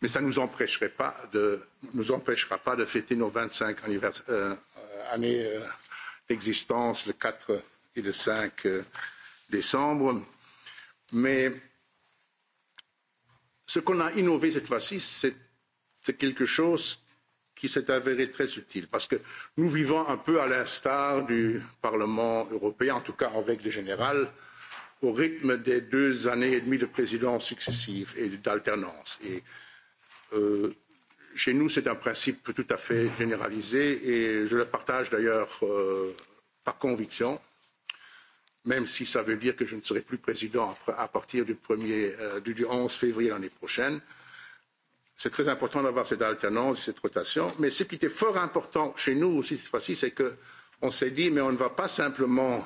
Speaker 9: mais ça ne nous, empêcherait pas de, nous empêchera pas de fêter nos 25 euh, années euh, d'existence le 4 et le 5 euh, décembre. Mais ce qu'on a innové cette fois-ci, c'est quelque chose qui s'est avéré très utile parce que nous vivons un peu à l'instar du Parlement européen, en tout cas en règle générale, au rythme des deux années et demie de présidence successive et d'alternance. Et euh, chez nous, c'est un principe tout à fait généralisé et je le partage d'ailleurs euh, par conviction, même si ça veut dire que je ne serai plus président à partir du, premier, euh, du 11 février l'année prochaine. C'est très important d'avoir cette alternance et cette rotation. Mais ce qui était fort important chez nous aussi cette fois-ci, c'est qu'on s'est dit, mais on ne va pas simplement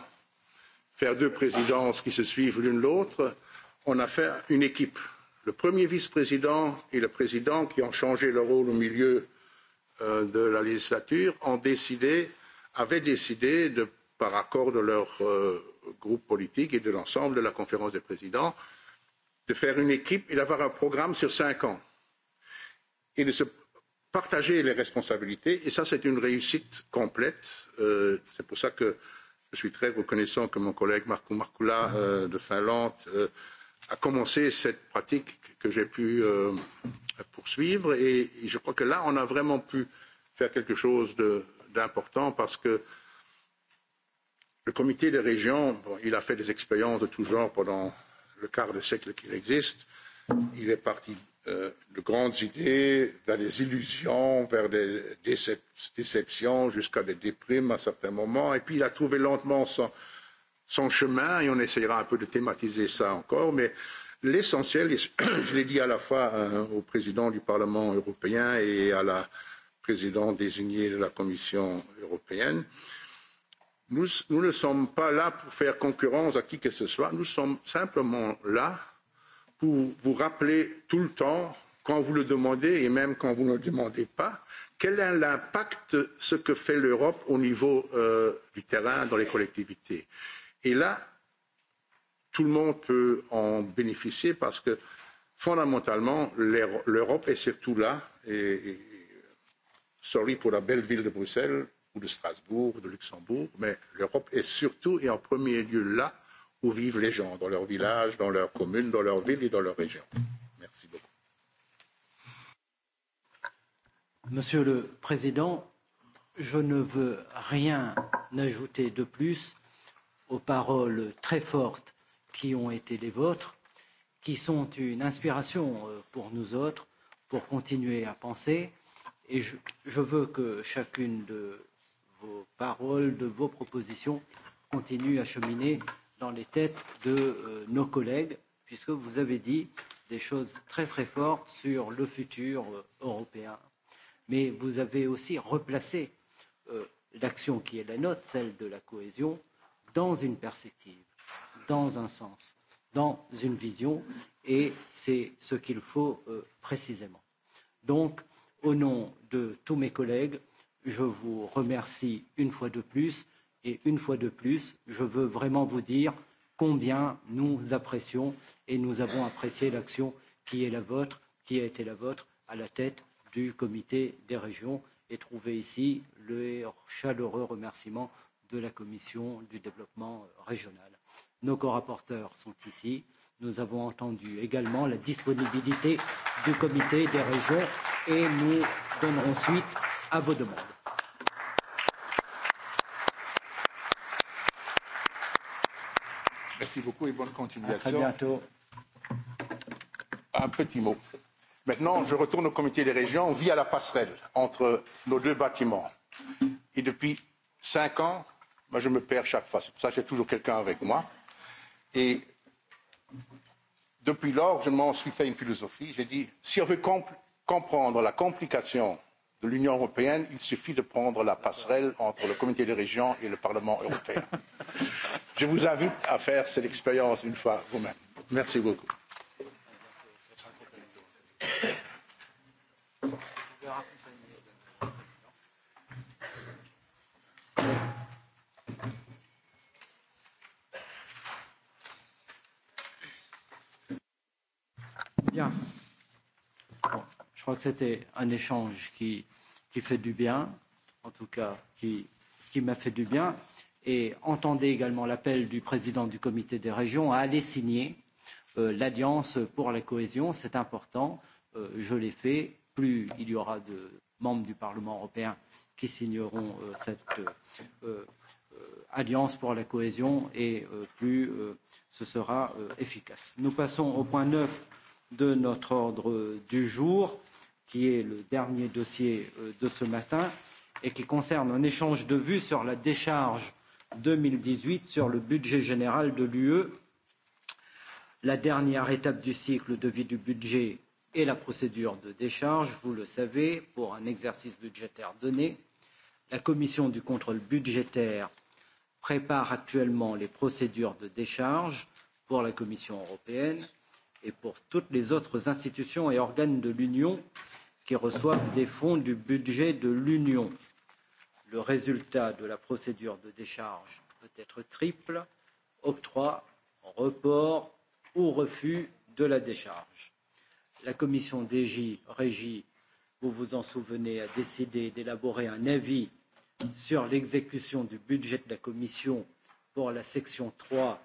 Speaker 9: faire deux présidences qui se suivent l'une l'autre on a fait une équipe le premier vice président et le président qui ont changé leur rôle au milieu euh, de la législature ont décidé avaient décidé de, par accord de leur euh, groupe politique et de l'ensemble de la conférence des présidents de faire une équipe et d'avoir un programme sur cinq ans et de se partager les responsabilités et ça c'est une réussite complète euh, c'est pour ça que je suis très reconnaissant que mon collègue Marco Marcula mm-hmm. euh, de Finlande euh, a commencé cette pratique que j'ai pu euh, poursuivre et, je crois que là on a vraiment pu faire quelque chose d'important parce que le comité des régions il a fait des expériences de tout genre pendant le quart de siècle qu'il existe il est parti Euh, de grandes idées vers des illusions, vers des déceptions, jusqu'à des déprimes à certains moments. Et puis il a trouvé lentement son, son chemin et on essayera un peu de thématiser ça encore. Mais l'essentiel, je l'ai dit à la fois au président du Parlement européen et à la présidente désignée de la Commission européenne, nous, nous ne sommes pas là pour faire concurrence à qui que ce soit, nous sommes simplement là pour vous rappeler tout le temps, quand vous le demandez et même quand vous ne le demandez pas, quel est l'impact ce que fait l'Europe au niveau euh, du terrain, dans les collectivités. Et là, tout le monde peut en bénéficier parce que fondamentalement, l'Europe est surtout là, et, et sorry pour la belle ville de Bruxelles ou de Strasbourg, de Luxembourg, mais l'Europe est surtout et en premier lieu là où vivent les gens, dans leur village, dans leur commune, dans leur ville et dans leur région. Merci beaucoup.
Speaker 1: Monsieur le Président, je ne veux rien ajouter de plus aux paroles très fortes qui ont été les vôtres, qui sont une inspiration euh, pour nous autres, pour continuer à penser. Et je, je veux que chacune de vos paroles, de vos propositions, continue à cheminer dans les têtes de euh, nos collègues, puisque vous avez dit des choses très très fortes sur le futur euh, européen. Mais vous avez aussi replacé euh, l'action qui est la nôtre, celle de la cohésion, dans une perspective, dans un sens, dans une vision, et c'est ce qu'il faut précisément. Donc, au nom de tous mes collègues, je vous remercie une fois de plus Et une fois de plus, je veux vraiment vous dire combien nous apprécions et nous avons apprécié l'action qui est la vôtre, qui a été la vôtre à la tête du comité des régions et trouver ici le chaleureux remerciement de la commission du développement régional. Nos corapporteurs sont ici. Nous avons entendu également la disponibilité du comité des régions et nous donnerons suite à vos demandes.
Speaker 9: Merci beaucoup et bonne continuation. À très bientôt. Un petit mot. Maintenant, je retourne au comité des régions via la passerelle entre nos deux bâtiments. Et depuis cinq ans, moi, je me perds chaque fois. C'est pour ça que j'ai toujours quelqu'un avec moi. Et depuis lors, je m'en suis fait une philosophie. J'ai dit, si on veut comp comprendre la complication de l'Union européenne, il suffit de prendre la passerelle entre le comité des régions et le Parlement européen. Je vous invite à faire cette expérience une fois vous-même. Merci beaucoup.
Speaker 1: Bien. Bon, je crois que c'était un échange qui, qui fait du bien, en tout cas qui, qui m'a fait du bien et entendez également l'appel du président du comité des régions à aller signer euh, l'alliance pour la cohésion. C'est important, euh, je l'ai fait. Plus il y aura de membres du Parlement européen qui signeront euh, cette alliance pour la cohésion et plus ce sera efficace. Nous passons au point 9 de notre ordre du jour, qui est le dernier dossier de ce matin et qui concerne un échange de vues sur la décharge deux mille dix huit sur le budget général de l'ue la dernière étape du cycle de vie du budget est la procédure de décharge vous le savez pour un exercice budgétaire donné. la commission du contrôle budgétaire prépare actuellement les procédures de décharge pour la commission européenne et pour toutes les autres institutions et organes de l'union qui reçoivent des fonds du budget de l'union. Le résultat de la procédure de décharge peut être triple octroi, report ou refus de la décharge. La commission DG Régie, vous vous en souvenez, a décidé d'élaborer un avis sur l'exécution du budget de la Commission pour la section 3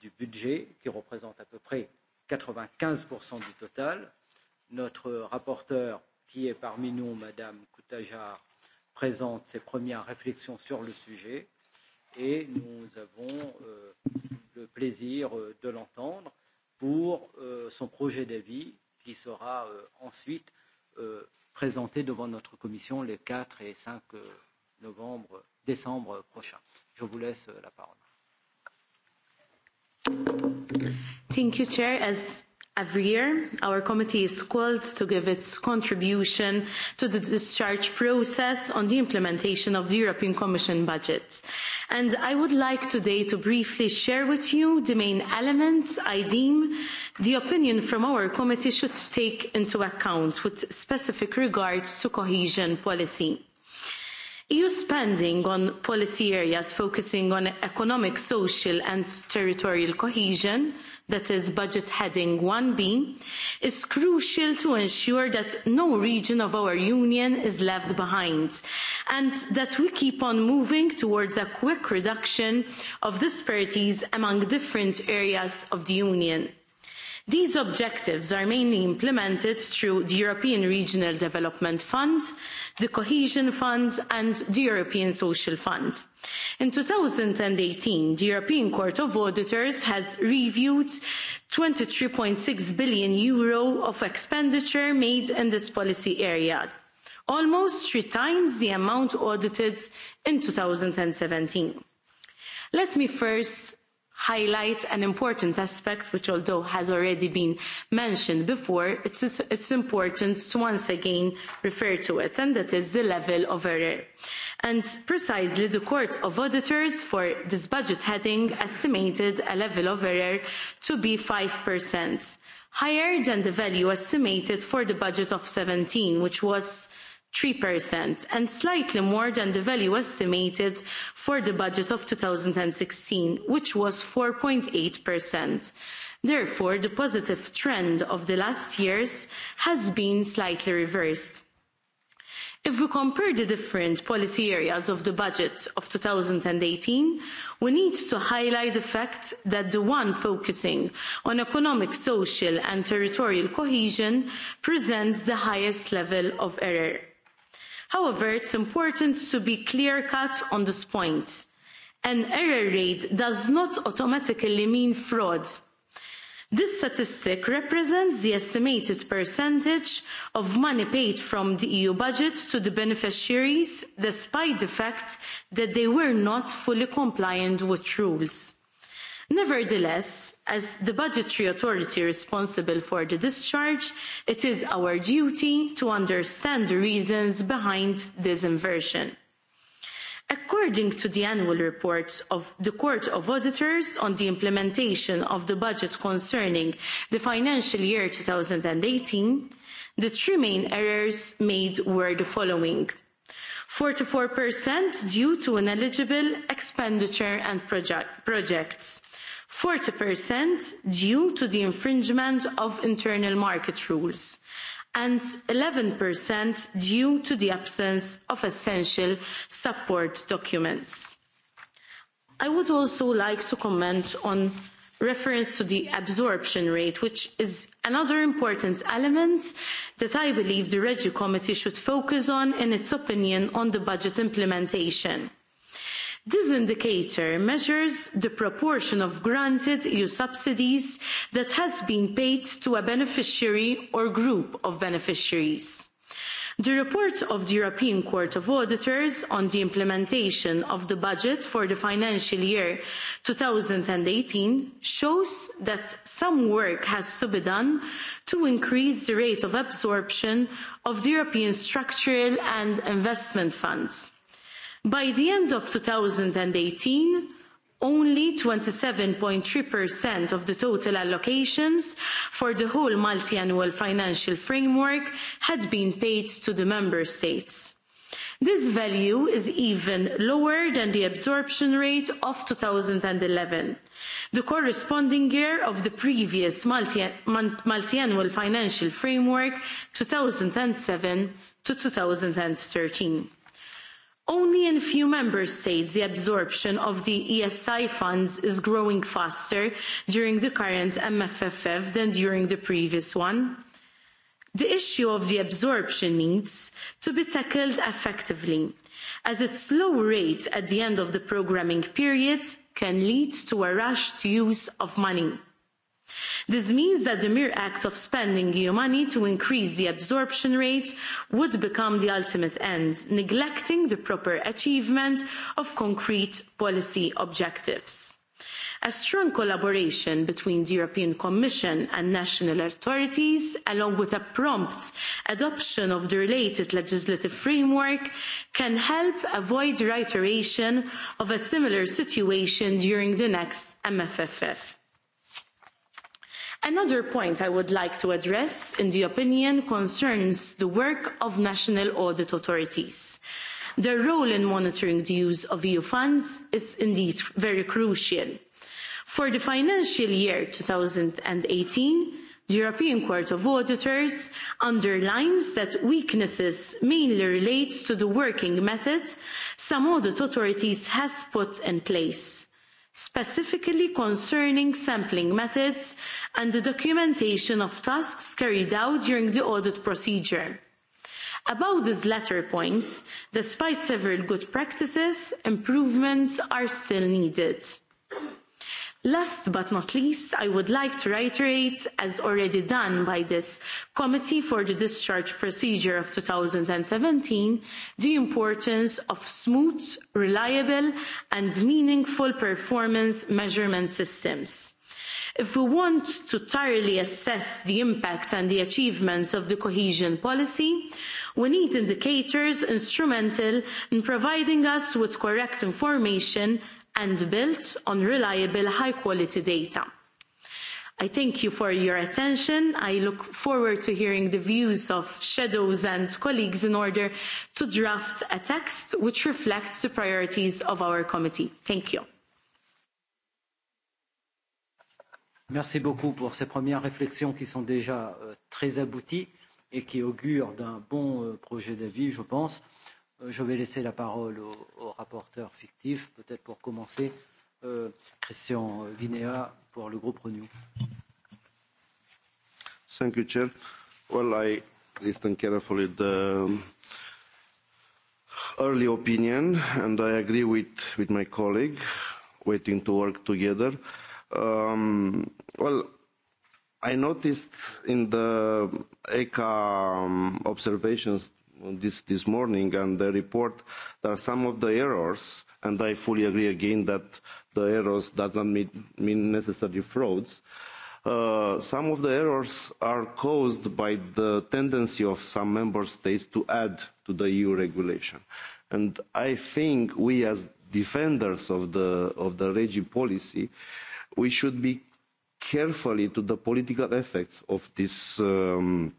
Speaker 1: du budget, qui représente à peu près 95% du total. Notre rapporteur, qui est parmi nous, Madame Koutajar, présente ses premières réflexions sur le sujet et nous avons euh, le plaisir euh, de l'entendre pour euh, son projet d'avis qui sera ensuite présenté devant notre commission les 4 et 5 novembre, décembre prochain. Je vous laisse la
Speaker 8: parole.
Speaker 14: Thank you, Chair. As every year our committee is called to give its contribution to the discharge process on the implementation of the european commission budget and i would like today to briefly share with you the main elements i deem the opinion from our committee should take into account with specific regard to cohesion policy eu spending on policy areas focusing on economic social and territorial cohesion that is budget heading one b is crucial to ensure that no region of our union is left behind and that we keep on moving towards a quick reduction of disparities among different areas of the union these objectives are mainly implemented through the european regional development fund the cohesion fund and the european social fund. in two thousand and eighteen the european court of auditors has reviewed eur twenty three six billion of expenditure made in this policy area almost three times the amount audited in. two thousand and seventeen let me first highlight an important aspect which although has already been mentioned before it's is important to once again refer to it and that is the level of error and precisely the court of auditors for this budget heading estimated a level of error to be five higher than the value estimated for the budget of seventeen which was. 3% and slightly more than the value estimated for the budget of 2016 which was 4.8%. Therefore the positive trend of the last years has been slightly reversed. If we compare the different policy areas of the budget of 2018, we need to highlight the fact that the one focusing on economic, social and territorial cohesion presents the highest level of error however it's important to be clear cut on this point an error rate does not automatically mean fraud. this statistic represents the estimated percentage of money paid from the eu budget to the beneficiaries despite the fact that they were not fully compliant with rules nevertheless as the budgetary authority responsible for the discharge it is our duty to understand the reasons behind this inversion. according to the annual report of the court of auditors on the implementation of the budget concerning the financial year 2018, eighteen the three main errors made were the following forty four due to ineligible expenditure and projects; forty due to the infringement of internal market rules and eleven due to the absence of essential support documents. i would also like to comment on reference to the absorption rate which is another important element that i believe the regi committee should focus on in its opinion on the budget implementation this indicator measures the proportion of granted eu subsidies that has been paid to a beneficiary or group of beneficiaries. the report of the european court of auditors on the implementation of the budget for the financial year 2018 eighteen shows that some work has to be done to increase the rate of absorption of the european structural and investment funds by the end of two thousand and eighteen only twenty seven three of the total allocations for the whole multiannual financial framework had been paid to the member states. this value is even lower than the absorption rate of. two thousand and eleven the corresponding year of the previous multiannual financial framework two thousand and seven to two thousand and thirteen only in a few member states the absorption of the esi funds is growing faster during the current mff than during the previous one. the issue of the absorption needs to be tackled effectively as its slow rate at the end of the programming period can lead to a rushed use of money this means that the mere act of spending eu money to increase the absorption rate would become the ultimate end neglecting the proper achievement of concrete policy objectives. a strong collaboration between the european commission and national authorities along with a prompt adoption of the related legislative framework can help avoid the reiteration of a similar situation during the next mff another point i would like to address in the opinion concerns the work of national audit authorities. their role in monitoring the use of eu funds is indeed very crucial. for the financial year 2018, eighteen the european court of auditors underlines that weaknesses mainly relate to the working method some audit authorities have put in place specifically concerning sampling methods and the documentation of tasks carried out during the audit procedure. About this latter point, despite several good practices, improvements are still needed last but not least i would like to reiterate as already done by this committee for the discharge procedure of 2017, seventeen the importance of smooth reliable and meaningful performance measurement systems. if we want to thoroughly assess the impact and the achievements of the cohesion policy we need indicators instrumental in providing us with correct information and built on reliable high quality data. i thank you for your attention. i look forward to hearing the views of shadows and colleagues in order to draft a text which reflects the priorities of our committee. thank you.
Speaker 1: Merci beaucoup pour ces premières réflexions qui sont déjà euh, très abouties et qui augurent d'un bon euh, projet d'avis, je pense. Euh, je vais laisser la parole au, au rapporteur fictif, peut-être pour commencer, euh, Christian Guinea pour le groupe Renew.
Speaker 15: Thank you, Chair. Well, I listened carefully the um, early opinion, and I agree with, with my colleague, waiting to work together. Um, well, I noticed in the ECA um, observations this, this morning and the report, that are some of the errors, and I fully agree again that the errors doesn't mean, mean necessarily frauds. Uh, some of the errors are caused by the tendency of some member states to add to the EU regulation. And I think we as defenders of the, of the regi policy, we should be carefully to the political effects of this um,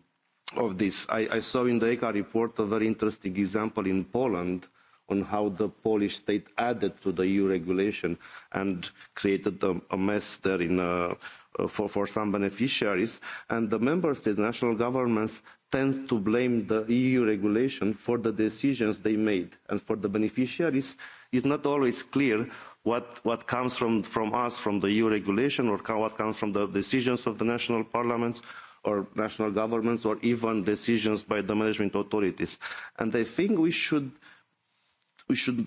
Speaker 15: of this. I, I saw in the ECA report a very interesting example in Poland on how the Polish state added to the EU regulation and created a, a mess there in, uh, uh, for, for some beneficiaries. And the member states, national governments, tend to blame the EU regulation for the decisions they made. And for the beneficiaries, it's not always clear what, what comes from, from us, from the EU regulation, or what comes from the decisions of the national parliaments, or national governments or even decisions by the management authorities. And I think we should we should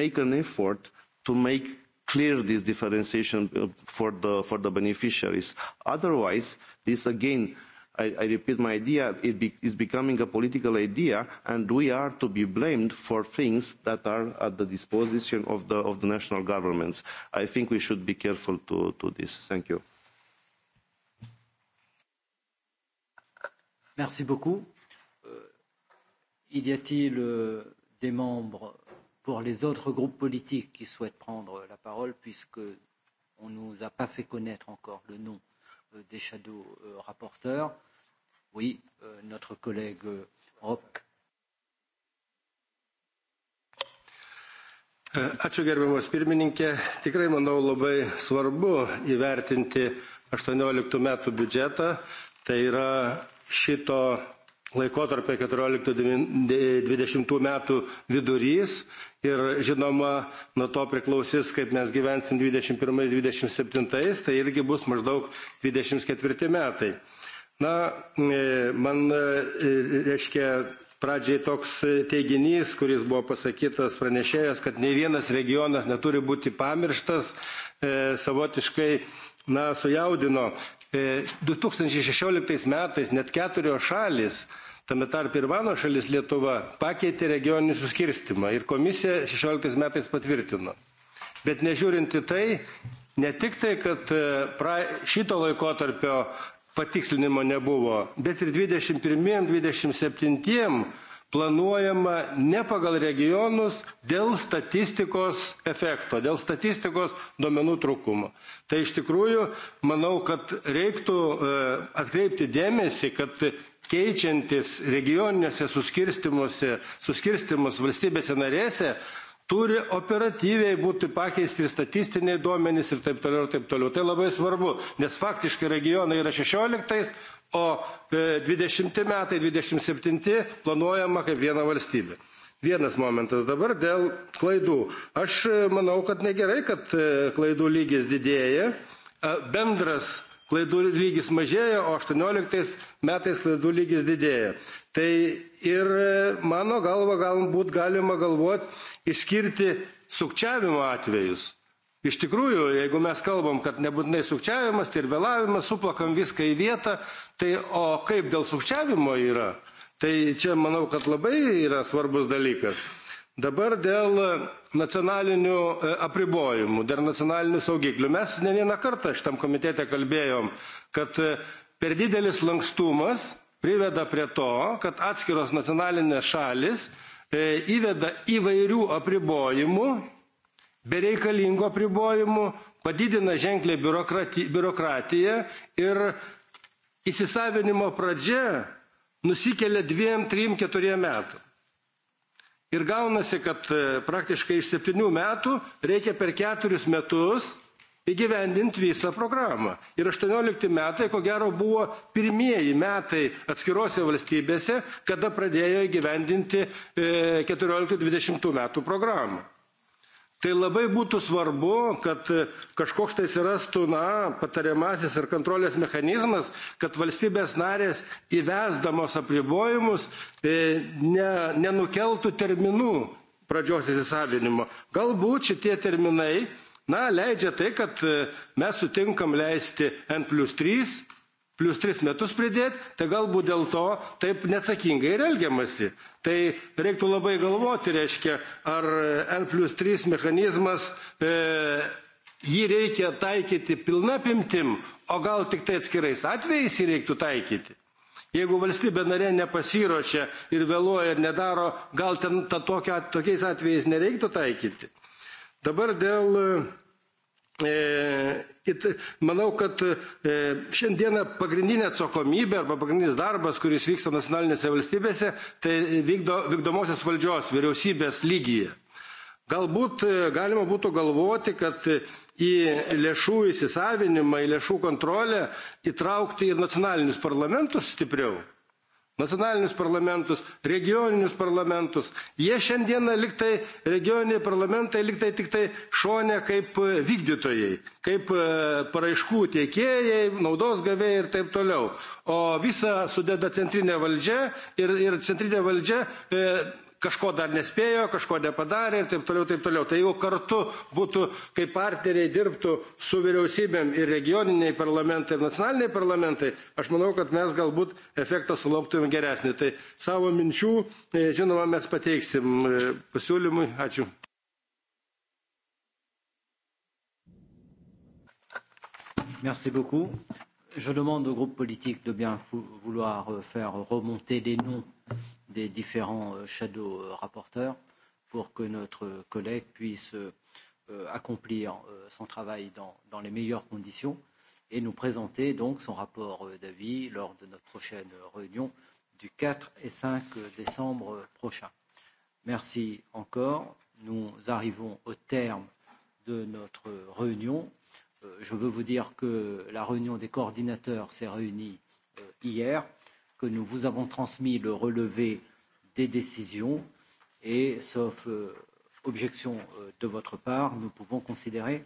Speaker 15: make an effort to make clear this differentiation uh, for the beneficiaries. Otherwise, this again I, I repeat my idea, it is becoming a political idea, and we are to be blamed for things that are at the disposition of the, of the national governments. I think we should be careful to, to this. Thank you.
Speaker 1: Merci beaucoup. Il euh, y a-t-il euh, des membres pour les autres groupes politiques qui souhaitent prendre la parole, puisque on ne nous a pas fait connaître encore le nom euh, des shadow rapporteurs Oui, notre collègue Rock.
Speaker 16: Ačiū gerbiamas pirmininkė. Tikrai, manau, labai svarbu įvertinti 18 metų biudžetą. Tai yra šito laikotarpio 14-20 metų vidurys ir žinoma nuo to priklausys kaip mes gyvensim 21-27, tai irgi bus maždaug 24 metai. Na, e, man e, reiškia pradžiai toks teiginys, kuris buvo pasakytas pranešėjas, kad ne vienas regionas neturi būti pamirštas, e, savotiškai na, sujaudino, 2016 e, metais net keturios šalis, tame tarp ir mano šalis Lietuva, pakeitė regioninį suskirstimą ir komisija 16 metais patvirtino. Bet nežiūrint į tai, ne tik tai, kad e, šito laikotarpio patikslinimo nebuvo, bet ir 21-27 planuojama ne pagal regionus dėl statistikos efekto, dėl statistikos duomenų trūkumo. Tai iš tikrųjų manau, kad reiktų e, atkreipti dėmesį, kad keičiantis regioninėse suskirstimus valstybėse narėse, turi operatyviai būti pakeisti ir statistiniai duomenys ir taip toliau taip toliau. Tai labai svarbu, nes faktiškai regionai yra 16, o 20 e, metai, 27 planuojama kaip viena valstybė. Vienas momentas dabar dėl klaidų. Aš e, manau, kad negerai, kad e, klaidų lygis didėja. Bendras klaidų lygis mažėja, o 18 metais klaidų lygis didėja. Tai ir mano galva galbūt galima galvoti išskirti sukčiavimo atvejus Iš tikrųjų, jeigu mes kalbam, kad nebūtinai sukčiavimas, ir vėlavimas, suplakam viską į vietą, tai o kaip dėl sukčiavimo yra, tai čia manau, kad labai yra svarbus dalykas. Dabar dėl nacionalinių e, apribojimų, dėl nacionalinių saugiklių. Mes ne vieną kartą šitam komitete kalbėjom, kad e, per didelis lankstumas priveda prie to, kad atskiros nacionalinės šalis e, įveda įvairių apribojimų bereikalingų apribojimų, padidina ženkliai biurokratiją ir įsisavinimo pradžia nusikelia dviem, trim, keturiem metų. Ir gaunasi, kad e, praktiškai iš septynių metų reikia per keturis metus įgyvendinti visą programą. Ir 18 metai, ko gero, buvo pirmieji metai atskirose valstybėse, kada pradėjo įgyvendinti 14-20 e, metų programą tai labai būtų svarbu kad e, kažkoks tai atsirastų na patariamasis ir kontrolės mechanizmas kad valstybės narės įvesdamos apribojimus e, ne nenukeltų terminų pradžios įsisavinimo galbūt šitie terminai na leidžia tai kad e, mes sutinkam leisti n plus 3 plus tris metus pridėti, tai galbūt dėl to taip neatsakingai ir elgiamasi. Tai reiktų labai galvoti, reiškia, ar N plus 3 mechanizmas e, jį reikia taikyti pilna pimtim, o gal tik tai atskirais atvejais jį reiktų taikyti. Jeigu valstybė narė nepasiruošia ir vėluoja ir nedaro, gal ten tokia, tokiais atvejais nereiktų taikyti. Dabar dėl E, manau kad e, šiandieną pagrindinė atsakomybė arba pagrindinis darbas kuris vyksta nacionalinėse valstybėse tai vykdo vykdomosios valdžios vyriausybės lygyje. Galbūt e, galima būtų galvoti, kad į lėšų įsisavinimą, į lėšų kontrolę įtraukti ir nacionalinius parlamentus stipriau nacionalinius parlamentus regioninius parlamentus jie šiandieną liktai regioniniai parlamentai liktai tiktai šone kaip e, vykdytojai kaip e, paraiškų teikėjai naudos gavėjai ir taip toliau o visa sudeda centrinė valdžia ir ir centrinė valdžia e, kažko dar nespėjo kažko nepadarė ir taip toliau taip toliau tai jeigu kartu būtų kaip partneriai dirbtų su vyriausybėm ir regioniniai parlamentai ir nacionaliniai parlamentai aš manau kad mes galbūt efektą sulauktumėm geresnį tai savo minčių e, žinoma mes pateiksim
Speaker 1: e, pasiūlymui ačiū Merci beaucoup. Je demande au groupe politique de bien vouloir euh, faire remonter les noms des différents euh, shadow euh, rapporteurs pour que notre collègue puisse euh, accomplir son travail dans, dans les meilleures conditions et nous présenter donc son rapport d'avis lors de notre prochaine réunion du 4 et 5 décembre prochain. Merci encore. Nous arrivons au terme de notre réunion. Je veux vous dire que la réunion des coordinateurs s'est réunie hier que nous vous avons transmis le relevé des décisions et, sauf euh, objection euh, de votre part, nous pouvons considérer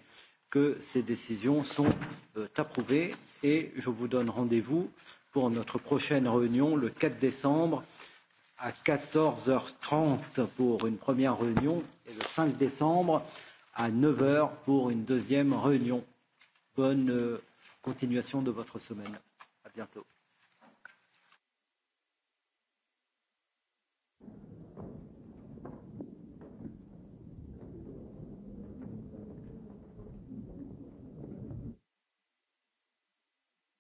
Speaker 1: que ces décisions sont euh, approuvées et je vous donne rendez-vous pour notre prochaine réunion le 4 décembre à 14h30 pour une première réunion et le 5 décembre à 9h pour une deuxième réunion. Bonne euh, continuation de votre semaine. À bientôt.